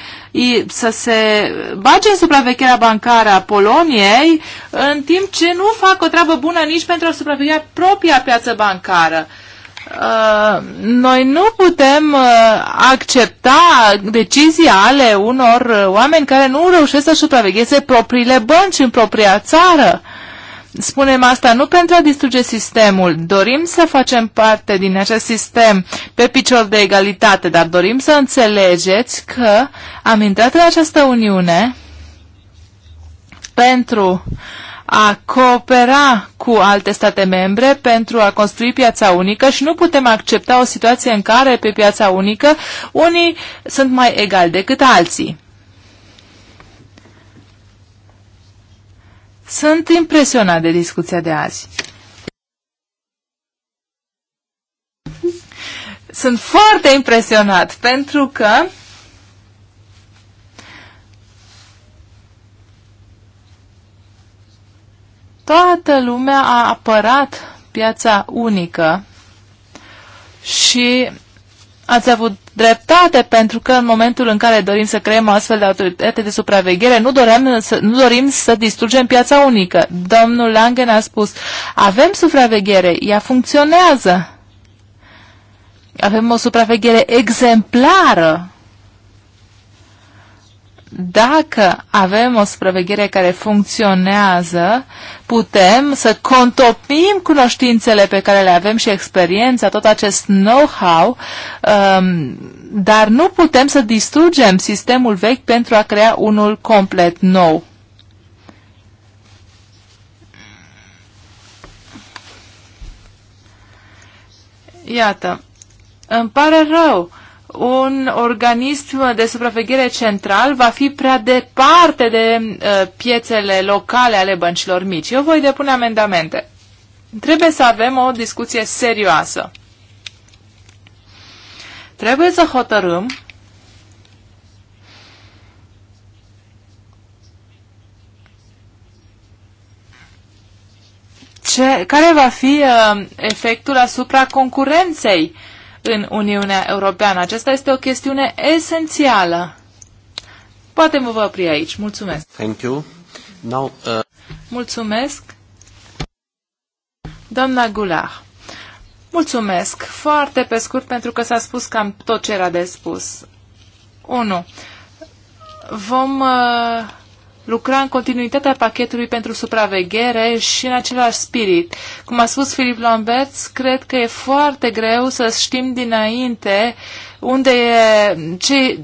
să se bage în supravegherea bancară a Poloniei, în timp ce nu fac o treabă bună nici pentru a supraveghea propria piață bancară. Uh, noi nu putem uh, accepta decizii ale unor uh, oameni care nu reușesc să supravegheze propriile bănci în propria țară. Uh, Spunem asta nu pentru a distruge sistemul, dorim să facem parte din acest sistem pe picior de egalitate, dar dorim să înțelegeți că am intrat în această uniune pentru a coopera cu alte state membre pentru a construi piața unică și nu putem accepta o situație în care pe piața unică unii sunt mai egali decât alții. Sunt impresionat de discuția de azi. Sunt foarte impresionat pentru că toată lumea a apărat piața unică și ați avut dreptate, pentru că în momentul în care dorim să creăm astfel de autoritate de supraveghere, nu, doream să, nu dorim să distrugem piața unică. Domnul Langen a spus, avem supraveghere, ea funcționează. Avem o supraveghere exemplară dacă avem o supraveghere care funcționează, putem să contopim cunoștințele pe care le avem și experiența, tot acest know-how, um, dar nu putem să distrugem sistemul vechi pentru a crea unul complet nou. Iată, îmi pare rău. Uh, un organism de supraveghere central va fi prea departe de uh, piețele locale ale băncilor mici. Eu voi depune amendamente. Trebuie să avem o discuție serioasă. Trebuie să hotărâm ce, care va fi uh, efectul asupra concurenței uh, în Uniunea Europeană. Aceasta este o chestiune esențială. Poate mă vă opri aici. Mulțumesc. Thank you. Now, uh... Mulțumesc. Doamna Gular. Mulțumesc. Foarte pe scurt, pentru că s-a spus cam tot ce era de spus. 1. Vom uh, lucra în continuitatea pachetului pentru supraveghere și în același spirit. Cum a spus Filip Lambert, cred că e foarte greu să știm dinainte unde e, ce,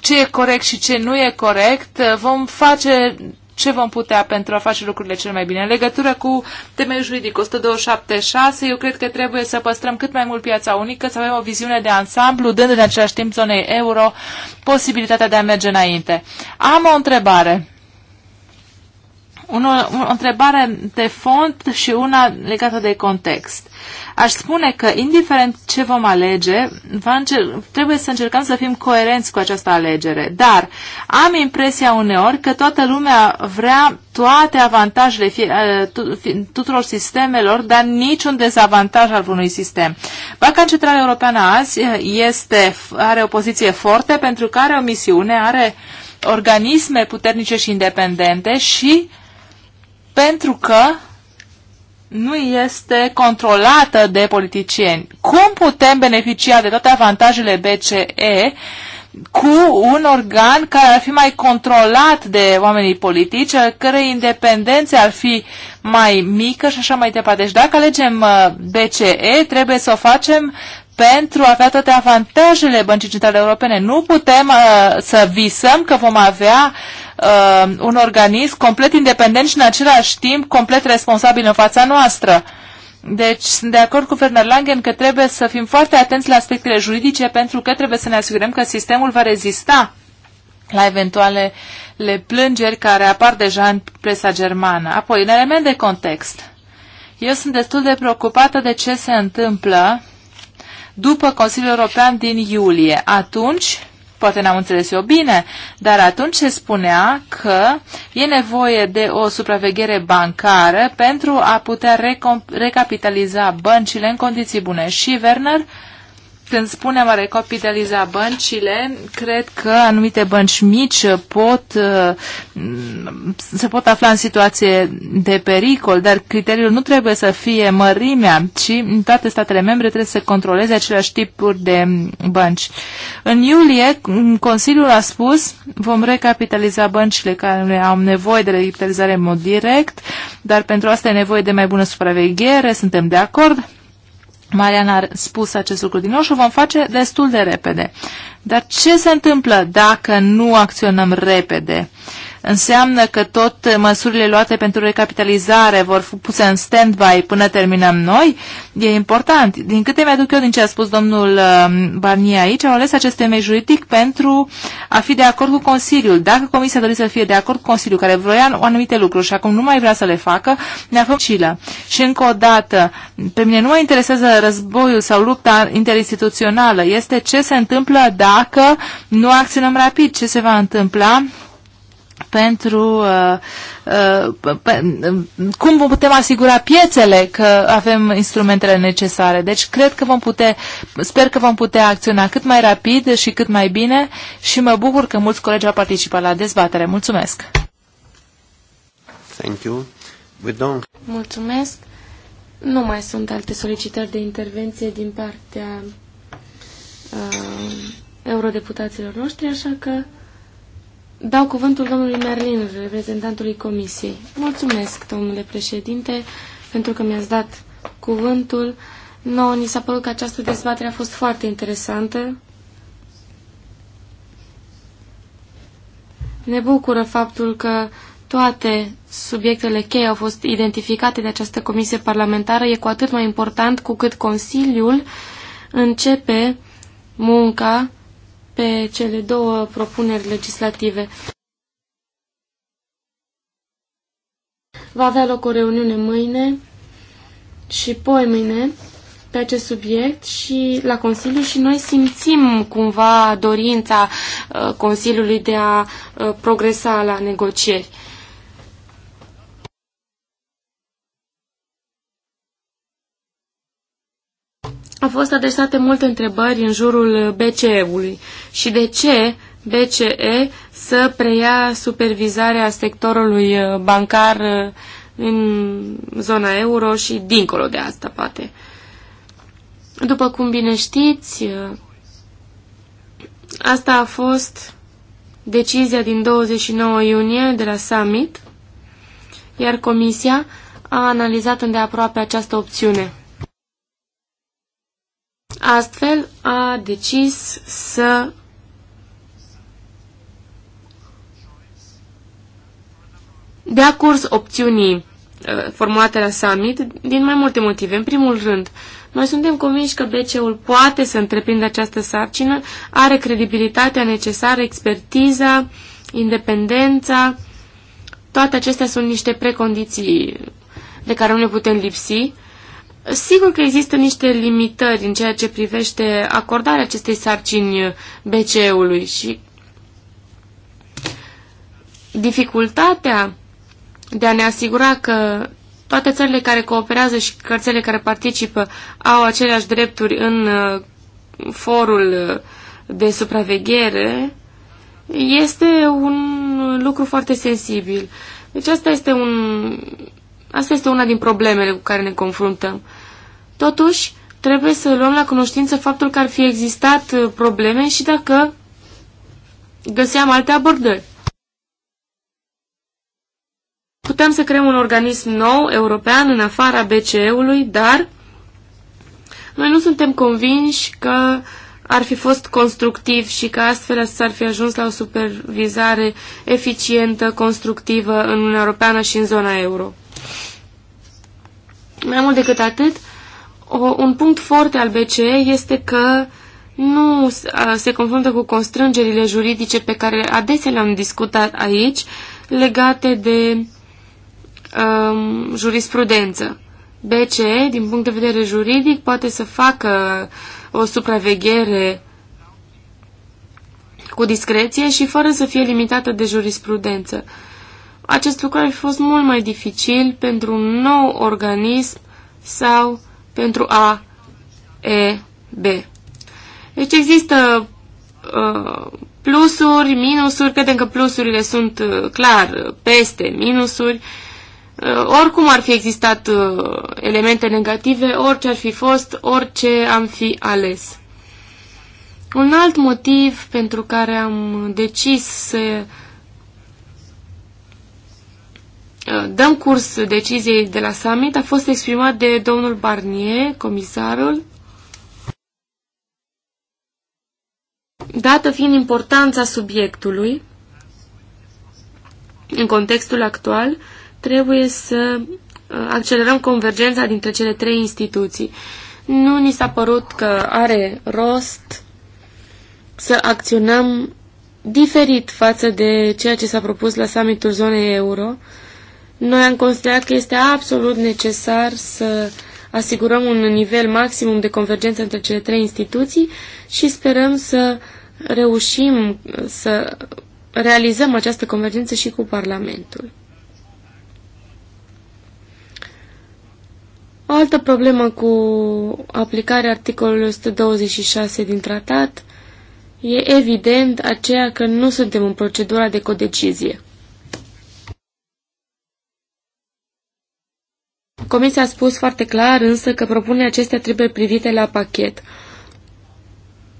ce e corect și ce nu e corect. Vom face ce vom putea pentru a face lucrurile cel mai bine. În legătură cu temeiul juridic 1276, eu cred că trebuie să păstrăm cât mai mult piața unică, să avem o viziune de ansamblu, dând în același timp zonei euro posibilitatea de a merge înainte. Am o întrebare. Una, o întrebare de fond și una legată de context. Aș spune că, indiferent ce vom alege, va încer- trebuie să încercăm să fim coerenți cu această alegere. Dar am impresia uneori că toată lumea vrea toate avantajele fie, tuturor sistemelor, dar niciun dezavantaj al unui sistem. Banca Centrală Europeană azi este, are o poziție forte pentru că are o misiune, are organisme puternice și independente și pentru că nu este controlată de politicieni. Cum putem beneficia de toate avantajele BCE cu un organ care ar fi mai controlat de oamenii politici, al cărei independențe ar fi mai mică și așa mai departe. Deci dacă alegem uh, BCE, trebuie să o facem pentru a avea toate avantajele băncii centrale europene. Nu putem uh, să visăm că vom avea uh, un organism complet independent și în același timp complet responsabil în fața noastră. Deci sunt de acord cu Werner Langen că trebuie să fim foarte atenți la aspectele juridice pentru că trebuie să ne asigurăm că sistemul va rezista la eventualele plângeri care apar deja în presa germană. Apoi, un element de context. Eu sunt destul de preocupată de ce se întâmplă după Consiliul European din iulie. Atunci, poate n-am înțeles eu bine, dar atunci se spunea că e nevoie de o supraveghere bancară pentru a putea recapitaliza băncile în condiții bune. Și Werner când spunem a recapitaliza băncile, cred că anumite bănci mici pot, se pot afla în situație de pericol, dar criteriul nu trebuie să fie mărimea, ci în toate statele membre trebuie să controleze aceleași tipuri de bănci. În iulie, Consiliul a spus, vom recapitaliza băncile care au nevoie de recapitalizare în mod direct, dar pentru asta e nevoie de mai bună supraveghere, suntem de acord, Marian a spus acest lucru din nou și o vom face destul de repede. Dar ce se întâmplă dacă nu acționăm repede? Înseamnă că tot măsurile luate pentru recapitalizare vor fi puse în stand-by până terminăm noi? E important. Din câte mi-aduc eu din ce a spus domnul um, Barnier aici, am ales acest temei juridic pentru a fi de acord cu Consiliul. Dacă Comisia dori să fie de acord cu Consiliul, care vroia anumite lucruri și acum nu mai vrea să le facă, ne aflăm cilă. Și încă o dată, pe mine nu mă interesează războiul sau lupta interinstituțională, este ce se întâmplă dacă nu acționăm rapid, ce se va întâmpla pentru uh, uh, pe, cum putem asigura piețele că avem instrumentele necesare. Deci cred că vom putea, sper că vom putea acționa cât mai rapid și cât mai bine și mă bucur că mulți colegi au participat la dezbatere. Mulțumesc! Thank you. We don't... Mulțumesc! Nu mai sunt alte solicitări de intervenție din partea uh, eurodeputaților noștri, așa că Dau cuvântul domnului Merlin, reprezentantului Comisiei. Mulțumesc, domnule președinte, pentru că mi-ați dat cuvântul. Noi ni s-a părut că această dezbatere a fost foarte interesantă. Ne bucură faptul că toate subiectele cheie au fost identificate de această comisie parlamentară. E cu atât mai important cu cât Consiliul începe munca pe cele două propuneri legislative. Va avea loc o reuniune mâine și poi mâine pe acest subiect și la Consiliu și noi simțim cumva dorința uh, Consiliului de a uh, progresa la negocieri. Au fost adresate multe întrebări în jurul BCE-ului și de ce BCE să preia supervizarea sectorului uh, bancar uh, în zona euro și dincolo de asta, poate. După cum bine știți, uh, asta a fost decizia din 29 iunie de la summit, iar Comisia a analizat îndeaproape această opțiune astfel a decis să dea curs opțiunii uh, formulate la summit din mai multe motive. În primul rând, noi suntem convinși că BCE-ul poate să întreprindă această sarcină, are credibilitatea necesară, expertiza, independența. Toate acestea sunt niște precondiții de care nu ne putem lipsi. Sigur că există niște limitări în ceea ce privește acordarea acestei sarcini BCE-ului și dificultatea de a ne asigura că toate țările care cooperează și cărțele care participă au aceleași drepturi în uh, forul uh, de supraveghere este un lucru foarte sensibil. Deci asta este, un, asta este una din problemele cu care ne confruntăm. Totuși, trebuie să luăm la cunoștință faptul că ar fi existat uh, probleme și dacă găseam alte abordări. Putem să creăm un organism nou, european, în afara BCE-ului, dar noi nu suntem convinși că ar fi fost constructiv și că astfel s-ar fi ajuns la o supervizare eficientă, constructivă în Uniunea Europeană și în zona euro. Mai mult decât atât, o, un punct foarte al BCE este că nu se confruntă cu constrângerile juridice pe care adesea le-am discutat aici legate de um, jurisprudență. BCE, din punct de vedere juridic, poate să facă o supraveghere cu discreție și fără să fie limitată de jurisprudență. Acest lucru ar fi fost mult mai dificil pentru un nou organism sau pentru A, E, B. Deci există uh, plusuri, minusuri, credem că plusurile sunt uh, clar peste minusuri. Uh, oricum ar fi existat uh, elemente negative, orice ar fi fost, orice am fi ales. Un alt motiv pentru care am decis să dăm curs deciziei de la summit a fost exprimat de domnul Barnier, comisarul, dată fiind importanța subiectului, în contextul actual, trebuie să uh, accelerăm convergența dintre cele trei instituții. Nu ni s-a părut că are rost să acționăm diferit față de ceea ce s-a propus la summitul zonei euro, noi am considerat că este absolut necesar să asigurăm un nivel maximum de convergență între cele trei instituții și sperăm să reușim să realizăm această convergență și cu Parlamentul. O altă problemă cu aplicarea articolului 126 din tratat e evident aceea că nu suntem în procedura de codecizie. Comisia a spus foarte clar însă că propune acestea trebuie privite la pachet.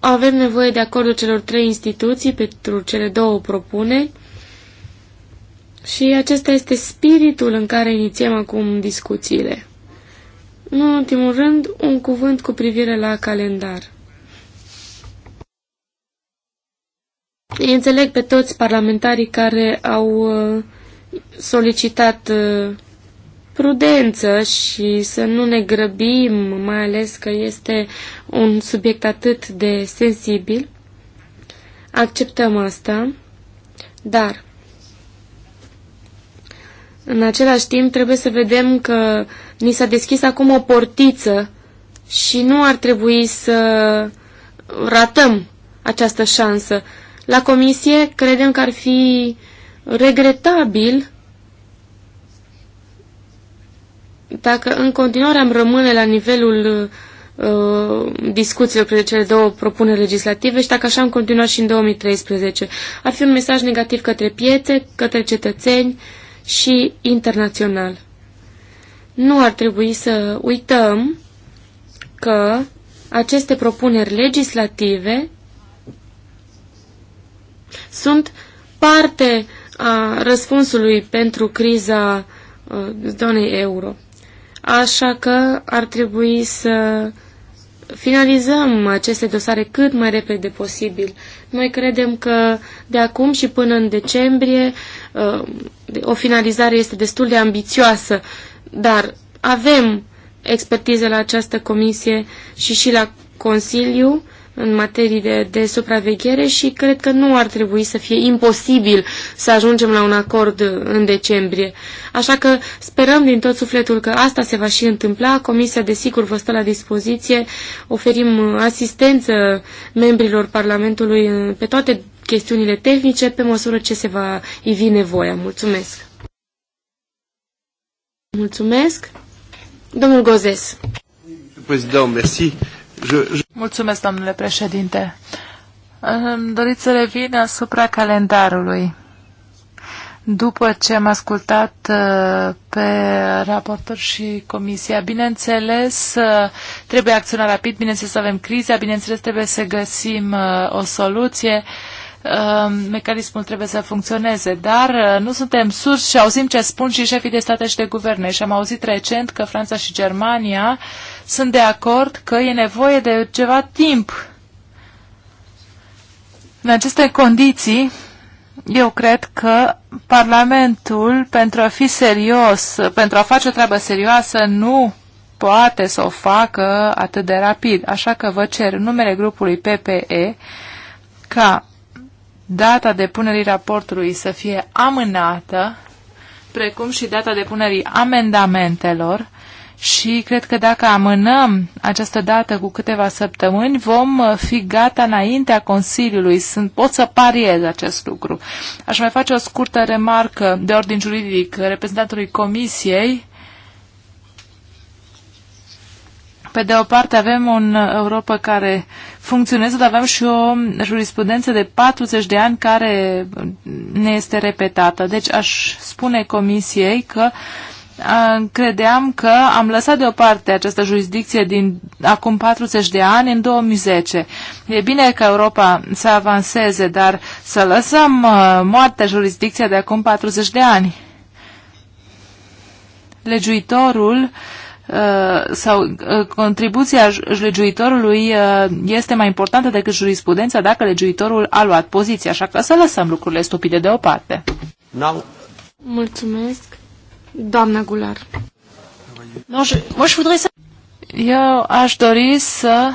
Avem nevoie de acordul celor trei instituții pentru cele două propuneri și acesta este spiritul în care inițiem acum discuțiile. Nu în ultimul rând, un cuvânt cu privire la calendar. Îi înțeleg pe toți parlamentarii care au uh, solicitat uh, prudență și să nu ne grăbim, mai ales că este un subiect atât de sensibil. Acceptăm asta, dar în același timp trebuie să vedem că ni s-a deschis acum o portiță și nu ar trebui să ratăm această șansă. La comisie credem că ar fi regretabil dacă în continuare am rămâne la nivelul uh, discuțiilor pe cele două propuneri legislative și dacă așa am continuat și în 2013. Ar fi un mesaj negativ către piețe, către cetățeni și internațional. Nu ar trebui să uităm că aceste propuneri legislative sunt parte a răspunsului pentru criza uh, zonei euro așa că ar trebui să finalizăm aceste dosare cât mai repede posibil. Noi credem că de acum și până în decembrie uh, o finalizare este destul de ambițioasă, dar avem expertiză la această comisie și și la Consiliu în materii de, de supraveghere și cred că nu ar trebui să fie imposibil să ajungem la un acord în decembrie. Așa că sperăm din tot sufletul că asta se va și întâmpla. Comisia, desigur, vă stă la dispoziție. Oferim asistență membrilor Parlamentului pe toate chestiunile tehnice pe măsură ce se va ivi nevoia. Mulțumesc! Mulțumesc! Domnul Gozes. Président, merci. Mulțumesc, domnule președinte. Îmi doriți să revin asupra calendarului. După ce am ascultat uh, pe raportor și comisia, bineînțeles, uh, trebuie acționat rapid, bineînțeles avem criza, bineînțeles trebuie să găsim uh, o soluție. Um, mecanismul trebuie să funcționeze, dar uh, nu suntem surși și auzim ce spun și șefii de state și de guverne. Și am auzit recent că Franța și Germania sunt de acord că e nevoie de ceva timp. În aceste condiții, eu cred că Parlamentul, pentru a fi serios, pentru a face o treabă serioasă, nu poate să o facă atât de rapid. Așa că vă cer numele grupului PPE ca data depunerii raportului să fie amânată, precum și data depunerii amendamentelor, și cred că dacă amânăm această dată cu câteva săptămâni, vom uh, fi gata înaintea Consiliului. Sunt, pot să pariez acest lucru. Aș mai face o scurtă remarcă de ordin juridic reprezentantului Comisiei. Pe de o parte avem un uh, Europa care Funcționează, dar avem și o jurisprudență de 40 de ani care ne este repetată. Deci aș spune comisiei că credeam că am lăsat deoparte această jurisdicție din acum 40 de ani în 2010. E bine că Europa să avanseze, dar să lăsăm moartea jurisdicția de acum 40 de ani. Legiuitorul uh, Uh, sau uh, contribuția legiuitorului uh, este mai importantă decât jurisprudența dacă legiuitorul a luat poziția, așa că să lăsăm lucrurile stupide deoparte. Now. Mulțumesc. Doamna Gular. Eu aș dori să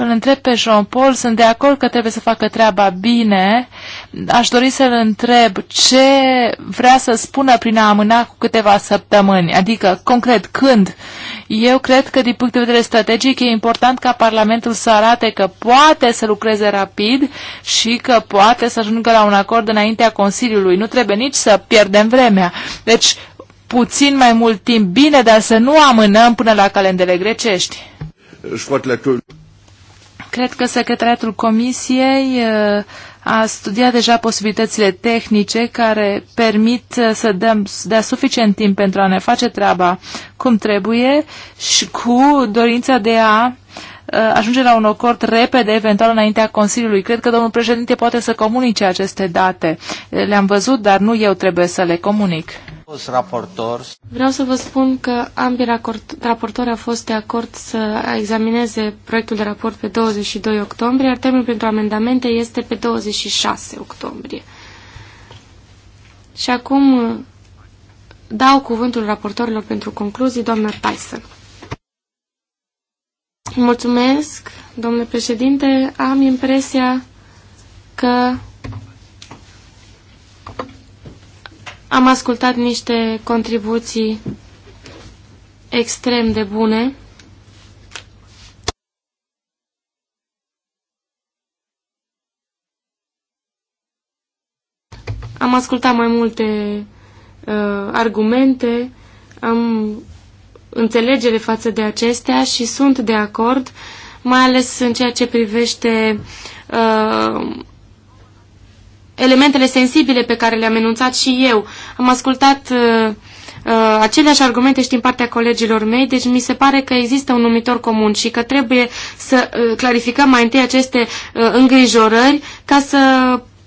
îl întreb pe Jean-Paul, sunt de acord că trebuie să facă treaba bine. Aș dori să-l întreb ce vrea să spună prin a amâna cu câteva săptămâni, adică concret când. Eu cred că din punct de vedere strategic e important ca Parlamentul să arate că poate să lucreze rapid și că poate să ajungă la un acord înaintea Consiliului. Nu trebuie nici să pierdem vremea. Deci puțin mai mult timp bine, dar să nu amânăm până la calendele grecești. Cred că secretariatul comisiei uh, a studiat deja posibilitățile tehnice care permit uh, să dăm, să dea suficient timp pentru a ne face treaba cum trebuie și cu dorința de a uh, ajunge la un acord repede, eventual înaintea Consiliului. Cred că domnul președinte poate să comunice aceste date. Le-am văzut, dar nu eu trebuie să le comunic. Vreau să vă spun că ambii raportori au fost de acord să examineze proiectul de raport pe 22 octombrie, iar termenul pentru amendamente este pe 26 octombrie. Și acum uh, dau cuvântul raportorilor pentru concluzii, doamna Tyson. Mulțumesc, domnule președinte. Am impresia că am ascultat niște contribuții extrem de bune. Am ascultat mai multe uh, argumente, am înțelegere față de acestea și sunt de acord, mai ales în ceea ce privește uh, elementele sensibile pe care le-am enunțat și eu. Am ascultat uh, uh, aceleași argumente și din partea colegilor mei, deci mi se pare că există un numitor comun și că trebuie să uh, clarificăm mai întâi aceste uh, îngrijorări ca să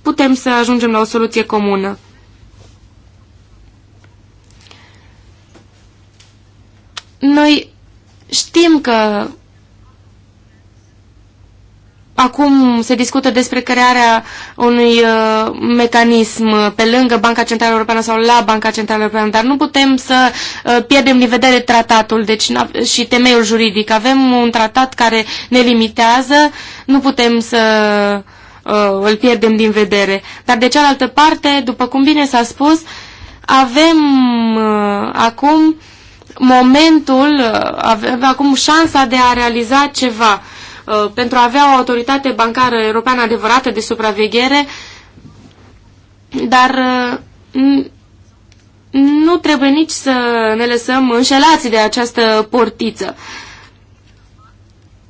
putem să ajungem la o soluție comună. Noi știm că Acum se discută despre crearea unui uh, mecanism pe lângă Banca Centrală Europeană sau la Banca Centrală Europeană, dar nu putem să uh, pierdem din vedere tratatul deci, și temeiul juridic. Avem un tratat care ne limitează, nu putem să uh, îl pierdem din vedere. Dar de cealaltă parte, după cum bine s-a spus, avem uh, acum momentul, uh, avem acum șansa de a realiza ceva. Uh, Uh, pentru a avea o autoritate bancară europeană adevărată de supraveghere, dar uh, nu trebuie nici să ne lăsăm înșelați de această portiță.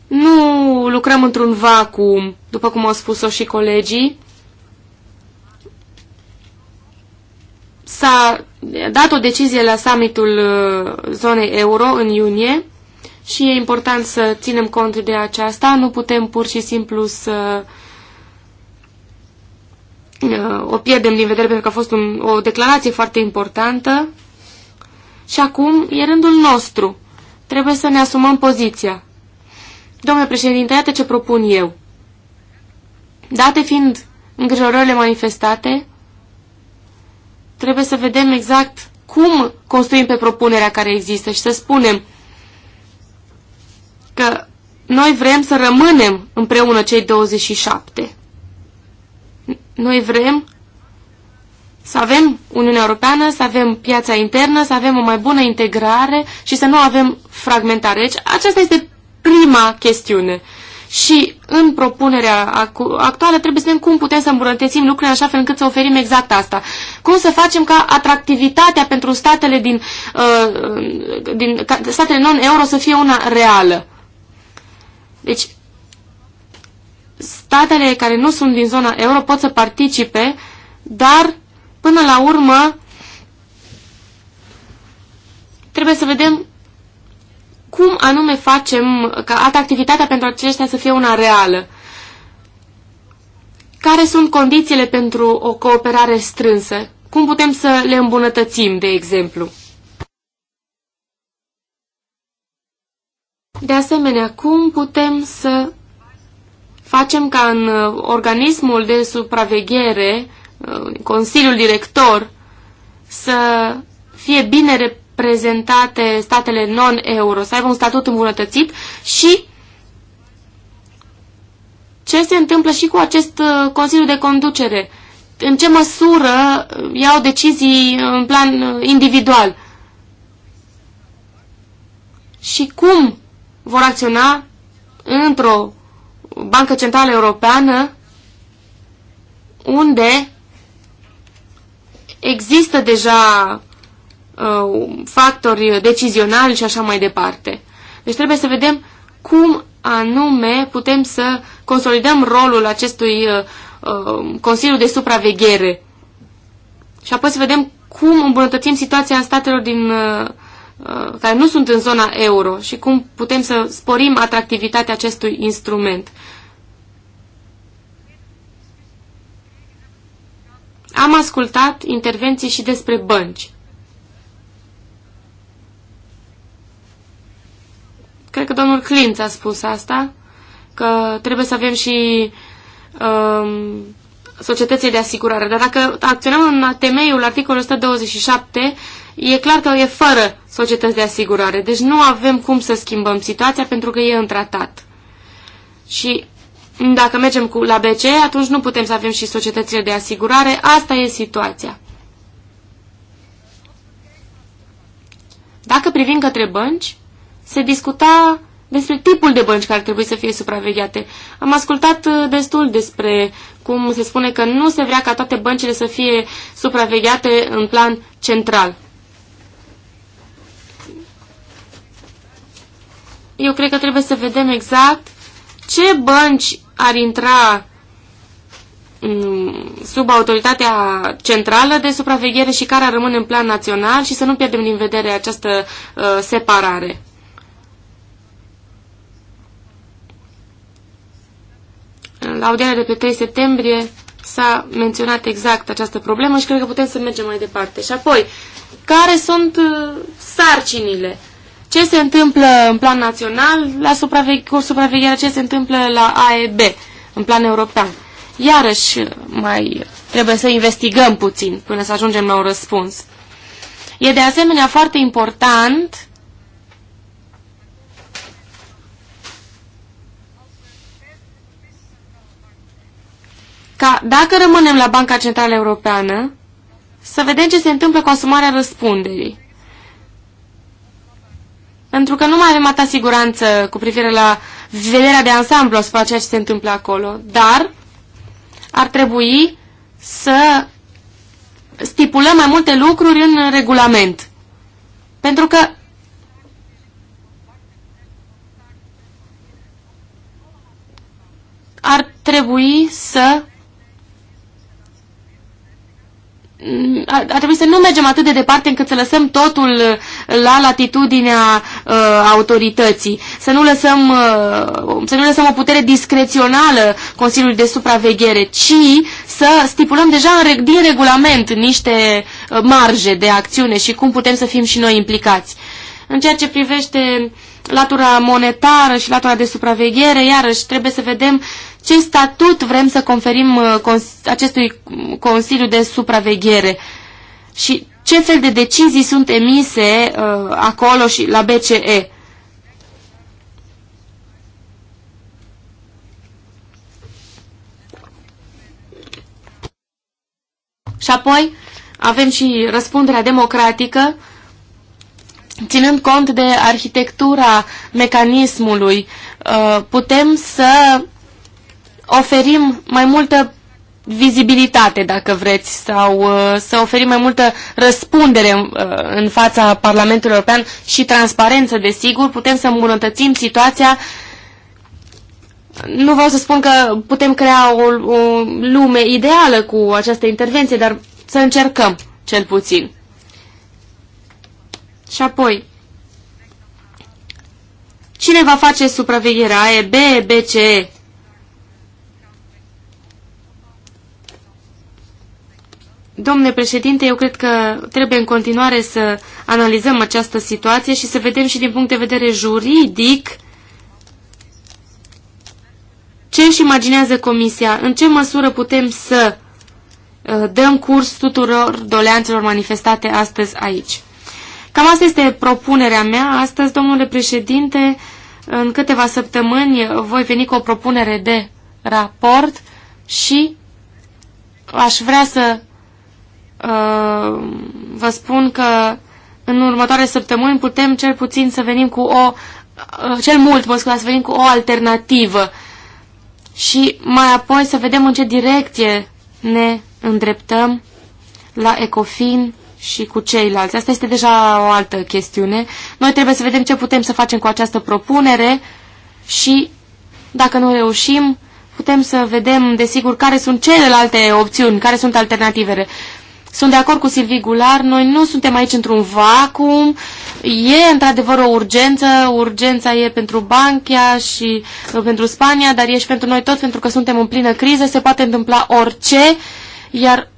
Nu lucrăm într-un vacuum, după cum au spus-o și colegii. S-a dat o decizie la summitul uh, zonei euro în iunie și e important să ținem cont de aceasta. Nu putem pur și simplu să uh, o pierdem din vedere pentru că a fost un, o declarație foarte importantă. Și acum e rândul nostru. Trebuie să ne asumăm poziția. Domnule președinte, iată ce propun eu. Date fiind îngrijorările manifestate, trebuie să vedem exact cum construim pe propunerea care există și să spunem că noi vrem să rămânem împreună cei 27. Noi vrem să avem Uniunea Europeană, să avem piața internă, să avem o mai bună integrare și să nu avem fragmentare. Deci aceasta este prima chestiune. Și în propunerea actuală trebuie să vedem cum putem să îmbunătățim lucrurile așa fel încât să oferim exact asta. Cum să facem ca atractivitatea pentru statele din, uh, din statele non-euro să fie una reală. Deci, statele care nu sunt din zona euro pot să participe, dar până la urmă trebuie să vedem cum anume facem ca alta activitatea pentru aceștia să fie una reală. Care sunt condițiile pentru o cooperare strânsă? Cum putem să le îmbunătățim, de exemplu? De asemenea, cum putem să facem ca în uh, organismul de supraveghere, uh, Consiliul Director, să fie bine reprezentate statele non-euro, să aibă un statut îmbunătățit și ce se întâmplă și cu acest uh, Consiliu de Conducere? În ce măsură iau decizii în plan individual? Și cum vor acționa într-o bancă centrală europeană unde există deja uh, factori decizionali și așa mai departe. Deci trebuie să vedem cum anume putem să consolidăm rolul acestui uh, uh Consiliu de Supraveghere și apoi să vedem cum îmbunătățim situația în statelor din uh, Uh, care nu sunt în zona euro și cum putem să sporim atractivitatea acestui instrument. Am ascultat intervenții și despre bănci. Cred că domnul Clint a spus asta, că trebuie să avem și uh, societății de asigurare. Dar dacă acționăm în temeiul articolul 127, e clar că e fără societăți de asigurare. Deci nu avem cum să schimbăm situația pentru că e în tratat. Și dacă mergem cu, la BCE, atunci nu putem să avem și societățile de asigurare. Asta e situația. Dacă privim către bănci, se discuta despre tipul de bănci care trebuie să fie supravegheate. Am ascultat uh, destul despre cum se spune că nu se vrea ca toate băncile să fie supravegheate în plan central. Eu cred că trebuie să vedem exact ce bănci ar intra mm, sub autoritatea centrală de supraveghere și care ar rămâne în plan național și să nu pierdem din vedere această uh, separare. la audierea de pe 3 septembrie s-a menționat exact această problemă și cred că putem să mergem mai departe. Și apoi, care sunt uh, sarcinile? Ce se întâmplă în plan național la supraveghe cu supravegherea, ce se întâmplă la AEB, în plan european? Iarăși uh, mai trebuie să investigăm puțin până să ajungem la un răspuns. E de asemenea foarte important ca dacă rămânem la Banca Centrală Europeană, să vedem ce se întâmplă cu asumarea răspunderii. Pentru că nu mai avem atâta siguranță cu privire la vederea de ansamblu asupra ceea ce se întâmplă acolo, dar ar trebui să stipulăm mai multe lucruri în regulament. Pentru că ar trebui să ar, trebui să nu mergem atât de departe încât să lăsăm totul uh, la latitudinea uh, autorității, să nu, lăsăm, uh, să nu lăsăm o putere discrețională Consiliului de Supraveghere, ci să stipulăm deja în, din regulament niște uh, marje de acțiune și cum putem să fim și noi implicați. În ceea ce privește latura monetară și latura de supraveghere, iarăși trebuie să vedem uh, ce statut vrem să conferim uh, acestui Consiliu de Supraveghere și ce fel de decizii sunt emise uh, acolo și la BCE. Și apoi avem și răspunderea democratică, ținând cont de arhitectura mecanismului, uh, putem să oferim mai multă vizibilitate, dacă vreți, sau uh, să oferim mai multă răspundere uh, în fața Parlamentului European și transparență, desigur, putem să îmbunătățim situația. Nu vreau să spun că putem crea o, o lume ideală cu această intervenție, dar să încercăm, cel puțin. Și apoi, cine va face supravegherea AEB, BCE? Domnule președinte, eu cred că trebuie în continuare să analizăm această situație și să vedem și din punct de vedere juridic ce își imaginează Comisia, în ce măsură putem să uh, dăm curs tuturor doleanțelor manifestate astăzi aici. Cam asta este propunerea mea. Astăzi, domnule președinte, în câteva săptămâni voi veni cu o propunere de raport și aș vrea să Uh, vă spun că în următoarele săptămâni putem cel puțin să venim cu o, uh, cel mult, mă scuzați, să venim cu o alternativă și mai apoi să vedem în ce direcție ne îndreptăm la ECOFIN și cu ceilalți. Asta este deja o altă chestiune. Noi trebuie să vedem ce putem să facem cu această propunere și, dacă nu reușim, putem să vedem, desigur, care sunt celelalte opțiuni, care sunt alternativele. Sunt de acord cu Silvii Gular, noi nu suntem aici într-un vacuum, e într-adevăr o urgență, urgența e pentru Banchia și uh, pentru Spania, dar e și pentru noi toți, pentru că suntem în plină criză, se poate întâmpla orice, iar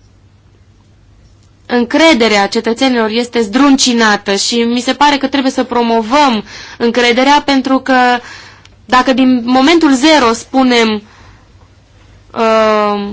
încrederea cetățenilor este zdruncinată și mi se pare că trebuie să promovăm încrederea pentru că dacă din momentul zero spunem uh,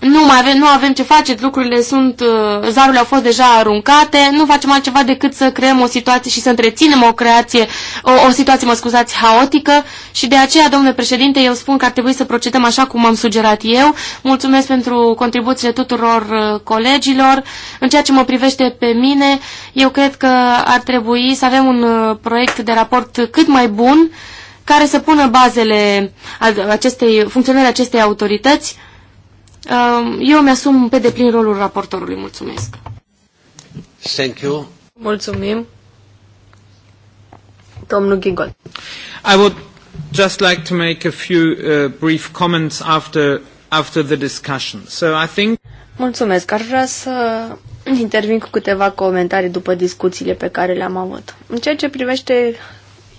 nu mai avem, nu avem ce face, lucrurile sunt, uh, zarurile au fost deja aruncate, nu facem altceva decât să creăm o situație și să întreținem o creație, o, o situație, mă scuzați, haotică și de aceea, domnule președinte, eu spun că ar trebui să procedăm așa cum am sugerat eu. Mulțumesc pentru contribuțiile tuturor uh, colegilor. În ceea ce mă privește pe mine, eu cred că ar trebui să avem un uh, proiect de raport cât mai bun care să pună bazele acestei, funcționării acestei autorități Um, eu mi-asum pe deplin rolul raportorului. Mulțumesc. Thank you. Mulțumim. Domnul Gigol. I would just like to make a few uh, brief comments after, after the discussion. So I think... Mulțumesc. Ar vrea să intervin cu câteva comentarii după discuțiile pe care le-am avut. În ceea ce privește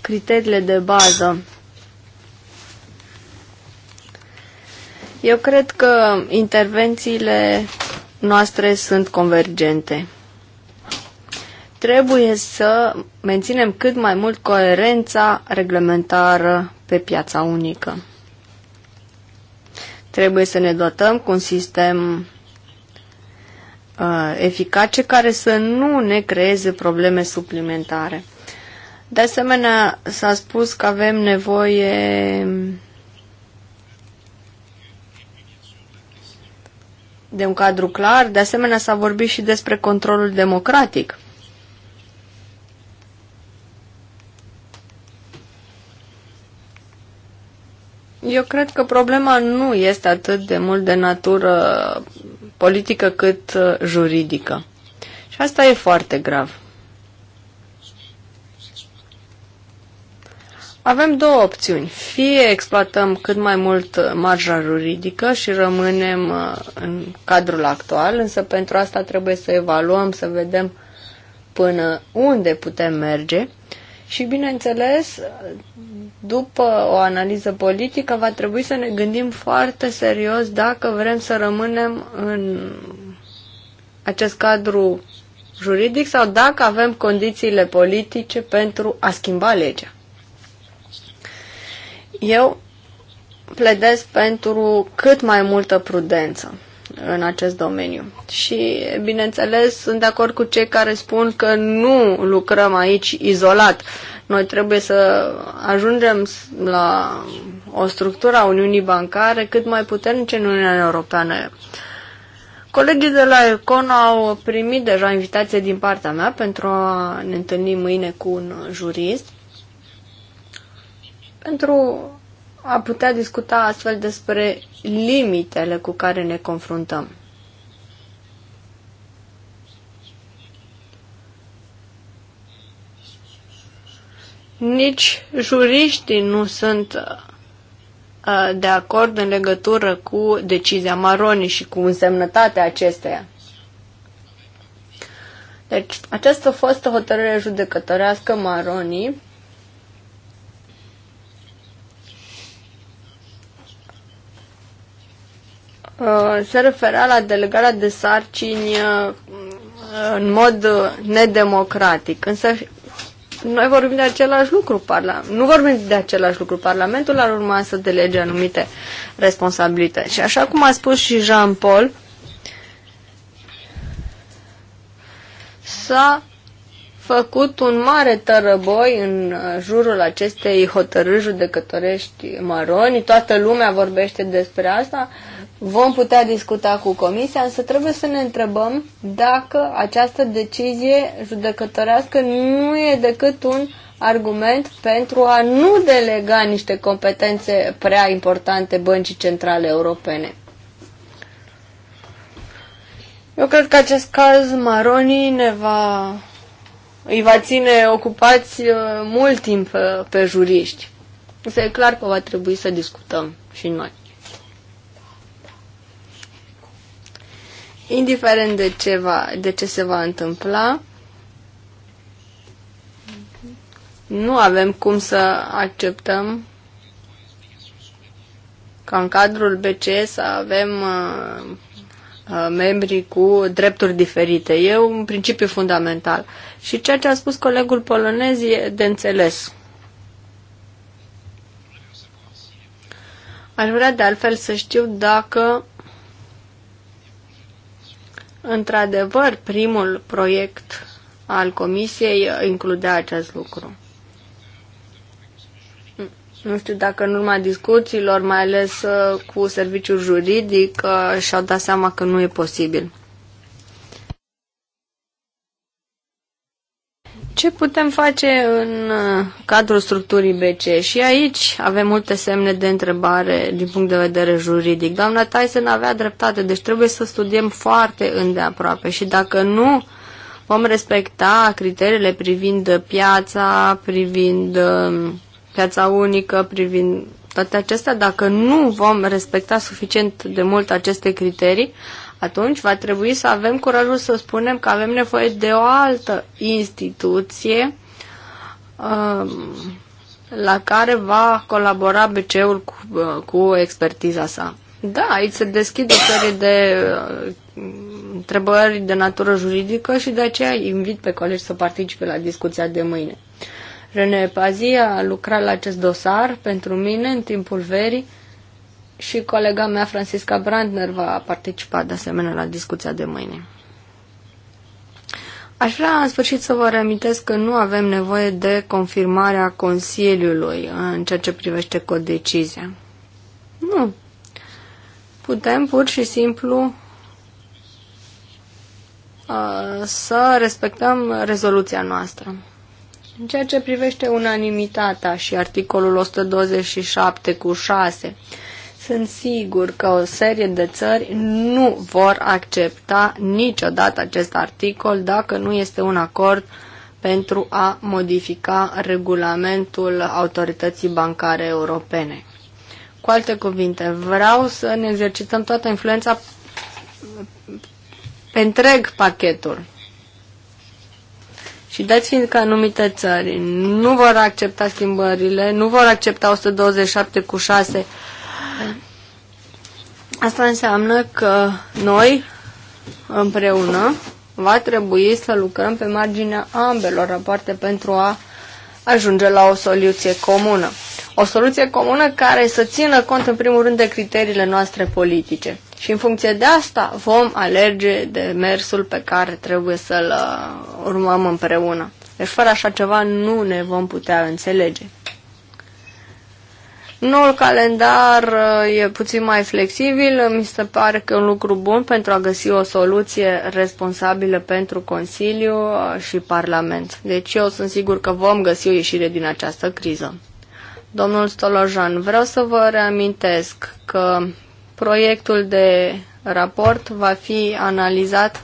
criteriile de bază Eu cred că intervențiile noastre sunt convergente. Trebuie să menținem cât mai mult coerența reglementară pe piața unică. Trebuie să ne dotăm cu un sistem uh, eficace care să nu ne creeze probleme suplimentare. De asemenea, s-a spus că avem nevoie de un cadru clar. De asemenea, s-a vorbit și despre controlul democratic. Eu cred că problema nu este atât de mult de natură politică cât uh, juridică. Și asta e foarte grav. Avem două opțiuni. Fie exploatăm cât mai mult uh, marja juridică și rămânem uh, în cadrul actual, însă pentru asta trebuie să evaluăm, să vedem până unde putem merge. Și, bineînțeles, după o analiză politică, va trebui să ne gândim foarte serios dacă vrem să rămânem în acest cadru juridic sau dacă avem condițiile politice pentru a schimba legea. Eu pledez pentru cât mai multă prudență în acest domeniu. Și, bineînțeles, sunt de acord cu cei care spun că nu lucrăm aici izolat. Noi trebuie să ajungem la o structură a Uniunii Bancare cât mai puternice în Uniunea Europeană. Colegii de la Econ au primit deja invitație din partea mea pentru a ne întâlni mâine cu un jurist pentru a putea discuta astfel despre limitele cu care ne confruntăm. Nici juriștii nu sunt uh, de acord în legătură cu decizia Maroni și cu însemnătatea acesteia. Deci, aceasta fostă hotărâre judecătorească Maroni Uh, se referea la delegarea de sarcini uh, în mod nedemocratic. Însă noi vorbim de același lucru. Parla... Nu vorbim de același lucru. Parlamentul ar urma să delege anumite responsabilități. Și așa cum a spus și Jean-Paul, s-a făcut un mare tărăboi în uh, jurul acestei hotărâri judecătorești maroni. Toată lumea vorbește despre asta. Uh, Vom putea discuta cu comisia, însă trebuie să ne întrebăm dacă această decizie judecătorească nu e decât un argument pentru a nu delega niște competențe prea importante băncii centrale europene. Eu cred că acest caz Maroni ne va, îi va ține ocupați uh, mult timp pe, uh, pe juriști. Însă e clar că va trebui să discutăm și noi. indiferent de ce, va, de ce se va întâmpla, nu avem cum să acceptăm ca în cadrul BCE să avem uh, uh membrii cu drepturi diferite. E un principiu fundamental. Și ceea ce a spus colegul polonez e de înțeles. Aș vrea de altfel să știu dacă Într-adevăr, primul proiect al Comisiei includea acest lucru. Nu știu dacă în urma discuțiilor, mai ales uh, cu serviciul juridic, uh, și-au dat seama că nu e posibil. Ce putem face în uh, cadrul structurii BC? Și aici avem multe semne de întrebare din punct de vedere juridic. Doamna Tyson avea dreptate, deci trebuie să studiem foarte îndeaproape și dacă nu vom respecta criteriile privind piața, privind um, piața unică, privind toate acestea, dacă nu vom respecta suficient de mult aceste criterii, atunci va trebui să avem curajul să spunem că avem nevoie de o altă instituție um, la care va colabora BC-ul cu, uh, cu expertiza sa. Da, aici se deschid o serie de uh, întrebări de natură juridică și de aceea invit pe colegi să participe la discuția de mâine. René Pazia a lucrat la acest dosar pentru mine în timpul verii și colega mea, Francisca Brandner, va participa de asemenea la discuția de mâine. Aș vrea în sfârșit să vă reamintesc că nu avem nevoie de confirmarea Consiliului în ceea ce privește codecizia. Nu. Putem pur și simplu să respectăm rezoluția noastră. În ceea ce privește unanimitatea și articolul 127 cu 6, sunt sigur că o serie de țări nu vor accepta niciodată acest articol dacă nu este un acord pentru a modifica regulamentul autorității bancare europene. Cu alte cuvinte, vreau să ne exercităm toată influența pe întreg pachetul. Și dați fiind că anumite țări nu vor accepta schimbările, nu vor accepta 127 cu 6 Asta înseamnă că noi, împreună, va trebui să lucrăm pe marginea ambelor rapoarte pentru a ajunge la o soluție comună. O soluție comună care să țină cont în primul rând de criteriile noastre politice. Și în funcție de asta vom alege de mersul pe care trebuie să-l uh, urmăm împreună. Deci fără așa ceva nu ne vom putea înțelege. Noul calendar uh, e puțin mai flexibil, mi se pare că e un lucru bun pentru a găsi o soluție responsabilă pentru Consiliu uh, și Parlament. Deci eu sunt sigur că vom găsi o ieșire din această criză. Domnul Stolojan, vreau să vă reamintesc că proiectul de raport va fi analizat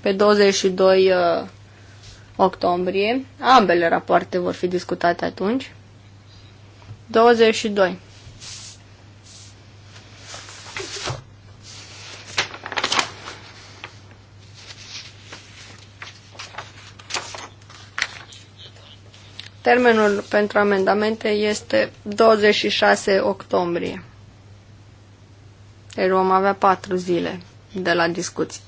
pe 22 uh, octombrie. Ambele rapoarte vor fi discutate atunci. 22. Termenul pentru amendamente este 26 octombrie. Deci vom avea patru zile de la discuții.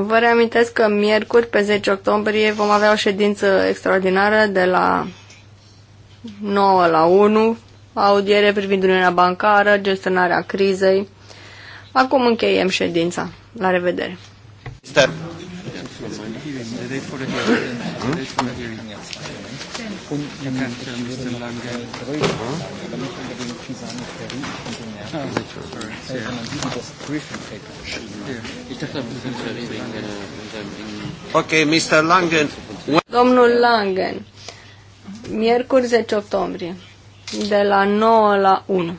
Vă reamintesc că miercuri, pe 10 octombrie, vom avea o ședință extraordinară de la 9 la 1, audiere privind Uniunea Bancară, gestionarea crizei. Acum încheiem ședința. La revedere! Step. Hmm? Ok, Mr. Langen. Domnul Langen, miercuri 10 octombrie, de la 9 la 1.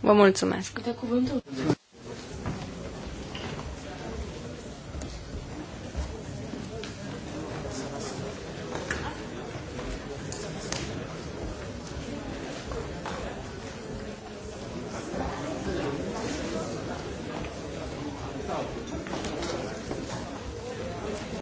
Vă mulțumesc.